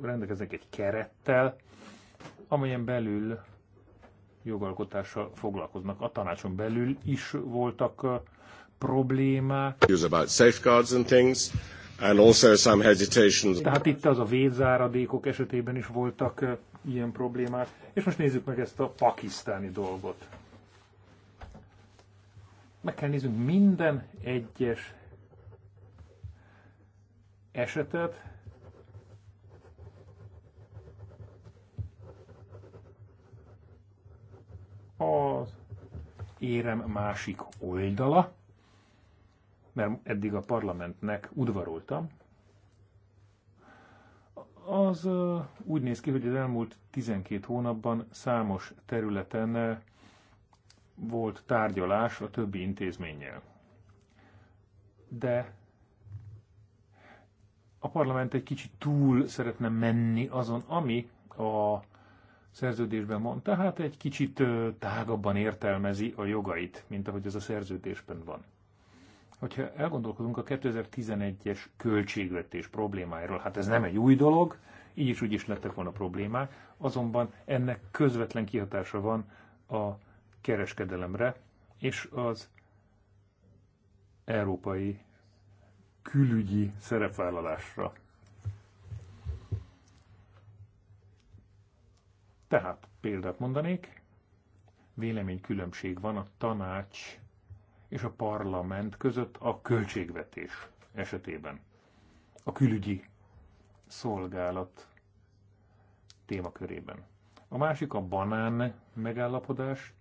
rendelkeznek egy kerettel, amelyen belül jogalkotással foglalkoznak. A tanácson belül is voltak problémák. About safeguards and things. And also some hesitations. Tehát itt az a védzáradékok esetében is voltak ilyen problémák. És most nézzük meg ezt a pakisztáni dolgot. Meg kell néznünk minden egyes esetet, az érem másik oldala mert eddig a parlamentnek udvaroltam, az úgy néz ki, hogy az elmúlt 12 hónapban számos területen volt tárgyalás a többi intézménnyel. De a parlament egy kicsit túl szeretne menni azon, ami a szerződésben van, tehát egy kicsit tágabban értelmezi a jogait, mint ahogy ez a szerződésben van hogyha elgondolkodunk a 2011-es költségvetés problémáiról, hát ez nem egy új dolog, így is úgy is lettek volna problémák, azonban ennek közvetlen kihatása van a kereskedelemre és az európai külügyi szerepvállalásra. Tehát példát mondanék, véleménykülönbség van a tanács és a parlament között a költségvetés esetében. A külügyi szolgálat témakörében. A másik a banán megállapodás,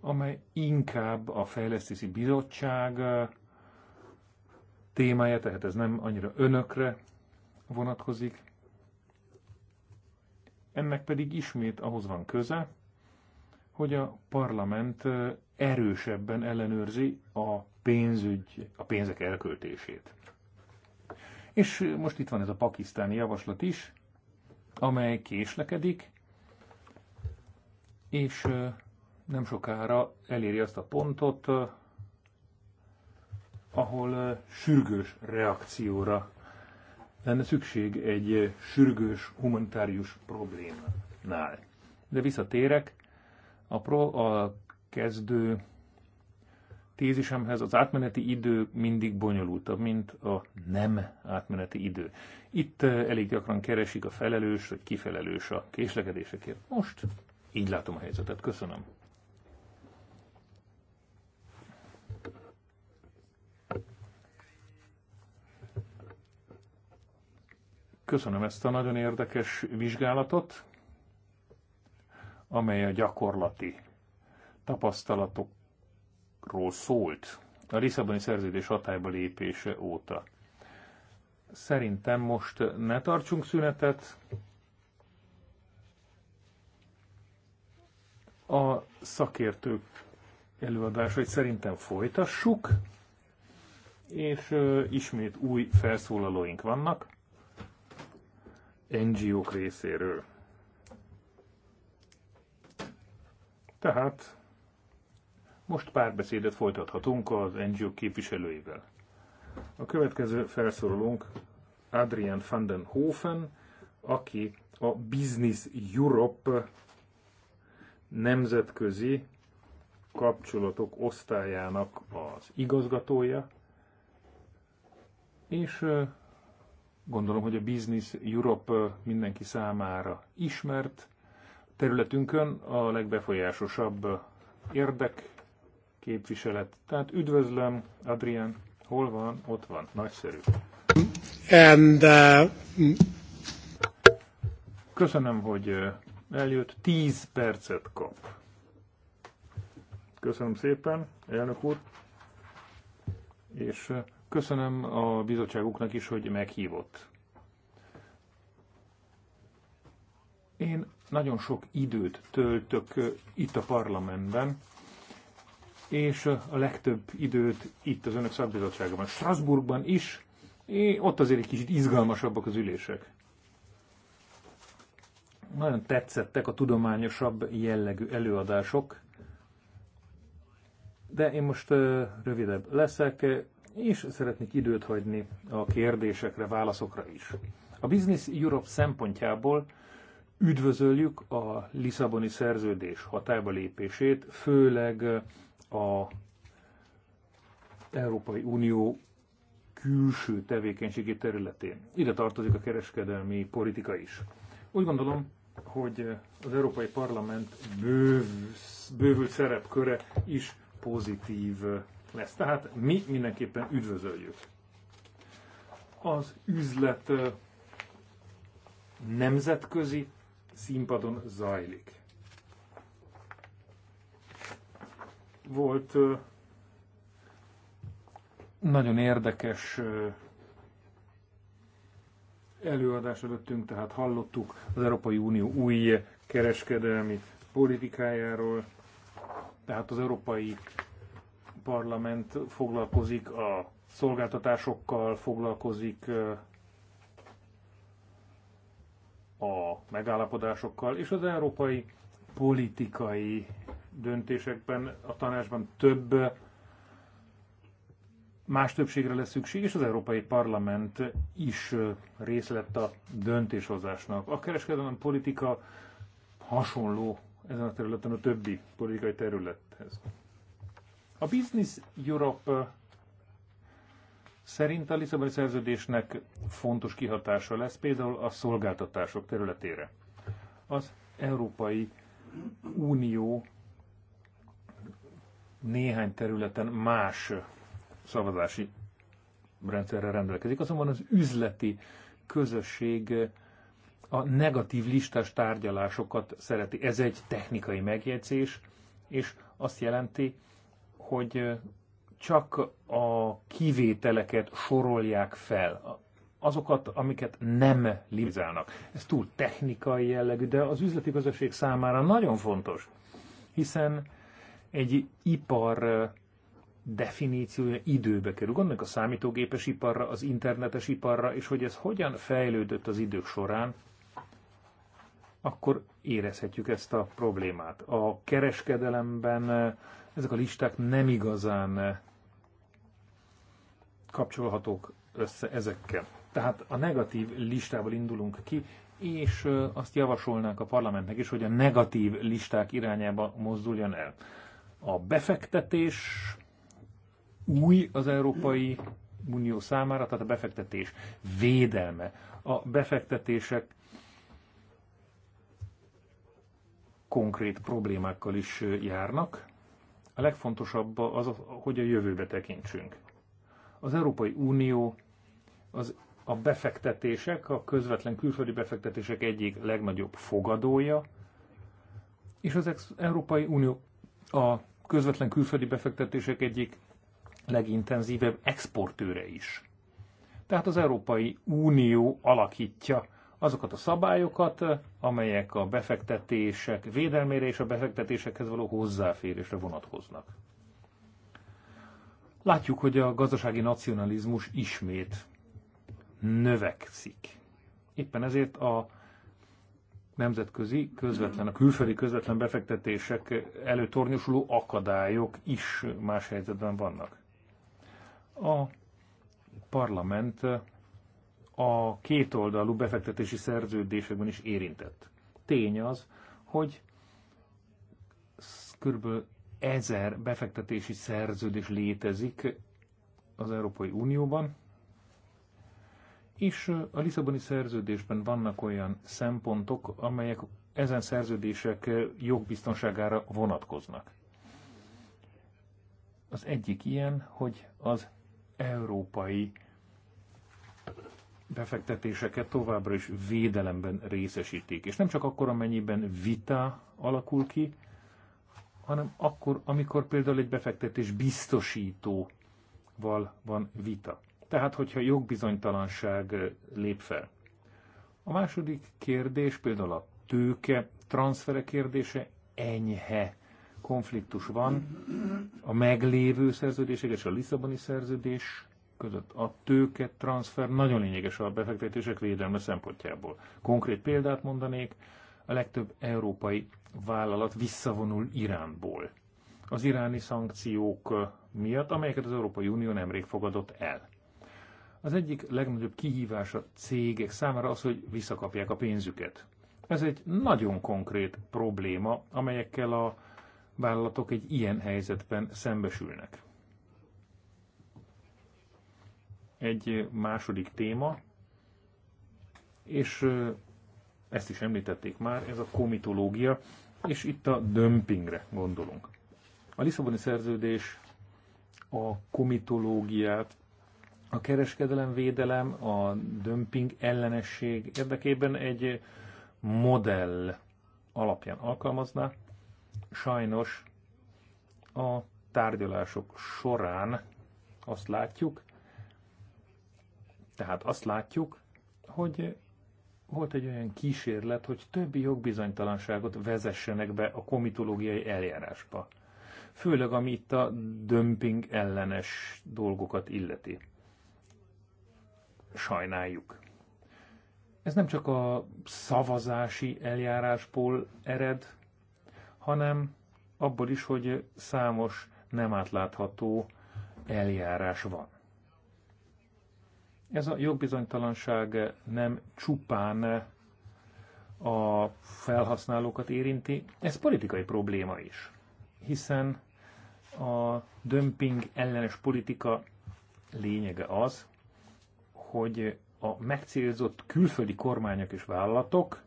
amely inkább a fejlesztési bizottság eh, témája, tehát ez nem annyira önökre vonatkozik. Ennek pedig ismét ahhoz van köze, hogy a parlament erősebben ellenőrzi a pénzügy, a pénzek elköltését. És most itt van ez a pakisztáni javaslat is, amely késlekedik, és nem sokára eléri azt a pontot, ahol sürgős reakcióra lenne szükség egy sürgős humanitárius problémánál. De visszatérek a, pro, a kezdő tézisemhez az átmeneti idő mindig bonyolultabb, mint a nem átmeneti idő. Itt eh, elég gyakran keresik a felelős, vagy kifelelős a késlekedésekért. Most így látom a helyzetet. Köszönöm. Köszönöm ezt a nagyon érdekes vizsgálatot amely a gyakorlati tapasztalatokról szólt a Lisszaboni szerződés hatályba lépése óta. Szerintem most ne tartsunk szünetet. A szakértők előadásait szerintem folytassuk, és ismét új felszólalóink vannak NGO-k részéről. Tehát most párbeszédet folytathatunk az NGO képviselőivel. A következő felszólalónk Adrian van den Hofen, aki a Business Europe nemzetközi kapcsolatok osztályának az igazgatója, és gondolom, hogy a Business Europe mindenki számára ismert, területünkön a legbefolyásosabb érdek képviselet. Tehát üdvözlöm, Adrián, hol van, ott van, nagyszerű. And, uh... Köszönöm, hogy uh, eljött, 10 percet kap. Köszönöm szépen, elnök úr, és uh, köszönöm a bizottságuknak is, hogy meghívott. Én nagyon sok időt töltök itt a parlamentben, és a legtöbb időt itt az önök szakbizottságában, Strasbourgban is, és ott azért egy kicsit izgalmasabbak az ülések. Nagyon tetszettek a tudományosabb jellegű előadások, de én most rövidebb leszek, és szeretnék időt hagyni a kérdésekre, válaszokra is. A Business Europe szempontjából Üdvözöljük a Lisszaboni szerződés hatályba lépését, főleg a Európai Unió külső tevékenységi területén. Ide tartozik a kereskedelmi politika is. Úgy gondolom, hogy az Európai Parlament bőv, bővült szerepköre is pozitív lesz. Tehát mi mindenképpen üdvözöljük. Az üzlet nemzetközi színpadon zajlik. Volt nagyon érdekes előadás előttünk, tehát hallottuk az Európai Unió új kereskedelmi politikájáról, tehát az Európai Parlament foglalkozik a szolgáltatásokkal, foglalkozik a megállapodásokkal, és az európai politikai döntésekben a tanácsban több más többségre lesz szükség, és az Európai Parlament is rész lett a döntéshozásnak. A kereskedelem politika hasonló ezen a területen a többi politikai területhez. A Business Europe szerint a Lisszaboni szerződésnek fontos kihatása lesz például a szolgáltatások területére. Az Európai Unió néhány területen más szavazási rendszerrel rendelkezik, azonban az üzleti közösség a negatív listás tárgyalásokat szereti. Ez egy technikai megjegyzés, és azt jelenti, hogy csak a kivételeket sorolják fel, azokat, amiket nem liberalizálnak. Ez túl technikai jellegű, de az üzleti közösség számára nagyon fontos, hiszen egy ipar definíciója időbe kerül. Gondoljunk a számítógépes iparra, az internetes iparra, és hogy ez hogyan fejlődött az idők során, akkor érezhetjük ezt a problémát. A kereskedelemben ezek a listák nem igazán kapcsolhatók össze ezekkel. Tehát a negatív listával indulunk ki, és azt javasolnák a parlamentnek is, hogy a negatív listák irányába mozduljon el. A befektetés új az Európai Unió számára, tehát a befektetés védelme. A befektetések konkrét problémákkal is járnak. A legfontosabb az, hogy a jövőbe tekintsünk. Az Európai Unió az a befektetések, a közvetlen külföldi befektetések egyik legnagyobb fogadója, és az Európai Unió a közvetlen külföldi befektetések egyik legintenzívebb exportőre is. Tehát az Európai Unió alakítja azokat a szabályokat, amelyek a befektetések védelmére és a befektetésekhez való hozzáférésre vonatkoznak. Látjuk, hogy a gazdasági nacionalizmus ismét növekszik. Éppen ezért a nemzetközi közvetlen, a külföldi közvetlen befektetések előtornyosuló akadályok is más helyzetben vannak. A parlament a kétoldalú befektetési szerződésekben is érintett. Tény az, hogy kb ezer befektetési szerződés létezik az Európai Unióban, és a Lisszaboni szerződésben vannak olyan szempontok, amelyek ezen szerződések jogbiztonságára vonatkoznak. Az egyik ilyen, hogy az európai befektetéseket továbbra is védelemben részesítik. És nem csak akkor, amennyiben vita alakul ki, hanem akkor, amikor például egy befektetés biztosítóval van vita. Tehát, hogyha jogbizonytalanság lép fel. A második kérdés például a tőke transfere kérdése enyhe konfliktus van a meglévő szerződések és a Lisszaboni szerződés között. A tőke transfer nagyon lényeges a befektetések védelme szempontjából. Konkrét példát mondanék, a legtöbb európai vállalat visszavonul Iránból az iráni szankciók miatt, amelyeket az Európai Unió nemrég fogadott el. Az egyik legnagyobb kihívás a cégek számára az, hogy visszakapják a pénzüket. Ez egy nagyon konkrét probléma, amelyekkel a vállalatok egy ilyen helyzetben szembesülnek. Egy második téma, és ezt is említették már, ez a komitológia, és itt a dömpingre gondolunk. A Lisszaboni szerződés a komitológiát a kereskedelemvédelem, a dömping ellenesség érdekében egy modell alapján alkalmazná. Sajnos a tárgyalások során azt látjuk, tehát azt látjuk, hogy volt egy olyan kísérlet, hogy többi jogbizonytalanságot vezessenek be a komitológiai eljárásba. Főleg, ami itt a dömping ellenes dolgokat illeti. Sajnáljuk. Ez nem csak a szavazási eljárásból ered, hanem abból is, hogy számos nem átlátható eljárás van. Ez a jogbizonytalanság nem csupán a felhasználókat érinti, ez politikai probléma is, hiszen a dömping ellenes politika lényege az, hogy a megcélzott külföldi kormányok és vállalatok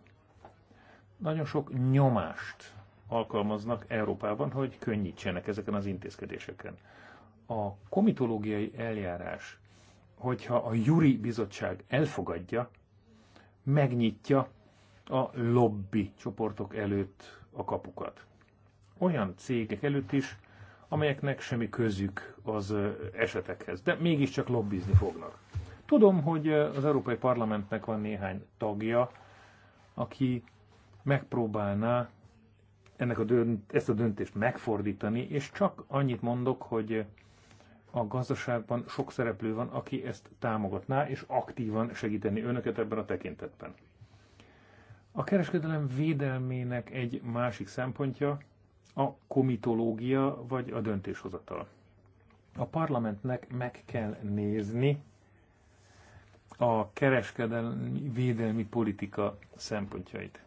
nagyon sok nyomást alkalmaznak Európában, hogy könnyítsenek ezeken az intézkedéseken. A komitológiai eljárás hogyha a Juri Bizottság elfogadja, megnyitja a lobby csoportok előtt a kapukat. Olyan cégek előtt is, amelyeknek semmi közük az esetekhez, de mégiscsak lobbizni fognak. Tudom, hogy az Európai Parlamentnek van néhány tagja, aki megpróbálná ennek a dönt, ezt a döntést megfordítani, és csak annyit mondok, hogy a gazdaságban sok szereplő van, aki ezt támogatná, és aktívan segíteni önöket ebben a tekintetben. A kereskedelem védelmének egy másik szempontja a komitológia vagy a döntéshozatal. A parlamentnek meg kell nézni a kereskedelmi védelmi politika szempontjait.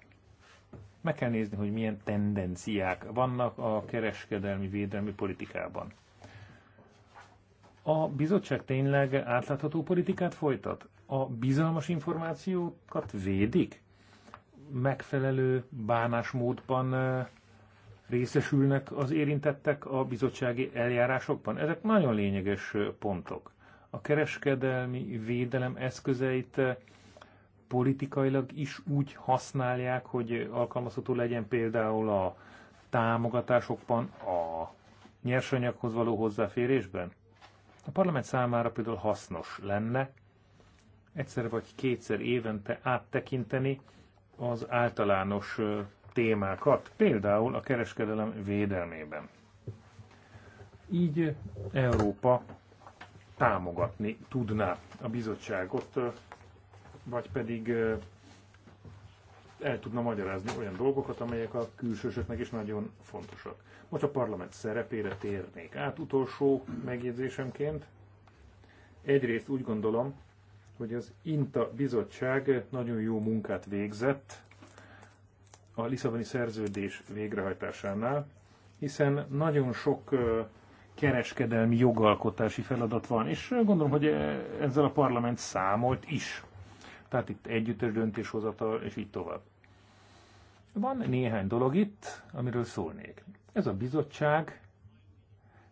Meg kell nézni, hogy milyen tendenciák vannak a kereskedelmi védelmi politikában a bizottság tényleg átlátható politikát folytat? A bizalmas információkat védik? Megfelelő bánásmódban részesülnek az érintettek a bizottsági eljárásokban? Ezek nagyon lényeges pontok. A kereskedelmi védelem eszközeit politikailag is úgy használják, hogy alkalmazható legyen például a támogatásokban, a nyersanyaghoz való hozzáférésben? A parlament számára például hasznos lenne egyszer vagy kétszer évente áttekinteni az általános témákat, például a kereskedelem védelmében. Így Európa támogatni tudná a bizottságot, vagy pedig el tudna magyarázni olyan dolgokat, amelyek a külsősöknek is nagyon fontosak. Most a parlament szerepére térnék át utolsó megjegyzésemként. Egyrészt úgy gondolom, hogy az INTA bizottság nagyon jó munkát végzett a Lisszaboni szerződés végrehajtásánál, hiszen nagyon sok kereskedelmi jogalkotási feladat van, és gondolom, hogy ezzel a parlament számolt is tehát itt együttes döntéshozatal, és így tovább. Van néhány dolog itt, amiről szólnék. Ez a bizottság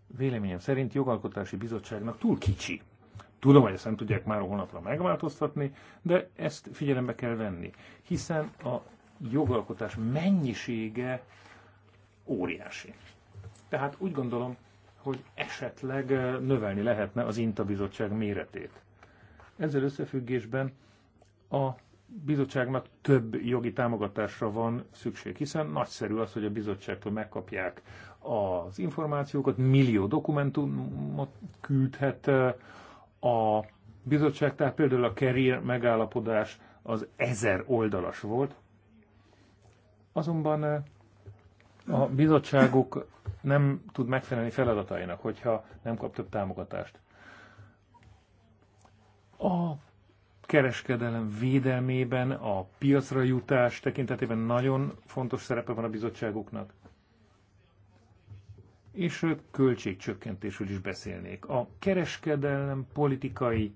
véleményem szerint jogalkotási bizottságnak túl kicsi. Tudom, hogy ezt nem tudják már holnapra megváltoztatni, de ezt figyelembe kell venni, hiszen a jogalkotás mennyisége óriási. Tehát úgy gondolom, hogy esetleg növelni lehetne az INTA bizottság méretét. Ezzel összefüggésben a bizottságnak több jogi támogatásra van szükség, hiszen nagyszerű az, hogy a bizottságtól megkapják az információkat, millió dokumentumot küldhet eh, a bizottság, tehát például a career megállapodás az ezer oldalas volt, azonban eh, a bizottságuk nem tud megfelelni feladatainak, hogyha nem kap több támogatást. A kereskedelem védelmében, a piacra jutás tekintetében nagyon fontos szerepe van a bizottságoknak. És költségcsökkentésről is beszélnék. A kereskedelem politikai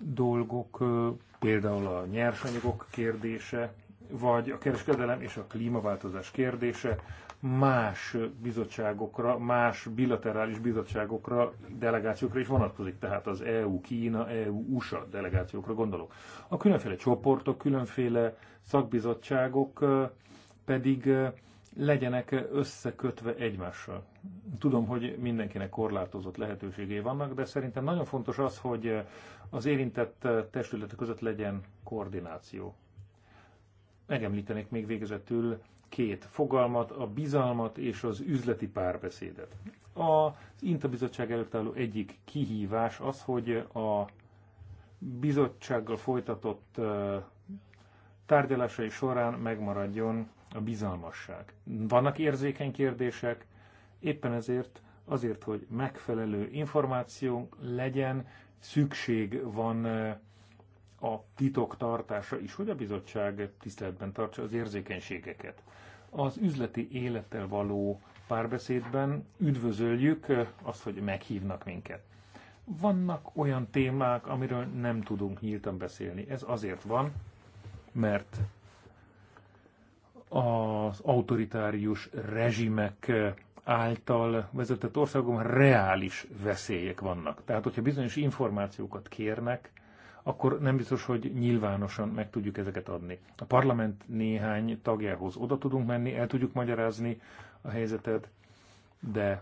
dolgok, például a nyersanyagok kérdése, vagy a kereskedelem és a klímaváltozás kérdése más bizottságokra, más bilaterális bizottságokra, delegációkra is vonatkozik, tehát az EU-Kína, EU-USA delegációkra gondolok. A különféle csoportok, különféle szakbizottságok pedig legyenek összekötve egymással. Tudom, hogy mindenkinek korlátozott lehetőségei vannak, de szerintem nagyon fontos az, hogy az érintett testületek között legyen koordináció. Megemlítenék még végezetül két fogalmat, a bizalmat és az üzleti párbeszédet. Az INTA bizottság előtt álló egyik kihívás az, hogy a bizottsággal folytatott tárgyalásai során megmaradjon a bizalmasság. Vannak érzékeny kérdések, éppen ezért azért, hogy megfelelő információ legyen, szükség van a titok tartása is, hogy a bizottság tiszteletben tartsa az érzékenységeket. Az üzleti élettel való párbeszédben üdvözöljük azt, hogy meghívnak minket. Vannak olyan témák, amiről nem tudunk nyíltan beszélni. Ez azért van, mert az autoritárius rezsimek által vezetett országokban reális veszélyek vannak. Tehát, hogyha bizonyos információkat kérnek, akkor nem biztos, hogy nyilvánosan meg tudjuk ezeket adni. A parlament néhány tagjához oda tudunk menni, el tudjuk magyarázni a helyzetet, de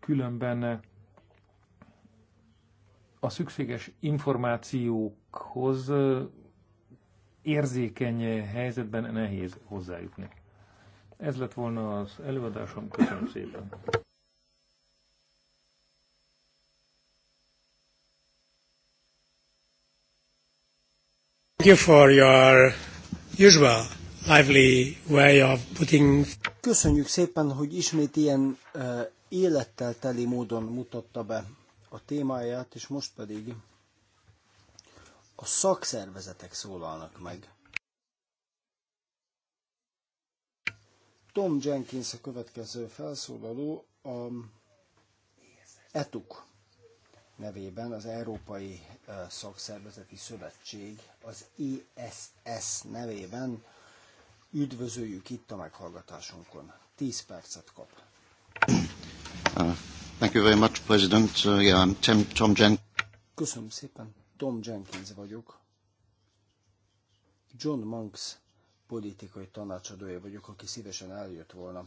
különben a szükséges információkhoz érzékeny helyzetben nehéz hozzájutni. Ez lett volna az előadásom. Köszönöm szépen! for your usual lively way of putting... Köszönjük szépen, hogy ismét ilyen uh, élettel teli módon mutatta be a témáját, és most pedig a szakszervezetek szólalnak meg. Tom Jenkins a következő felszólaló, a ETUK nevében az Európai Szakszervezeti Szövetség, az ISS nevében üdvözöljük itt a meghallgatásunkon. 10 percet kap. Uh, thank you very much, President. Uh, I'm Tom Köszönöm szépen. Tom Jenkins vagyok. John Monks politikai tanácsadója vagyok, aki szívesen eljött volna,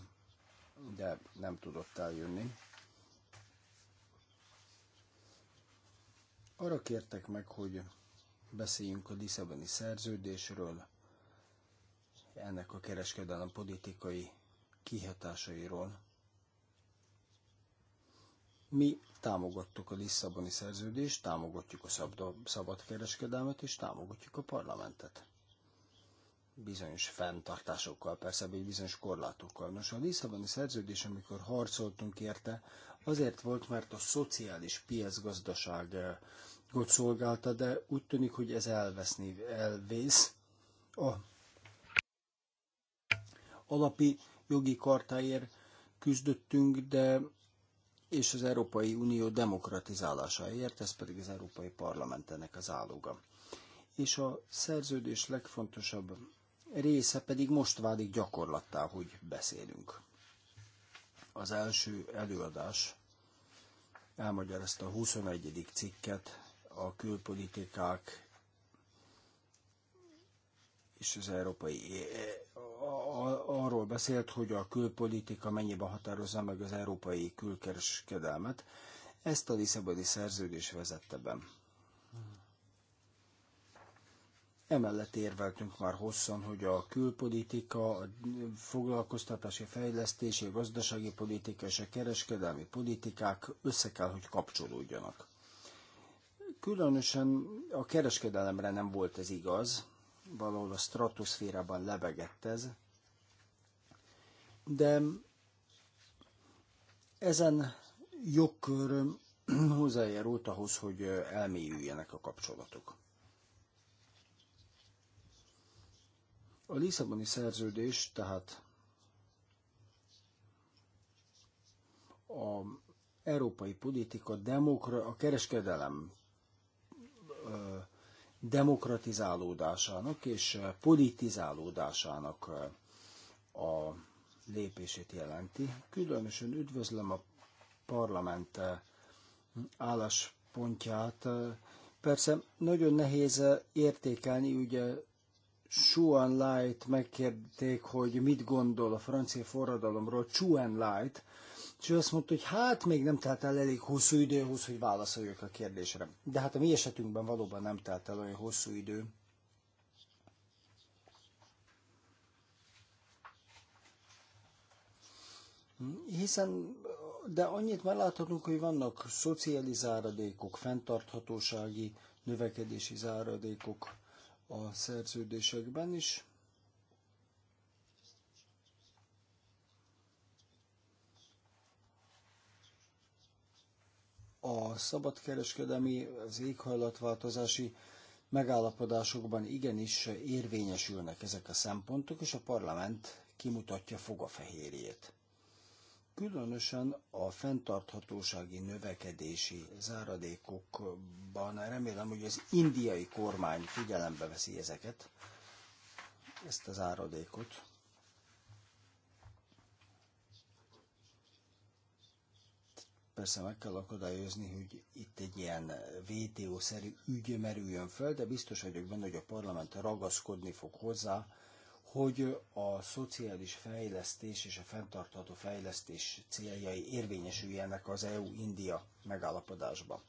de nem tudott eljönni. Arra kértek meg, hogy beszéljünk a Lisszaboni szerződésről, ennek a kereskedelem politikai kihatásairól. Mi támogattuk a Lisszaboni szerződést, támogatjuk a szabad kereskedelmet és támogatjuk a parlamentet bizonyos fenntartásokkal, persze bizonyos korlátokkal. Nos, a Lisszaboni szerződés, amikor harcoltunk érte, azért volt, mert a szociális eh, ott szolgálta, de úgy tűnik, hogy ez elveszni, elvész. A alapi jogi kartáért küzdöttünk, de és az Európai Unió demokratizálásáért, ez pedig az Európai Parlamentenek az áloga. És a szerződés legfontosabb része pedig most válik gyakorlattá, hogy beszélünk. Az első előadás elmagyarázta a 21. cikket, a külpolitikák és az európai arról beszélt, hogy a külpolitika mennyiben határozza meg az európai külkereskedelmet. Ezt a Lisszaboni szerződés vezette be. Emellett érveltünk már hosszan, hogy a külpolitika, a foglalkoztatási fejlesztési, a gazdasági politika és a kereskedelmi politikák össze kell, hogy kapcsolódjanak. Különösen a kereskedelemre nem volt ez igaz, valahol a stratoszférában lebegett ez, de ezen jogkör hozzájárult ahhoz, hogy elmélyüljenek a kapcsolatok. A Lisszaboni szerződés tehát a európai politika demokra, a kereskedelem ö, demokratizálódásának és politizálódásának a lépését jelenti. Különösen üdvözlöm a parlament álláspontját. Persze nagyon nehéz értékelni, ugye Chuan Light megkérték, hogy mit gondol a francia forradalomról, Chuan Light, és ő azt mondta, hogy hát még nem telt el elég hosszú idő ahhoz, hogy válaszoljuk a kérdésre. De hát a mi esetünkben valóban nem telt el olyan hosszú idő. Hiszen, de annyit már láthatunk, hogy vannak szociális záradékok, fenntarthatósági, növekedési záradékok, a szerződésekben is. A szabadkereskedelmi, az éghajlatváltozási megállapodásokban igenis érvényesülnek ezek a szempontok, és a parlament kimutatja fogafehérjét különösen a fenntarthatósági növekedési záradékokban remélem, hogy az indiai kormány figyelembe veszi ezeket, ezt a záradékot. Persze meg kell akadályozni, hogy itt egy ilyen VTO-szerű ügy merüljön föl, de biztos vagyok benne, hogy a parlament ragaszkodni fog hozzá, hogy a szociális fejlesztés és a fenntartható fejlesztés céljai érvényesüljenek az EU-India megállapodásba.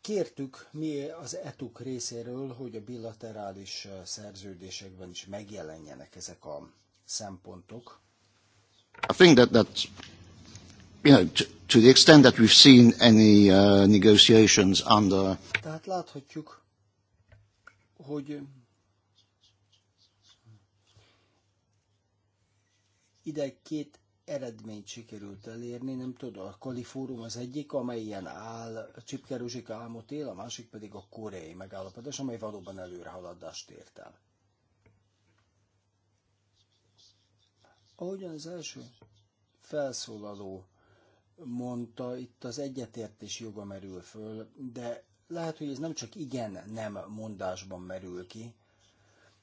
Kértük mi az ETUK részéről, hogy a bilaterális szerződésekben is megjelenjenek ezek a szempontok. I think that that you know, to, to the extent that we've seen any uh, negotiations under Tehát láthatjuk, hogy ide két eredményt sikerült elérni, nem tudom, a Kalifórum az egyik, amely ilyen áll, Csipke Ruzsika álmot él, a másik pedig a koreai megállapodás, amely valóban előrehaladást ért el. Ahogyan az első felszólaló mondta, itt az egyetértés joga merül föl, de lehet, hogy ez nem csak igen-nem mondásban merül ki,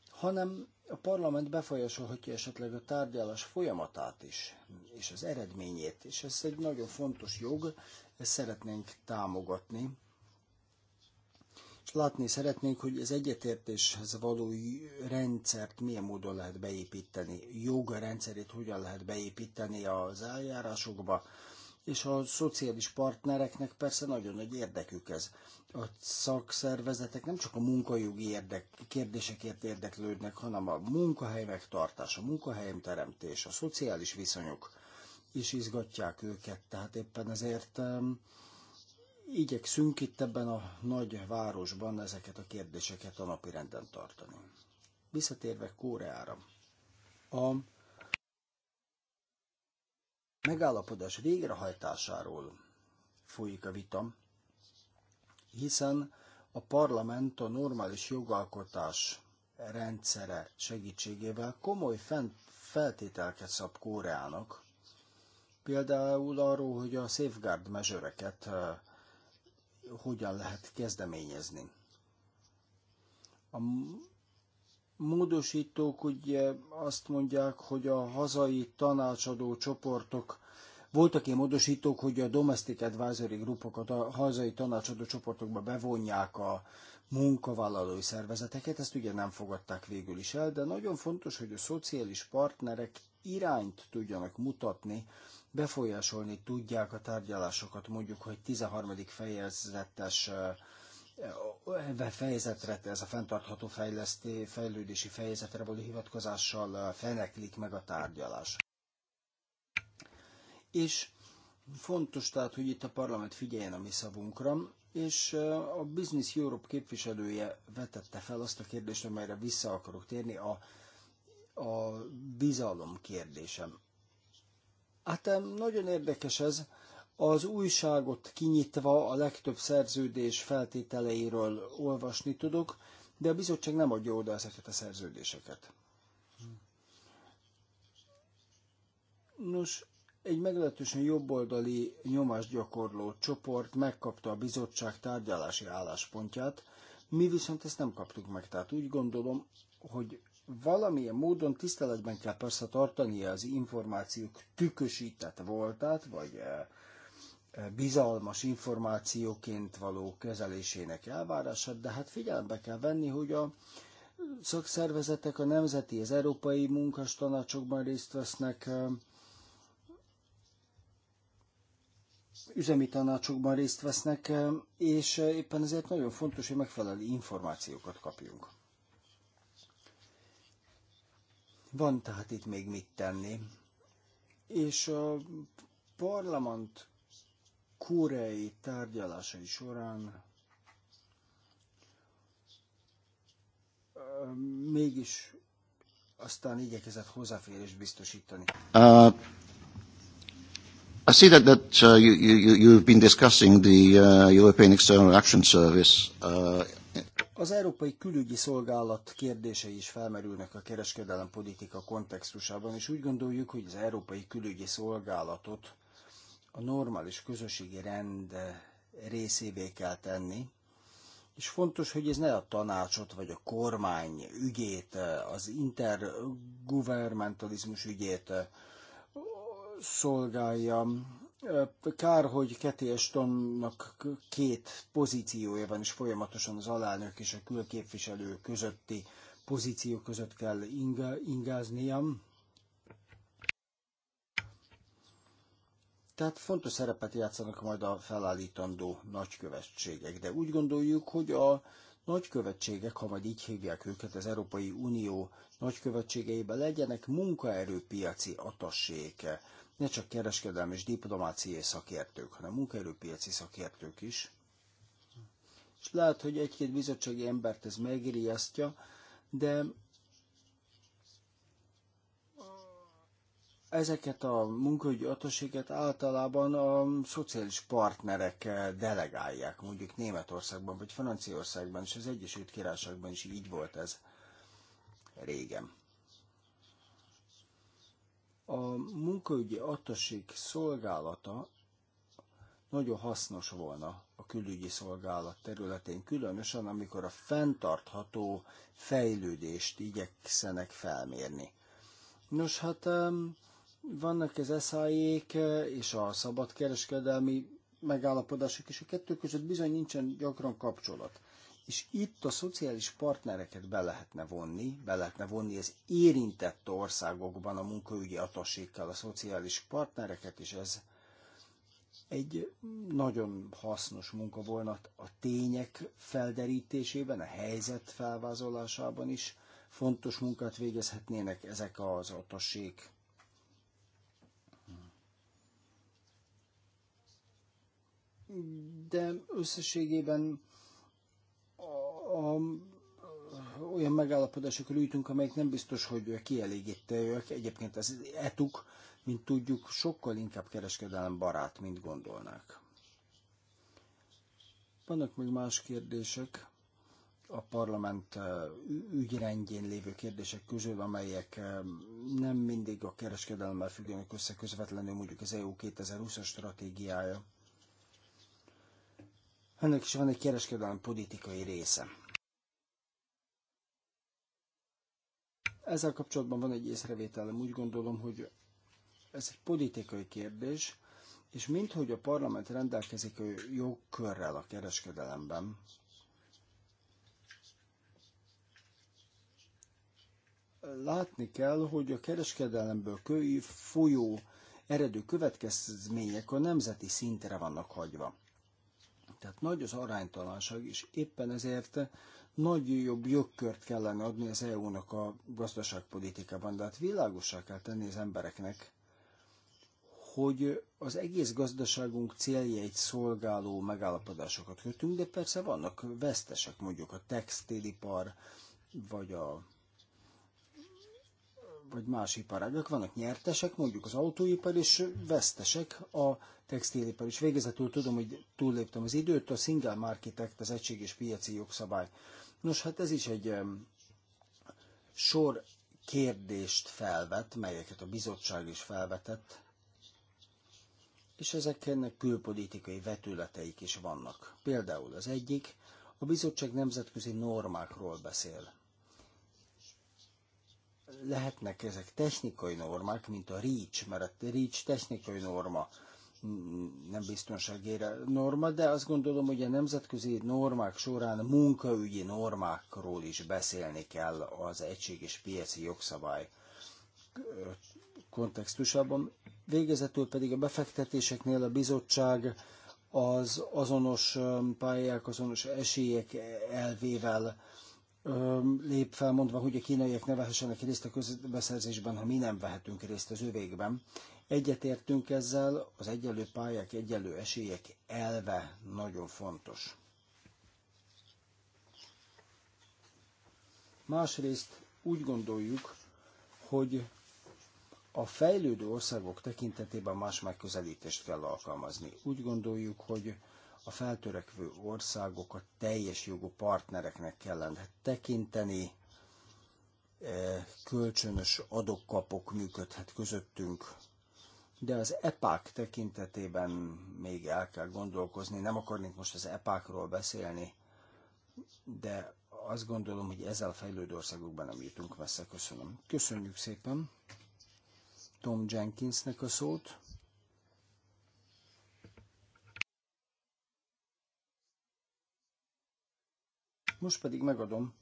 hanem a parlament befolyásolhatja esetleg a tárgyalás folyamatát is, és az eredményét, és ez egy nagyon fontos jog, ezt szeretnénk támogatni. És látni szeretnénk, hogy az egyetértéshez való rendszert milyen módon lehet beépíteni, jogrendszerét hogyan lehet beépíteni az eljárásokba, és a szociális partnereknek persze nagyon nagy érdekük ez. A szakszervezetek nem csak a munkajogi érdek, kérdésekért érdeklődnek, hanem a munkahely megtartás, a munkahely teremtés, a szociális viszonyok is izgatják őket. Tehát éppen ezért um, igyekszünk itt ebben a nagy városban ezeket a kérdéseket a renden tartani. Visszatérve Kóreára. A megállapodás végrehajtásáról folyik a vita, hiszen a parlament a normális jogalkotás rendszere segítségével komoly feltételket szab Kóreának, például arról, hogy a safeguard mezőreket hogyan lehet kezdeményezni. A módosítók ugye azt mondják, hogy a hazai tanácsadó csoportok voltak ilyen módosítók, hogy a domestic advisory grupokat a hazai tanácsadó csoportokba bevonják a munkavállalói szervezeteket, ezt ugye nem fogadták végül is el, de nagyon fontos, hogy a szociális partnerek irányt tudjanak mutatni, befolyásolni tudják a tárgyalásokat, mondjuk, hogy 13. fejezetes fejezetre, ez a fenntartható fejleszté, fejlődési fejezetre való hivatkozással uh, feneklik meg a tárgyalás. És fontos tehát, hogy itt a parlament figyeljen a mi szavunkra, és uh, a Business Europe képviselője vetette fel azt a kérdést, amelyre vissza akarok térni, a, a bizalom kérdésem. Hát nagyon érdekes ez, az újságot kinyitva a legtöbb szerződés feltételeiről olvasni tudok, de a bizottság nem adja oda ezeket a szerződéseket. Nos, egy meglehetősen jobboldali nyomásgyakorló csoport megkapta a bizottság tárgyalási álláspontját, mi viszont ezt nem kaptuk meg. Tehát úgy gondolom, hogy valamilyen módon tiszteletben kell persze tartania az információk tükösített voltát, vagy eh, bizalmas információként való kezelésének elvárását, de hát figyelembe kell venni, hogy a szakszervezetek a nemzeti, az európai munkastanácsokban részt vesznek, üzemi tanácsokban részt vesznek, és éppen ezért nagyon fontos, hogy megfelelő információkat kapjunk. Van tehát itt még mit tenni. És a parlament koreai tárgyalásai során mégis aztán igyekezett hozzáférést biztosítani. Uh, I see that, that uh, you, you, you've been discussing the uh, European External Action Service. Uh, az Európai Külügyi Szolgálat kérdései is felmerülnek a kereskedelem politika kontextusában, és úgy gondoljuk, hogy az Európai Külügyi Szolgálatot a normális közösségi rend részévé kell tenni, és fontos, hogy ez ne a tanácsot vagy a kormány ügyét, az intergovernmentalizmus ügyét szolgálja. Kár, hogy Keti Estonnak két pozíciója van, és folyamatosan az alelnök és a külképviselő közötti pozíció között kell ingáznia. Tehát fontos szerepet játszanak majd a felállítandó nagykövetségek, de úgy gondoljuk, hogy a nagykövetségek, ha majd így hívják őket az Európai Unió nagykövetségeibe, legyenek munkaerőpiaci atasséke, ne csak kereskedelmi és diplomáciai szakértők, hanem munkaerőpiaci szakértők is. És lehet, hogy egy-két bizottsági embert ez megriasztja, de ezeket a munkaügyi atosséget általában a szociális partnerek eh, delegálják, mondjuk Németországban vagy Franciaországban, és az Egyesült Királyságban is így volt ez régen. A munkaügyi atosség szolgálata nagyon hasznos volna a külügyi szolgálat területén, különösen amikor a fenntartható fejlődést igyekszenek felmérni. Nos, hát vannak az SZAI-ék eh, és a szabadkereskedelmi megállapodások, és a kettő között bizony nincsen gyakran kapcsolat. És itt a szociális partnereket be lehetne vonni, be lehetne vonni az érintett országokban a munkaügyi atasékkal a szociális partnereket, és ez egy nagyon hasznos munka volna a tények felderítésében, a helyzet felvázolásában is fontos munkát végezhetnének ezek az atasék. de összességében a, a, olyan megállapodásokra ültünk, amelyek nem biztos, hogy kielégítőek. Egyébként az etuk, mint tudjuk, sokkal inkább kereskedelem barát, mint gondolnák. Vannak még más kérdések a parlament eh, ügyrendjén lévő kérdések közül, amelyek eh, nem mindig a kereskedelemmel függenek össze közvetlenül, mondjuk az EU 2020-as stratégiája ennek is van egy kereskedelmi politikai része. Ezzel kapcsolatban van egy észrevételem, úgy gondolom, hogy ez egy politikai kérdés, és minthogy a parlament rendelkezik a jogkörrel a kereskedelemben, látni kell, hogy a kereskedelemből folyó eredő következmények a nemzeti szintre vannak hagyva. Tehát nagy az aránytalanság, és éppen ezért nagy jobb jogkört kellene adni az EU-nak a gazdaságpolitikában, de hát világosá kell tenni az embereknek, hogy az egész gazdaságunk céljait szolgáló megállapodásokat kötünk, de persze vannak vesztesek, mondjuk a textilipar, vagy a vagy más iparágak. Vannak nyertesek, mondjuk az autóipar, és vesztesek a textilipar is. Végezetül tudom, hogy túlléptem az időt, a Single Market Act, az és piaci jogszabály. Nos, hát ez is egy um, sor kérdést felvet, melyeket a bizottság is felvetett, és ezeknek külpolitikai vetületeik is vannak. Például az egyik, a bizottság nemzetközi normákról beszél lehetnek ezek technikai normák, mint a REACH, mert a REACH technikai norma, nem biztonságére norma, de azt gondolom, hogy a nemzetközi normák során munkaügyi normákról is beszélni kell az egységes piaci jogszabály kontextusában. Végezetül pedig a befektetéseknél a bizottság az azonos um, pályák, azonos esélyek elvével lép fel, mondva, hogy a kínaiak ne vehessenek részt a közbeszerzésben, ha mi nem vehetünk részt az övékben. Egyetértünk ezzel, az egyenlő pályák, egyenlő esélyek elve nagyon fontos. Másrészt úgy gondoljuk, hogy a fejlődő országok tekintetében más megközelítést kell alkalmazni. Úgy gondoljuk, hogy a feltörekvő országokat teljes jogú partnereknek kellene tekinteni, e, kölcsönös adokkapok működhet közöttünk, de az EPÁK tekintetében még el kell gondolkozni. Nem akarnék most az EPÁKról beszélni, de azt gondolom, hogy ezzel a fejlődő országokban nem jutunk messze. Köszönöm. Köszönjük szépen Tom Jenkinsnek a szót. Most pedig megadom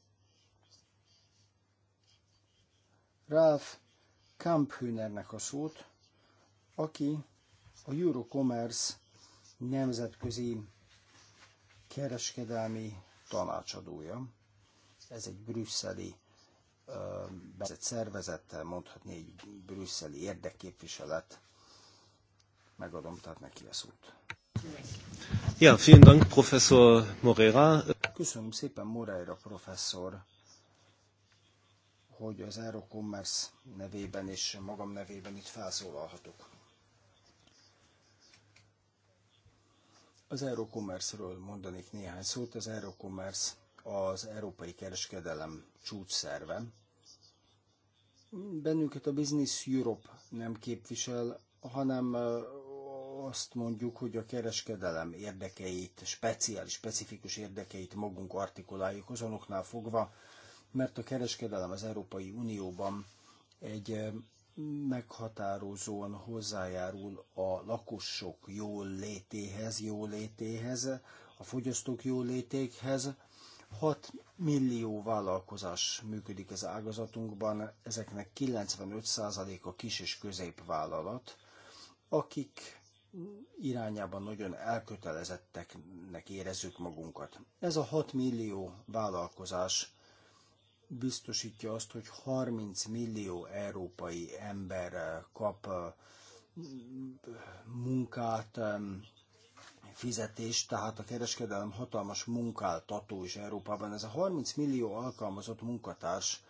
Ralph Kamphünernek a szót, aki a Eurocommerce nemzetközi kereskedelmi tanácsadója. Ez egy brüsszeli vezet szervezettel mondhatni egy brüsszeli érdekképviselet. Megadom tehát neki a szót. Ja, vielen Dank, Professor Morera. Köszönöm szépen Moreira professzor, hogy az Aerocommerce nevében és magam nevében itt felszólalhatok. Az aerocommerce ről mondanék néhány szót. Az AeroCommerce az Európai Kereskedelem csúcsszerve. Bennünket a Business Europe nem képvisel, hanem azt mondjuk, hogy a kereskedelem érdekeit, speciális, specifikus érdekeit magunk artikuláljuk azonoknál fogva, mert a kereskedelem az Európai Unióban egy meghatározóan hozzájárul a lakosok jól létéhez, jó létéhez, a fogyasztók jó létéhez. 6 millió vállalkozás működik az ágazatunkban, ezeknek 95% a kis és középvállalat, akik irányában nagyon elkötelezetteknek érezzük magunkat. Ez a 6 millió vállalkozás biztosítja azt, hogy 30 millió európai ember eh, kap eh, munkát, eh, fizetést, tehát a kereskedelem hatalmas munkáltató is Európában. Ez a 30 millió alkalmazott munkatárs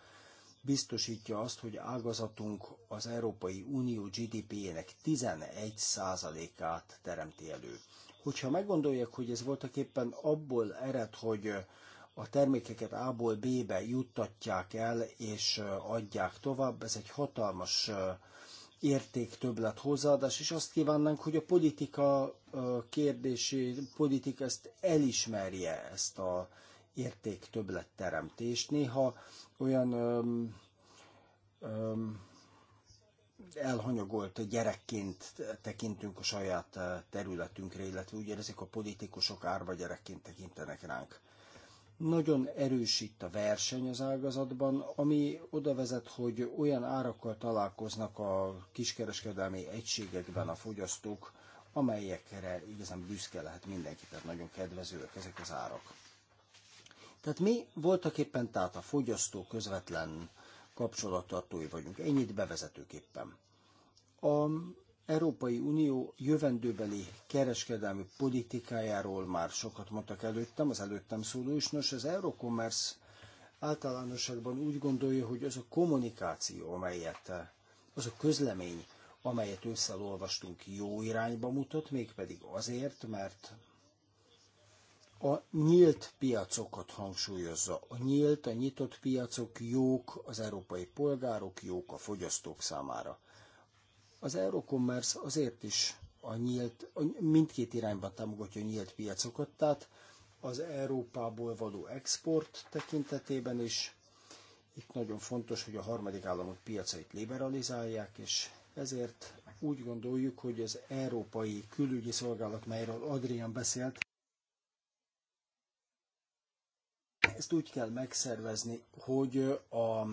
biztosítja azt, hogy ágazatunk az Európai Unió GDP-jének 11%-át teremti elő. Hogyha meggondolják, hogy ez voltak éppen abból ered, hogy a termékeket A-ból B-be juttatják el és adják tovább, ez egy hatalmas érték többlet hozzáadás, és azt kívánnánk, hogy a politika kérdési, politika ezt elismerje, ezt a érték értéktöbletteremtést. Néha olyan öm, öm, elhanyagolt gyerekként tekintünk a saját területünkre, illetve úgy érezzük, a politikusok árva gyerekként tekintenek ránk. Nagyon erős itt a verseny az ágazatban, ami oda vezet, hogy olyan árakkal találkoznak a kiskereskedelmi egységekben a fogyasztók, amelyekre igazán büszke lehet mindenki, tehát nagyon kedvezőek ezek az árak. Tehát mi voltak éppen tehát a fogyasztó közvetlen kapcsolattartói vagyunk. Ennyit bevezetőképpen. A Európai Unió jövendőbeli kereskedelmi politikájáról már sokat mondtak előttem, az előttem szóló is. Nos, az Eurocommerce általánosságban úgy gondolja, hogy az a kommunikáció, amelyet, az a közlemény, amelyet összeolvastunk, jó irányba mutat, mégpedig azért, mert a nyílt piacokat hangsúlyozza. A nyílt, a nyitott piacok jók az európai polgárok, jók a fogyasztók számára. Az Eurocommerce azért is a nyílt, mindkét irányban támogatja a nyílt piacokat, tehát az Európából való export tekintetében is. Itt nagyon fontos, hogy a harmadik államok piacait liberalizálják, és ezért úgy gondoljuk, hogy az Európai Külügyi Szolgálat, melyről Adrian beszélt, Ezt úgy kell megszervezni, hogy a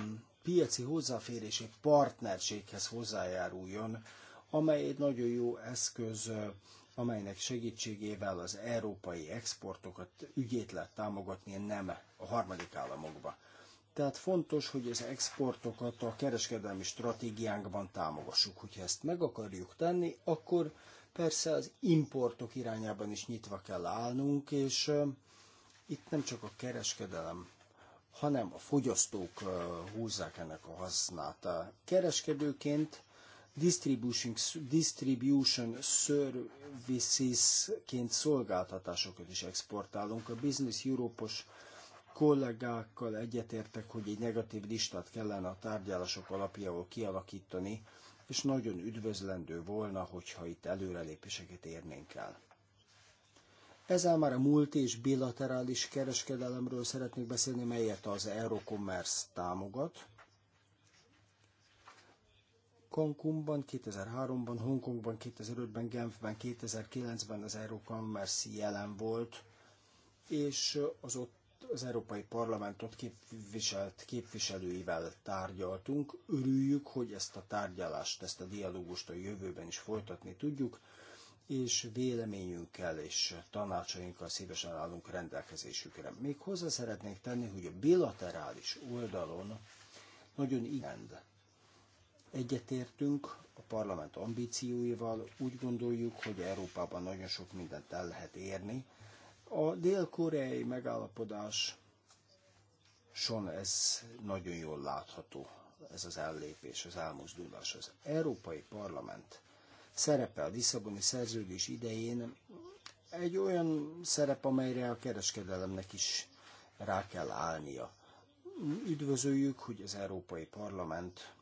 piaci hozzáférési partnerséghez hozzájáruljon, amely egy nagyon jó eszköz, amelynek segítségével az európai exportokat ügyét lehet támogatni, nem a harmadik államokba. Tehát fontos, hogy az exportokat a kereskedelmi stratégiánkban támogassuk. Hogyha ezt meg akarjuk tenni, akkor persze az importok irányában is nyitva kell állnunk, és itt nem csak a kereskedelem, hanem a fogyasztók húzzák ennek a hasznát. Kereskedőként distribution, distribution services-ként szolgáltatásokat is exportálunk. A Business europe kollégákkal egyetértek, hogy egy negatív listát kellene a tárgyalások alapjául kialakítani, és nagyon üdvözlendő volna, hogyha itt előrelépéseket érnénk el. Ezzel már a múlt és bilaterális kereskedelemről szeretnék beszélni, melyet az Eurocommerce támogat. Konkumban 2003-ban, Hongkongban 2005-ben, Genfben 2009-ben az Eurocommerce jelen volt, és az ott az Európai Parlamentot képviselt képviselőivel tárgyaltunk. Örüljük, hogy ezt a tárgyalást, ezt a dialógust a jövőben is folytatni tudjuk és véleményünkkel és tanácsainkkal szívesen állunk rendelkezésükre. Még hozzá szeretnék tenni, hogy a bilaterális oldalon nagyon igen Egyetértünk a parlament ambícióival, úgy gondoljuk, hogy Európában nagyon sok mindent el lehet érni. A dél-koreai megállapodás son ez nagyon jól látható, ez az ellépés, az elmozdulás. Az Európai Parlament szerepe a Lisszaboni szerződés idején egy olyan szerep, amelyre a kereskedelemnek is rá kell állnia. Üdvözöljük, hogy az Európai Parlament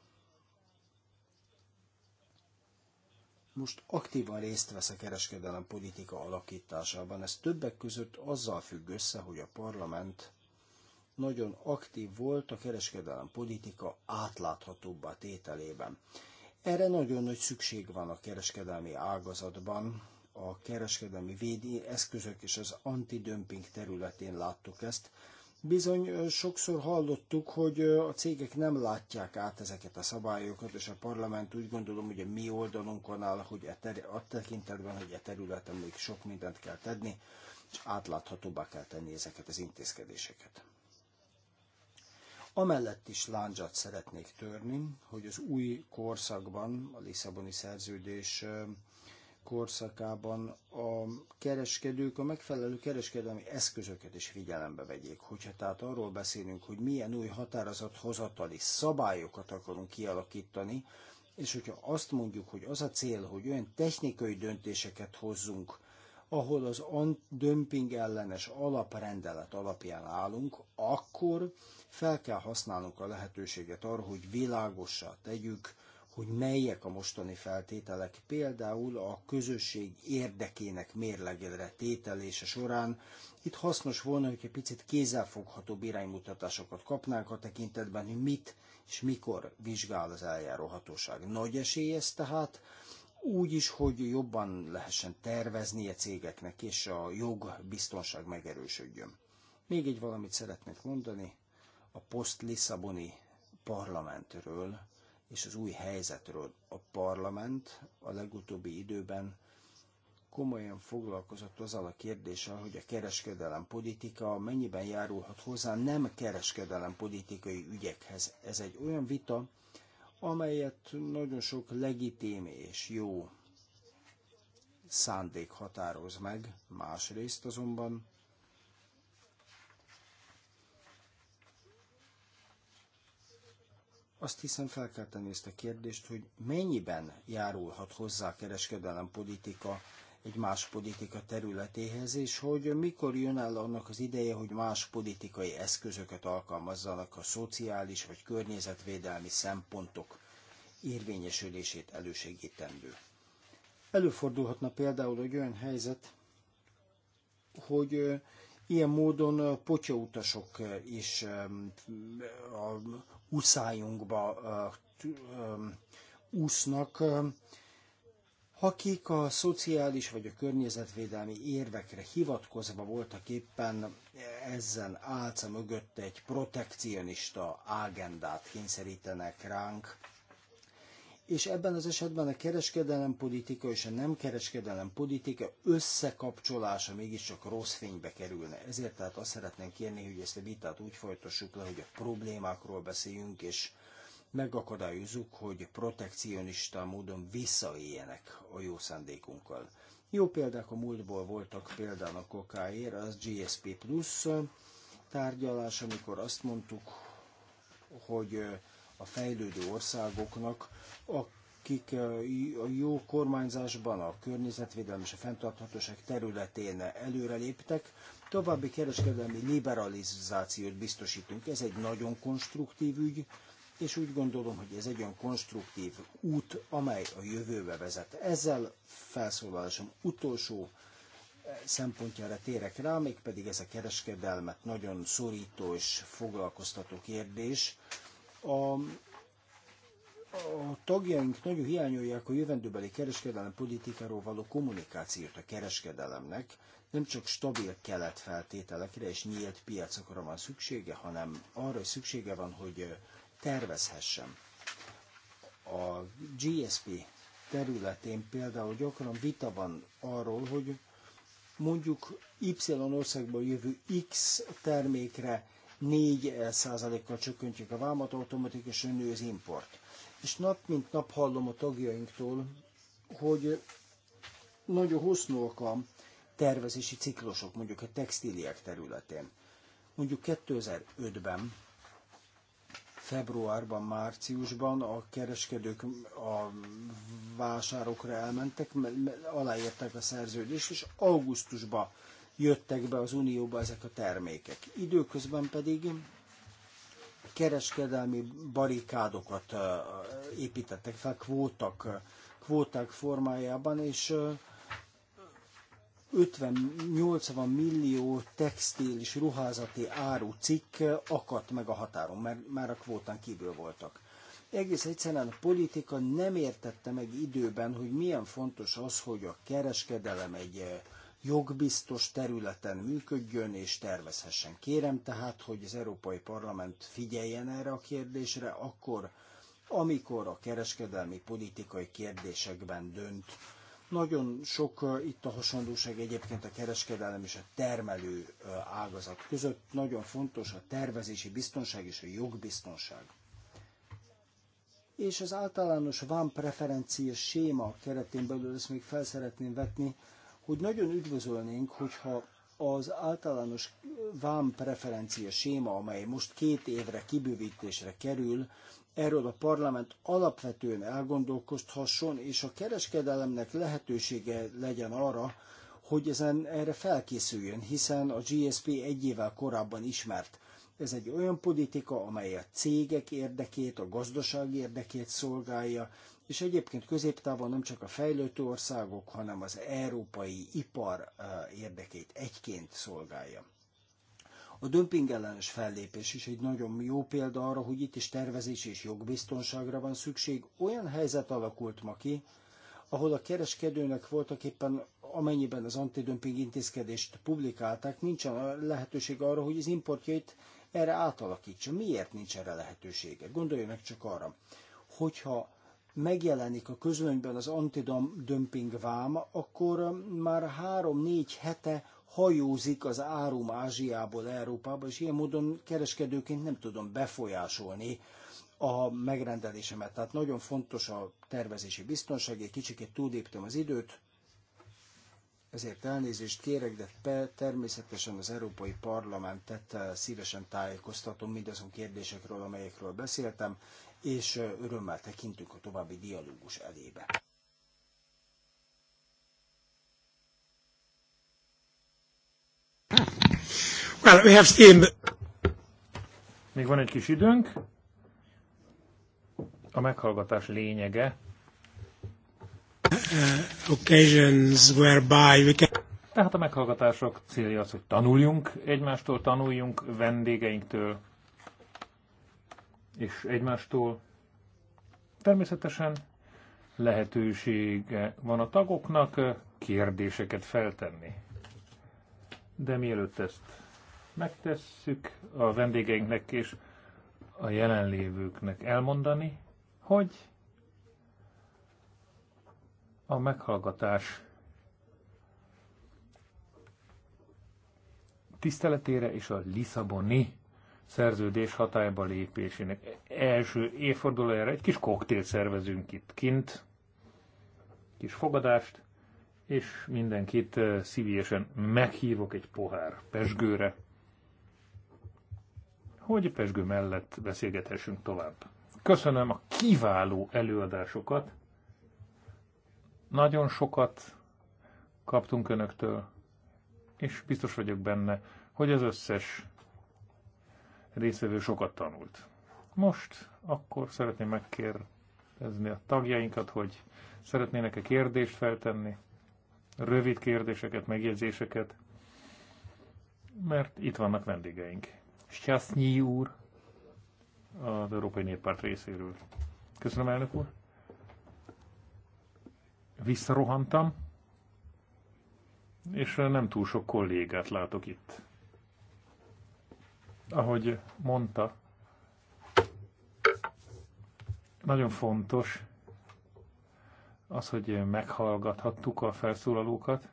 most aktívan részt vesz a kereskedelem politika alakításában. Ez többek között azzal függ össze, hogy a parlament nagyon aktív volt a kereskedelem politika átláthatóbbá tételében. Erre nagyon nagy szükség van a kereskedelmi ágazatban. A kereskedelmi védi eszközök és az antidömping területén láttuk ezt. Bizony sokszor hallottuk, hogy a cégek nem látják át ezeket a szabályokat, és a parlament úgy gondolom, hogy a mi oldalunkon áll, hogy a, e ter- a tekintetben, hogy a e területen még sok mindent kell tenni, és átláthatóbbá kell tenni ezeket az intézkedéseket. Amellett is láncsat szeretnék törni, hogy az új korszakban, a Lisszaboni szerződés korszakában a kereskedők a megfelelő kereskedelmi eszközöket is figyelembe vegyék. Hogyha tehát arról beszélünk, hogy milyen új határozathozatali szabályokat akarunk kialakítani, és hogyha azt mondjuk, hogy az a cél, hogy olyan technikai döntéseket hozzunk, ahol az dömping ellenes alaprendelet alapján állunk, akkor fel kell használnunk a lehetőséget arra, hogy világossá tegyük, hogy melyek a mostani feltételek, például a közösség érdekének mérlegére tételése során. Itt hasznos volna, hogy egy picit kézzelfoghatóbb iránymutatásokat kapnánk a tekintetben, hogy mit és mikor vizsgál az eljáróhatóság. Nagy esély ez tehát, úgy is, hogy jobban lehessen tervezni a cégeknek, és a jogbiztonság megerősödjön. Még egy valamit szeretnék mondani a poszt-Lisszaboni parlamentről és az új helyzetről. A parlament a legutóbbi időben komolyan foglalkozott azzal a kérdéssel, hogy a kereskedelem politika mennyiben járulhat hozzá nem kereskedelem politikai ügyekhez. Ez egy olyan vita, amelyet nagyon sok legitim és jó szándék határoz meg, másrészt azonban azt hiszem fel kell tenni ezt a kérdést, hogy mennyiben járulhat hozzá a kereskedelem politika egy más politika területéhez, és hogy mikor jön el annak az ideje, hogy más politikai eszközöket alkalmazzanak a szociális vagy környezetvédelmi szempontok érvényesülését elősegítendő. Előfordulhatna például egy olyan helyzet, hogy ilyen módon potyautasok is a úszájunkba úsznak, akik a szociális vagy a környezetvédelmi érvekre hivatkozva voltak éppen ezen álca mögött egy protekcionista ágendát kényszerítenek ránk. És ebben az esetben a kereskedelem politika és a nem kereskedelem politika összekapcsolása mégiscsak rossz fénybe kerülne. Ezért tehát azt szeretném kérni, hogy ezt a vitát úgy folytassuk le, hogy a problémákról beszéljünk, és megakadályozzuk, hogy protekcionista módon visszaéljenek a jó szándékunkkal. Jó példák a múltból voltak példának kokáért, az GSP Plus tárgyalás, amikor azt mondtuk, hogy a fejlődő országoknak, akik a jó kormányzásban, a környezetvédelem és a fenntarthatóság területén előreléptek, további kereskedelmi liberalizációt biztosítunk. Ez egy nagyon konstruktív ügy, és úgy gondolom, hogy ez egy olyan konstruktív út, amely a jövőbe vezet. Ezzel felszólalásom utolsó eh, szempontjára térek rá, mégpedig ez a kereskedelmet nagyon szorító és foglalkoztató kérdés. A, a tagjaink nagyon hiányolják a jövendőbeli kereskedelem politikáról való kommunikációt a kereskedelemnek, nem csak stabil kelet feltételekre és nyílt piacokra van szüksége, hanem arra is szüksége van, hogy eh, tervezhessen. A GSP területén például gyakran vita van arról, hogy mondjuk Y országból jövő X termékre 4%-kal csökkentjük a vámat automatikusan nő az import. És nap mint nap hallom a tagjainktól, hogy nagyon hosszúak a tervezési ciklusok, mondjuk a textíliek területén. Mondjuk 2005-ben februárban, márciusban a kereskedők a vásárokra elmentek, aláírták a szerződést, és augusztusban jöttek be az Unióba ezek a termékek. Időközben pedig kereskedelmi barikádokat építettek fel kvótak, kvóták formájában, és 50-80 millió textil és ruházati áru cikk akadt meg a határon, mert már a kvótán kívül voltak. Egész egyszerűen a politika nem értette meg időben, hogy milyen fontos az, hogy a kereskedelem egy eh, jogbiztos területen működjön és tervezhessen. Kérem tehát, hogy az Európai Parlament figyeljen erre a kérdésre, akkor, amikor a kereskedelmi politikai kérdésekben dönt nagyon sok itt a hasonlóság egyébként a kereskedelem és a termelő ágazat között. Nagyon fontos a tervezési biztonság és a jogbiztonság. És az általános van preferencia séma keretén belül ezt még fel szeretném vetni, hogy nagyon üdvözölnénk, hogyha az általános vám preferencia séma, amely most két évre kibővítésre kerül, erről a parlament alapvetően elgondolkozhasson, és a kereskedelemnek lehetősége legyen arra, hogy ezen erre felkészüljön, hiszen a GSP egy évvel korábban ismert. Ez egy olyan politika, amely a cégek érdekét, a gazdaság érdekét szolgálja, és egyébként középtávon nem csak a fejlődő országok, hanem az európai ipar érdekét egyként szolgálja. A dömping ellenes fellépés is egy nagyon jó példa arra, hogy itt is tervezés és jogbiztonságra van szükség. Olyan helyzet alakult ma ki, ahol a kereskedőnek voltak éppen, amennyiben az antidömping intézkedést publikálták, nincsen lehetőség arra, hogy az importjait erre átalakítsa. Miért nincs erre lehetősége? Gondoljanak csak arra, hogyha megjelenik a közönyben az antidömping vám, akkor um, már három-négy hete hajózik az árum Ázsiából Európába, és ilyen módon kereskedőként nem tudom befolyásolni a megrendelésemet. Tehát nagyon fontos a tervezési biztonság, egy kicsikét túléptem az időt, ezért elnézést kérek, de természetesen az Európai Parlamentet uh, szívesen tájékoztatom mindazon kérdésekről, amelyekről beszéltem, és örömmel tekintünk a további dialógus elébe. Well, we have still... Még van egy kis időnk. A meghallgatás lényege. Uh, occasions whereby we can... Tehát a meghallgatások célja az, hogy tanuljunk egymástól, tanuljunk vendégeinktől, és egymástól. Természetesen lehetősége van a tagoknak kérdéseket feltenni. De mielőtt ezt megtesszük a vendégeinknek és a jelenlévőknek elmondani, hogy a meghallgatás tiszteletére és a Lisszaboni szerződés hatályba lépésének első évfordulójára egy kis koktélt szervezünk itt kint, kis fogadást, és mindenkit szívélyesen meghívok egy pohár pesgőre, hogy pesgő mellett beszélgethessünk tovább. Köszönöm a kiváló előadásokat, nagyon sokat kaptunk önöktől, és biztos vagyok benne, hogy az összes részvevő sokat tanult. Most akkor szeretném megkérdezni a tagjainkat, hogy szeretnének-e kérdést feltenni, rövid kérdéseket, megjegyzéseket, mert itt vannak vendégeink. Szczasznyi úr az Európai Néppárt részéről. Köszönöm, elnök úr. Visszarohantam, és nem túl sok kollégát látok itt ahogy mondta, nagyon fontos az, hogy meghallgathattuk a felszólalókat.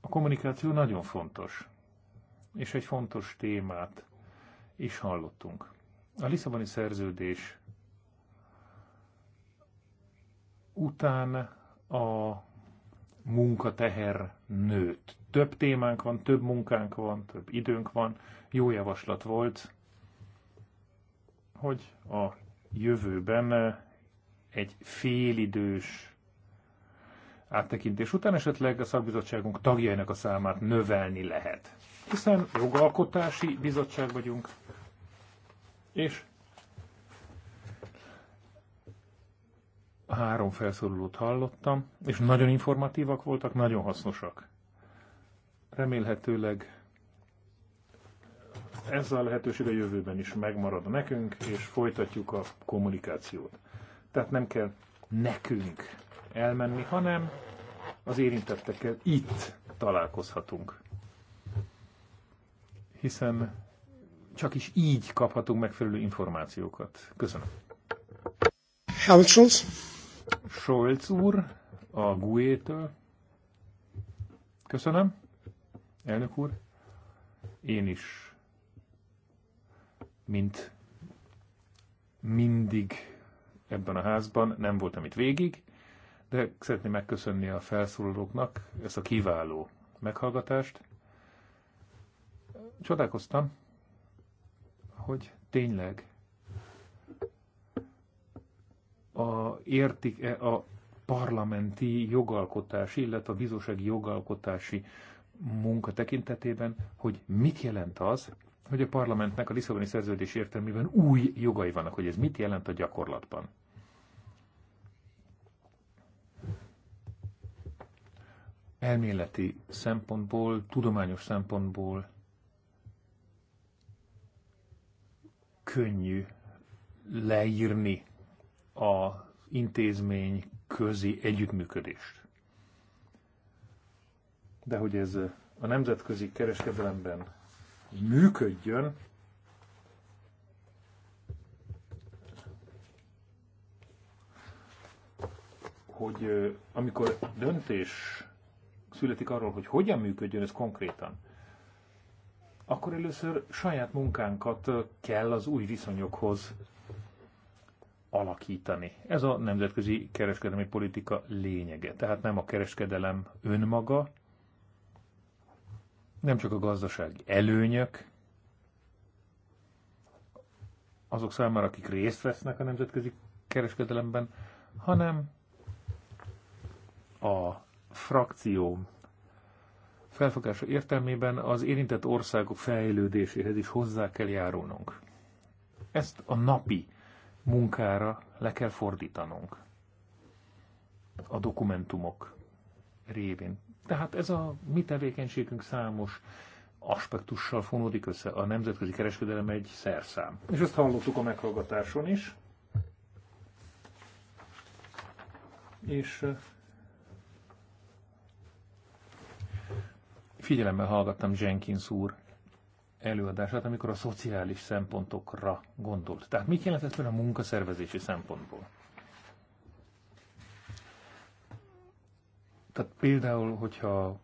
A kommunikáció nagyon fontos, és egy fontos témát is hallottunk. A Lisszaboni szerződés után a munkateher nőtt több témánk van, több munkánk van, több időnk van. Jó javaslat volt, hogy a jövőben eh, egy félidős áttekintés után esetleg a szakbizottságunk tagjainak a számát növelni lehet. Hiszen jogalkotási bizottság vagyunk, és három felszólalót hallottam, és nagyon informatívak voltak, nagyon hasznosak remélhetőleg ez a lehetőség a jövőben is megmarad nekünk, és folytatjuk a kommunikációt. Tehát nem kell nekünk elmenni, hanem az érintettekkel itt találkozhatunk. Hiszen csak is így kaphatunk megfelelő információkat. Köszönöm. Helmut Scholz. Scholz úr, a GUE-től. Köszönöm. Elnök úr, én is, mint mindig ebben a házban, nem voltam itt végig, de szeretném megköszönni a felszólalóknak ezt a kiváló meghallgatást. Csodálkoztam, hogy tényleg a, értik -e a parlamenti jogalkotási, illetve a bizósági jogalkotási munka tekintetében, hogy mit jelent az, hogy a parlamentnek a Lisszaboni szerződés értelmében új jogai vannak, hogy ez mit jelent a gyakorlatban. Elméleti szempontból, tudományos szempontból könnyű leírni az intézmény közi együttműködést. De hogy ez a nemzetközi kereskedelemben működjön, hogy amikor döntés születik arról, hogy hogyan működjön ez konkrétan, akkor először saját munkánkat kell az új viszonyokhoz alakítani. Ez a nemzetközi kereskedelmi politika lényege. Tehát nem a kereskedelem önmaga, nem csak a gazdasági előnyök, azok számára, akik részt vesznek a nemzetközi kereskedelemben, hanem a frakció felfogása értelmében az érintett országok fejlődéséhez is hozzá kell járulnunk. Ezt a napi munkára le kell fordítanunk a dokumentumok révén. Tehát ez a mi tevékenységünk számos aspektussal fonódik össze. A nemzetközi kereskedelem egy szerszám. És ezt hallottuk a meghallgatáson is. És figyelemmel hallgattam Jenkins úr előadását, amikor a szociális szempontokra gondolt. Tehát mit jelent ez a munkaszervezési szempontból? Tehát például, hogyha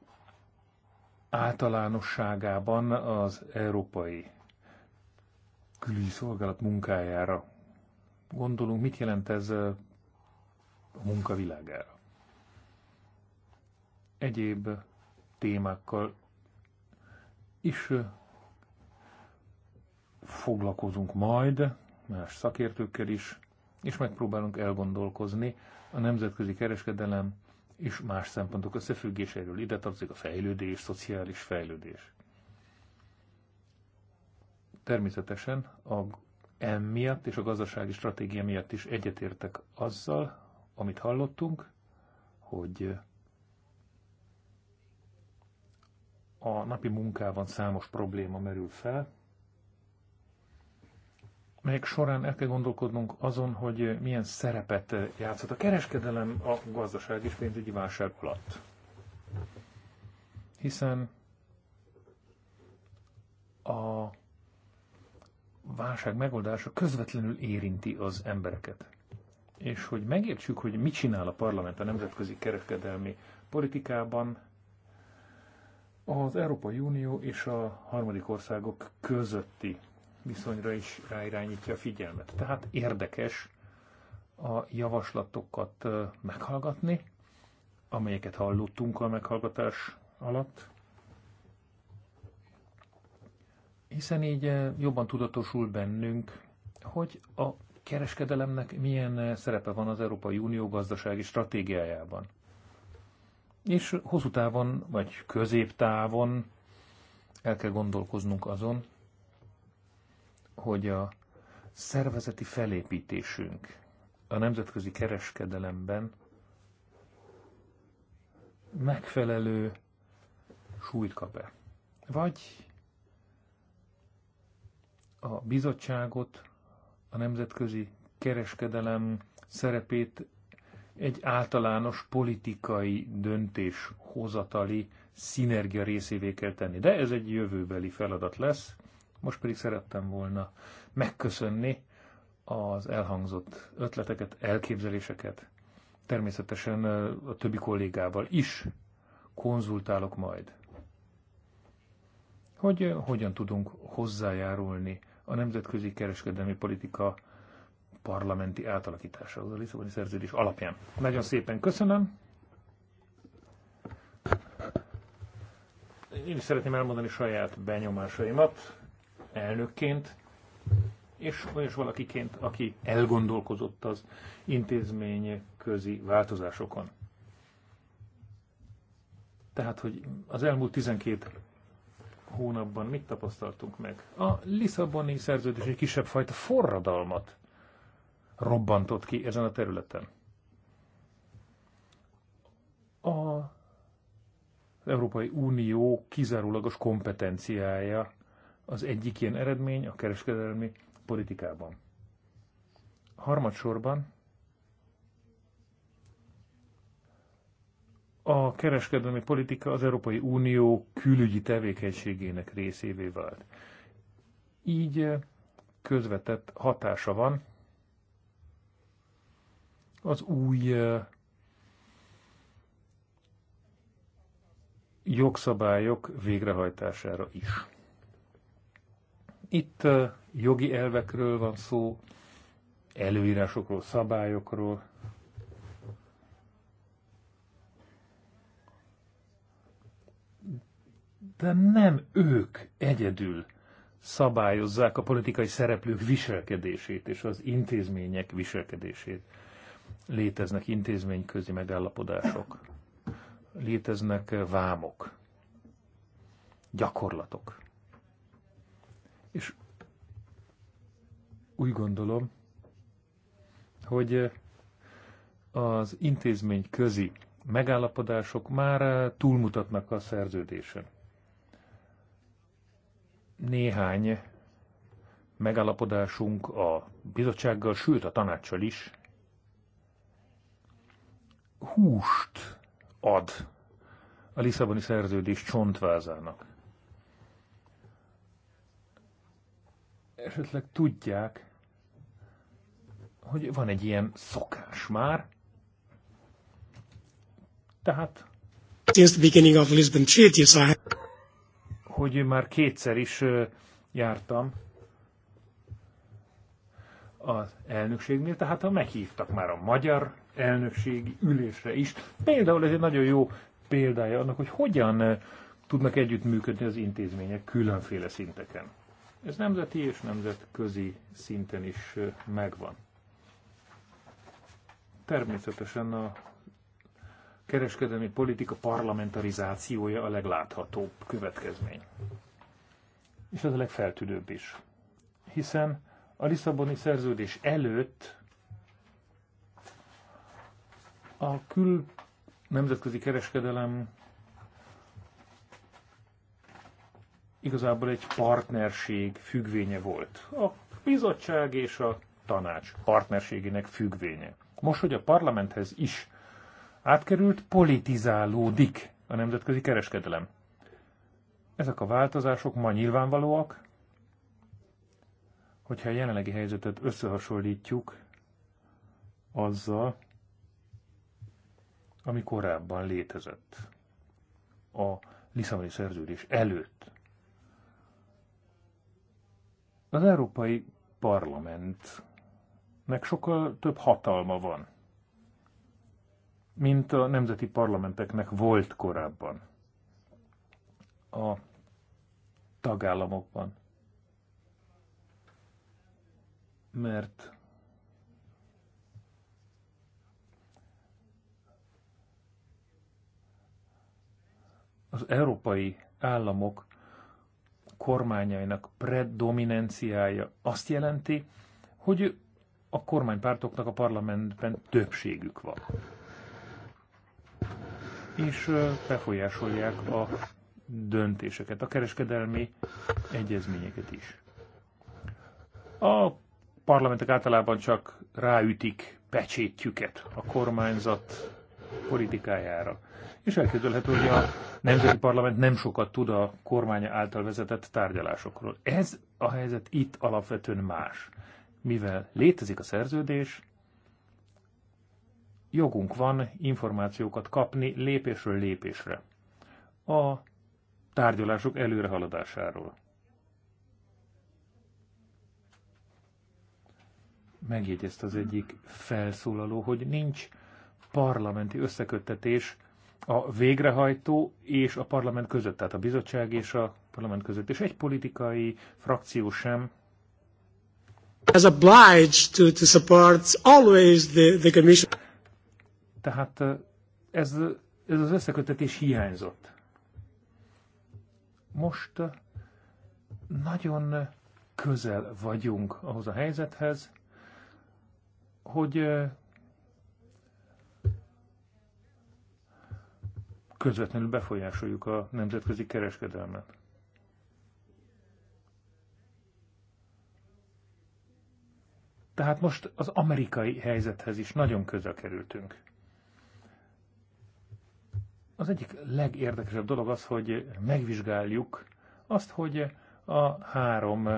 általánosságában az európai külügyi szolgálat munkájára gondolunk, mit jelent ez a munkavilágára? Egyéb témákkal is foglalkozunk majd, más szakértőkkel is, és megpróbálunk elgondolkozni a nemzetközi kereskedelem és más szempontok összefüggéseiről. Ide tartozik a fejlődés, szociális fejlődés. Természetesen a miatt és a gazdasági stratégia miatt is egyetértek azzal, amit hallottunk, hogy a napi munkában számos probléma merül fel, melyek során el kell gondolkodnunk azon, hogy milyen szerepet játszott a kereskedelem a gazdaság és pénzügyi válság alatt. Hiszen a válság megoldása közvetlenül érinti az embereket. És hogy megértsük, hogy mit csinál a parlament a nemzetközi kereskedelmi politikában, az Európai Unió és a harmadik országok közötti viszonyra is ráirányítja a figyelmet. Tehát érdekes a javaslatokat meghallgatni, amelyeket hallottunk a meghallgatás alatt, hiszen így jobban tudatosul bennünk, hogy a kereskedelemnek milyen szerepe van az Európai Unió gazdasági stratégiájában. És hosszú távon, vagy középtávon el kell gondolkoznunk azon, hogy a szervezeti felépítésünk a nemzetközi kereskedelemben megfelelő súlyt kap-e. Vagy a bizottságot, a nemzetközi kereskedelem szerepét egy általános politikai döntéshozatali szinergia részévé kell tenni. De ez egy jövőbeli feladat lesz, most pedig szerettem volna megköszönni az elhangzott ötleteket, elképzeléseket. Természetesen a többi kollégával is konzultálok majd, hogy hogyan tudunk hozzájárulni a nemzetközi kereskedelmi politika parlamenti átalakításához a Lisszaboni szerződés alapján. Nagyon szépen köszönöm. Én is szeretném elmondani saját benyomásaimat elnökként, és olyas valakiként, aki elgondolkozott az intézmény közi változásokon. Tehát, hogy az elmúlt 12 hónapban mit tapasztaltunk meg? A Lisszaboni szerződés egy kisebb fajta forradalmat robbantott ki ezen a területen. A Európai Unió kizárólagos kompetenciája az egyik ilyen eredmény a kereskedelmi politikában. Harmadsorban a kereskedelmi politika az Európai Unió külügyi tevékenységének részévé vált. Így eh, közvetett hatása van az új eh, jogszabályok végrehajtására is. Itt jogi elvekről van szó, előírásokról, szabályokról. De nem ők egyedül szabályozzák a politikai szereplők viselkedését és az intézmények viselkedését. Léteznek intézményközi megállapodások, léteznek vámok, gyakorlatok. És úgy gondolom, hogy az intézmény közi megállapodások már túlmutatnak a szerződésen. Néhány megállapodásunk a bizottsággal, sőt a tanácssal is húst ad a Lisszaboni szerződés csontvázának. esetleg tudják, hogy van egy ilyen szokás már. Tehát... Since the beginning of Lisbon Treaty, so I... Hogy már kétszer is jártam az elnökségnél, tehát ha meghívtak már a magyar elnökségi ülésre is. Például ez egy nagyon jó példája annak, hogy hogyan tudnak együttműködni az intézmények különféle szinteken. Ez nemzeti és nemzetközi szinten is megvan. Természetesen a kereskedelmi politika parlamentarizációja a legláthatóbb következmény. És ez a legfeltűnőbb is. Hiszen a Lisszaboni szerződés előtt a kül nemzetközi kereskedelem igazából egy partnerség függvénye volt. A bizottság és a tanács partnerségének függvénye. Most, hogy a parlamenthez is átkerült, politizálódik a nemzetközi kereskedelem. Ezek a változások ma nyilvánvalóak, hogyha a jelenlegi helyzetet összehasonlítjuk azzal, ami korábban létezett. A Lisszaboni szerződés előtt az Európai Parlamentnek sokkal több hatalma van, mint a nemzeti parlamenteknek volt korábban a tagállamokban. Mert az európai államok kormányainak predominanciája azt jelenti, hogy a kormánypártoknak a parlamentben többségük van. És befolyásolják a döntéseket, a kereskedelmi egyezményeket is. A parlamentek általában csak ráütik pecsétjüket a kormányzat politikájára és elképzelhető, hogy a Nemzeti hát Parlament nem sokat tud a kormánya által vezetett tárgyalásokról. Ez a helyzet itt alapvetően más. Mivel létezik a szerződés, jogunk van információkat kapni lépésről lépésre. A tárgyalások előrehaladásáról. Megjegyezte az egyik felszólaló, hogy nincs parlamenti összeköttetés a végrehajtó és a parlament között, tehát a bizottság és a parlament között, és egy politikai frakció sem as obliged to, to support always the, the commission. Tehát ez, ez az összekötetés hiányzott. Most nagyon közel vagyunk ahhoz a helyzethez, hogy közvetlenül befolyásoljuk a nemzetközi kereskedelmet. Tehát most az amerikai helyzethez is nagyon közel kerültünk. Az egyik legérdekesebb dolog az, hogy megvizsgáljuk azt, hogy a három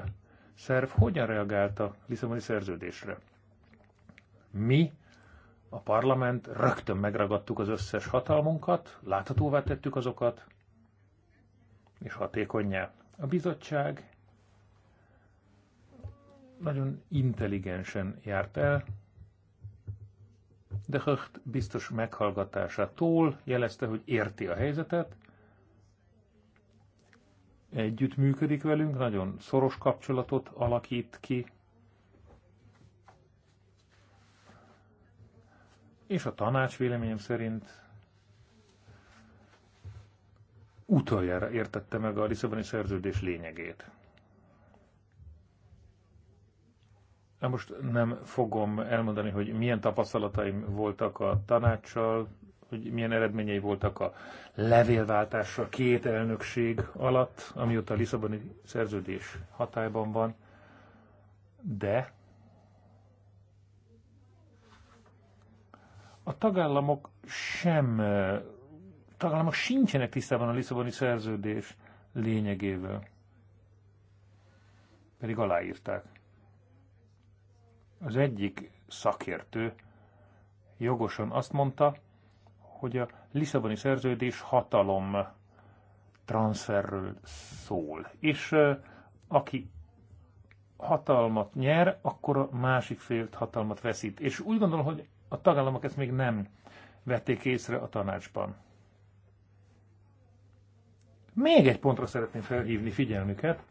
szerv hogyan reagált a Lisszaboni szerződésre. Mi a parlament, rögtön megragadtuk az összes hatalmunkat, láthatóvá tettük azokat, és hatékonyá. A bizottság nagyon intelligensen járt el, de Höcht biztos meghallgatásától jelezte, hogy érti a helyzetet, együtt működik velünk, nagyon szoros kapcsolatot alakít ki és a tanács véleményem szerint utoljára értette meg a Lisszaboni szerződés lényegét. Na most nem fogom elmondani, hogy milyen tapasztalataim voltak a tanácssal, hogy milyen eredményei voltak a levélváltásra két elnökség alatt, amióta a Lisszaboni szerződés hatályban van, de a tagállamok sem, tagállamok sincsenek tisztában a Lisszaboni szerződés lényegével. Pedig aláírták. Az egyik szakértő jogosan azt mondta, hogy a Lisszaboni szerződés hatalom transferről szól. És aki hatalmat nyer, akkor a másik félt hatalmat veszít. És úgy gondolom, hogy a tagállamok ezt még nem vették észre a tanácsban. Még egy pontra szeretném felhívni figyelmüket,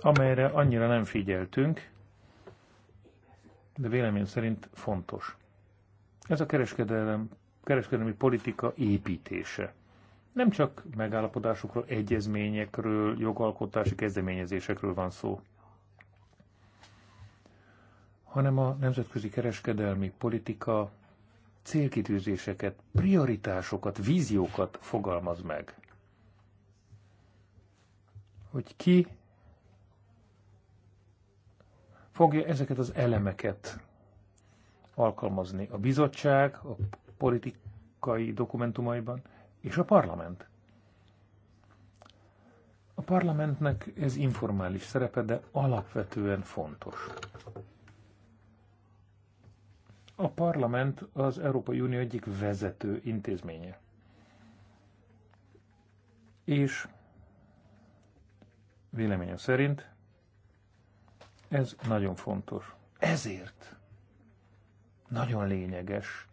amelyre annyira nem figyeltünk, de vélemény szerint fontos. Ez a kereskedelem, kereskedelmi politika építése. Nem csak megállapodásokról, egyezményekről, jogalkotási kezdeményezésekről van szó hanem a nemzetközi kereskedelmi politika célkitűzéseket, prioritásokat, víziókat fogalmaz meg. Hogy ki fogja ezeket az elemeket alkalmazni a bizottság, a politikai dokumentumaiban és a parlament. A parlamentnek ez informális szerepe, de alapvetően fontos. A parlament az Európai Unió egyik vezető intézménye. És véleményem szerint ez nagyon fontos. Ezért nagyon lényeges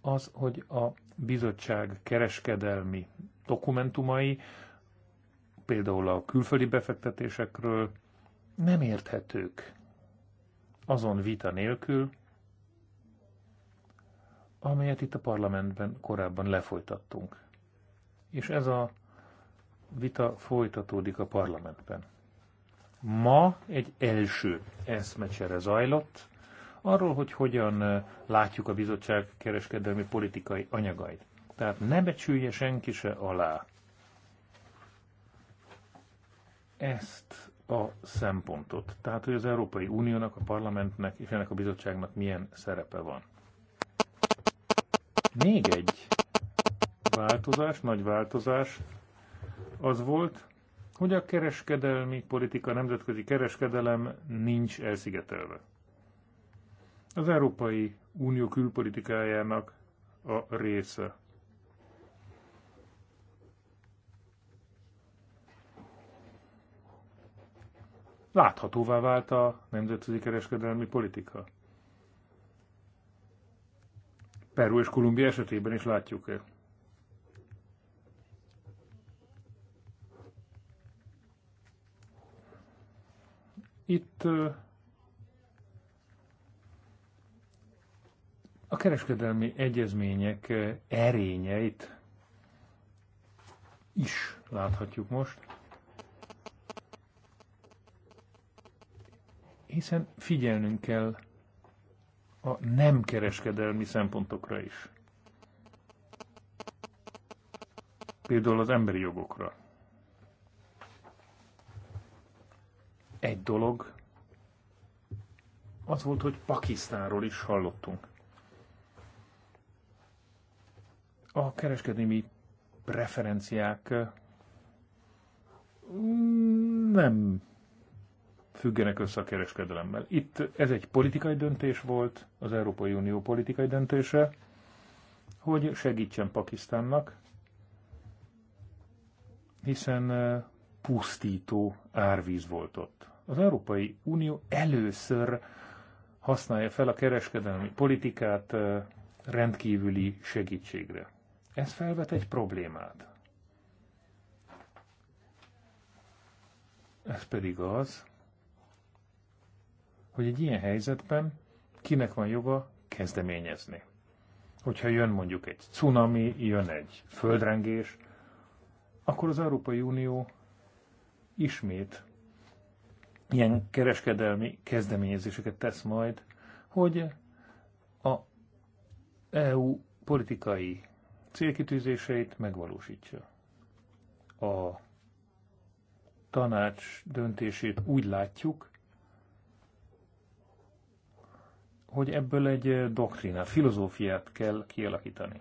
az, hogy a bizottság kereskedelmi dokumentumai, például a külföldi befektetésekről nem érthetők azon vita nélkül, amelyet itt a parlamentben korábban lefolytattunk. És ez a vita folytatódik a parlamentben. Ma egy első eszmecsere zajlott, arról, hogy hogyan látjuk a bizottság kereskedelmi politikai anyagait. Tehát ne becsülje senki se alá ezt a szempontot. Tehát, hogy az Európai Uniónak, a parlamentnek és ennek a bizottságnak milyen szerepe van. Még egy változás, nagy változás az volt, hogy a kereskedelmi politika, a nemzetközi kereskedelem nincs elszigetelve. Az Európai Unió külpolitikájának a része. Láthatóvá vált a nemzetközi kereskedelmi politika. Peru és Kolumbia esetében is látjuk -e. Itt a kereskedelmi egyezmények erényeit is láthatjuk most, hiszen figyelnünk kell a nem kereskedelmi szempontokra is. Például az emberi jogokra. Egy dolog az volt, hogy Pakisztánról is hallottunk. A kereskedelmi preferenciák mm, nem függenek össze a kereskedelemmel. Itt ez egy politikai döntés volt, az Európai Unió politikai döntése, hogy segítsen Pakisztánnak, hiszen eh, pusztító árvíz volt ott. Az Európai Unió először használja fel a kereskedelmi politikát eh, rendkívüli segítségre. Ez felvet egy problémát. Ez pedig az, hogy egy ilyen helyzetben kinek van joga kezdeményezni. Hogyha jön mondjuk egy cunami, jön egy földrengés, akkor az Európai Unió ismét ilyen kereskedelmi kezdeményezéseket tesz majd, hogy a EU politikai célkitűzéseit megvalósítsa. A tanács döntését úgy látjuk, hogy ebből egy doktrinát, filozófiát kell kialakítani.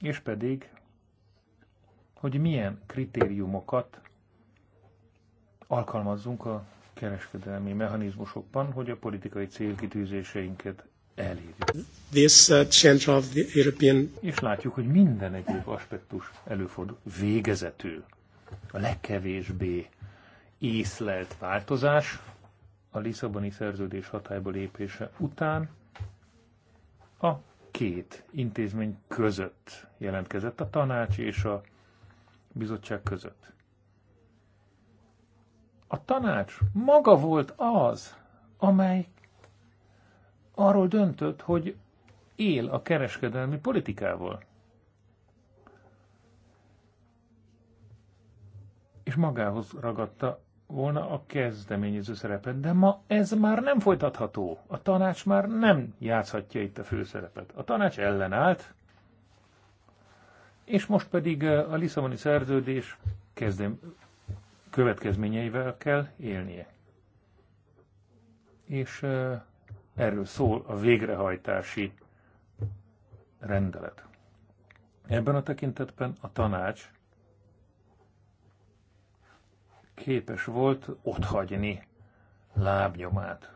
És pedig, hogy milyen kritériumokat alkalmazzunk a kereskedelmi mechanizmusokban, hogy a politikai célkitűzéseinket elérjük. This uh, change of the European... És látjuk, hogy minden egyéb aspektus előfordul. Végezetül a legkevésbé észlelt változás a Lisszaboni szerződés hatályba lépése után a két intézmény között jelentkezett a tanács és a bizottság között. A tanács maga volt az, amely arról döntött, hogy él a kereskedelmi politikával. És magához ragadta volna a kezdeményező szerepet, de ma ez már nem folytatható. A tanács már nem játszhatja itt a főszerepet. A tanács ellenállt, és most pedig eh, a Lisszaboni szerződés kezdem, következményeivel kell élnie. És eh, erről szól a végrehajtási rendelet. Ebben a tekintetben a tanács képes volt otthagyni lábnyomát.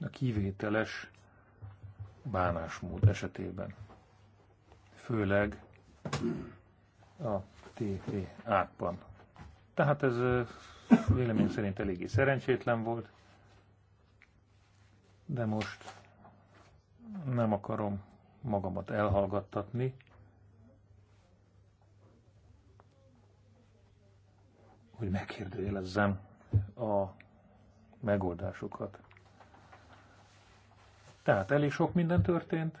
A kivételes bánásmód esetében. Főleg a tp átban. Tehát ez vélemény szerint eléggé szerencsétlen volt, de most nem akarom magamat elhallgattatni, hogy megkérdőjelezzem a megoldásokat. Tehát elég sok minden történt.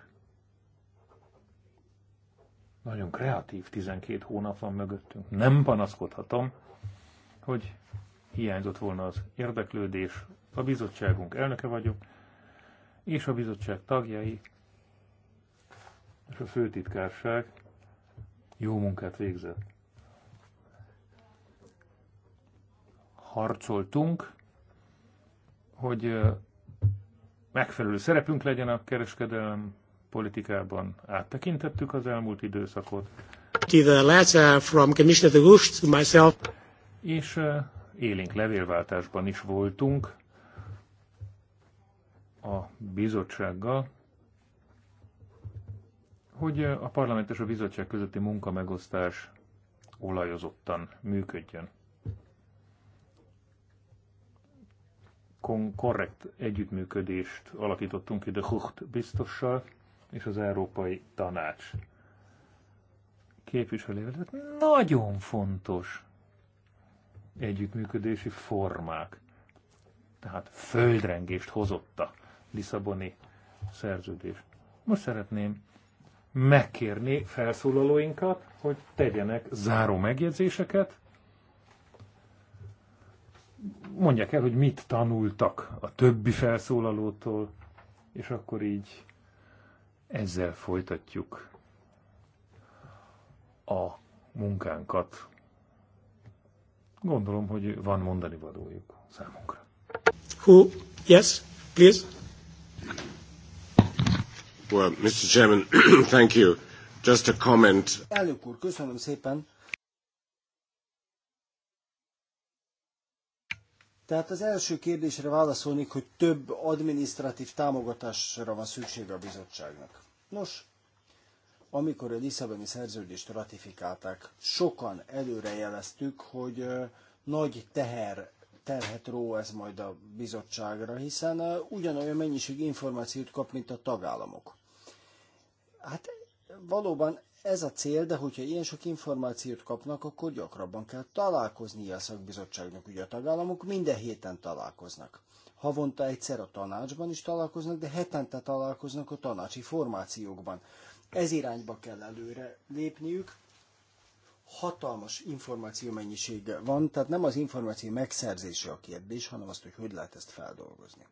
Nagyon kreatív 12 hónap van mögöttünk. Nem panaszkodhatom, hogy hiányzott volna az érdeklődés. A bizottságunk elnöke vagyok, és a bizottság tagjai, és a főtitkárság jó munkát végzett. harcoltunk, hogy megfelelő szerepünk legyen a kereskedelem politikában. Áttekintettük az elmúlt időszakot. from de myself. És élénk levélváltásban is voltunk a bizottsággal, hogy a parlament és a bizottság közötti munkamegosztás olajozottan működjön. korrekt együttműködést alakítottunk ki de Hucht biztossal és az Európai Tanács képviselővel. Tehát nagyon fontos együttműködési formák. Tehát földrengést hozott a Lisszaboni szerződés. Most szeretném megkérni felszólalóinkat, hogy tegyenek záró megjegyzéseket, mondják el, hogy mit tanultak a többi felszólalótól, és akkor így ezzel folytatjuk a munkánkat. Gondolom, hogy van mondani valójuk számunkra. Who? Yes, please. Well, Mr. Chairman, (clears throat) thank you. Just a comment. Elnök úr, köszönöm szépen Tehát az első kérdésre válaszolnék, hogy több adminisztratív támogatásra van szüksége a bizottságnak. Nos, amikor a Lisszaboni szerződést ratifikálták, sokan előrejeleztük, hogy nagy teher terhet ró ez majd a bizottságra, hiszen ugyanolyan mennyiség információt kap, mint a tagállamok. Hát valóban ez a cél, de hogyha ilyen sok információt kapnak, akkor gyakrabban kell találkozni a szakbizottságnak, ugye a tagállamok minden héten találkoznak. Havonta egyszer a tanácsban is találkoznak, de hetente találkoznak a tanácsi formációkban. Ez irányba kell előre lépniük, hatalmas információ mennyisége van, tehát nem az információ megszerzése a kérdés, hanem azt, hogy hogy lehet ezt feldolgozni.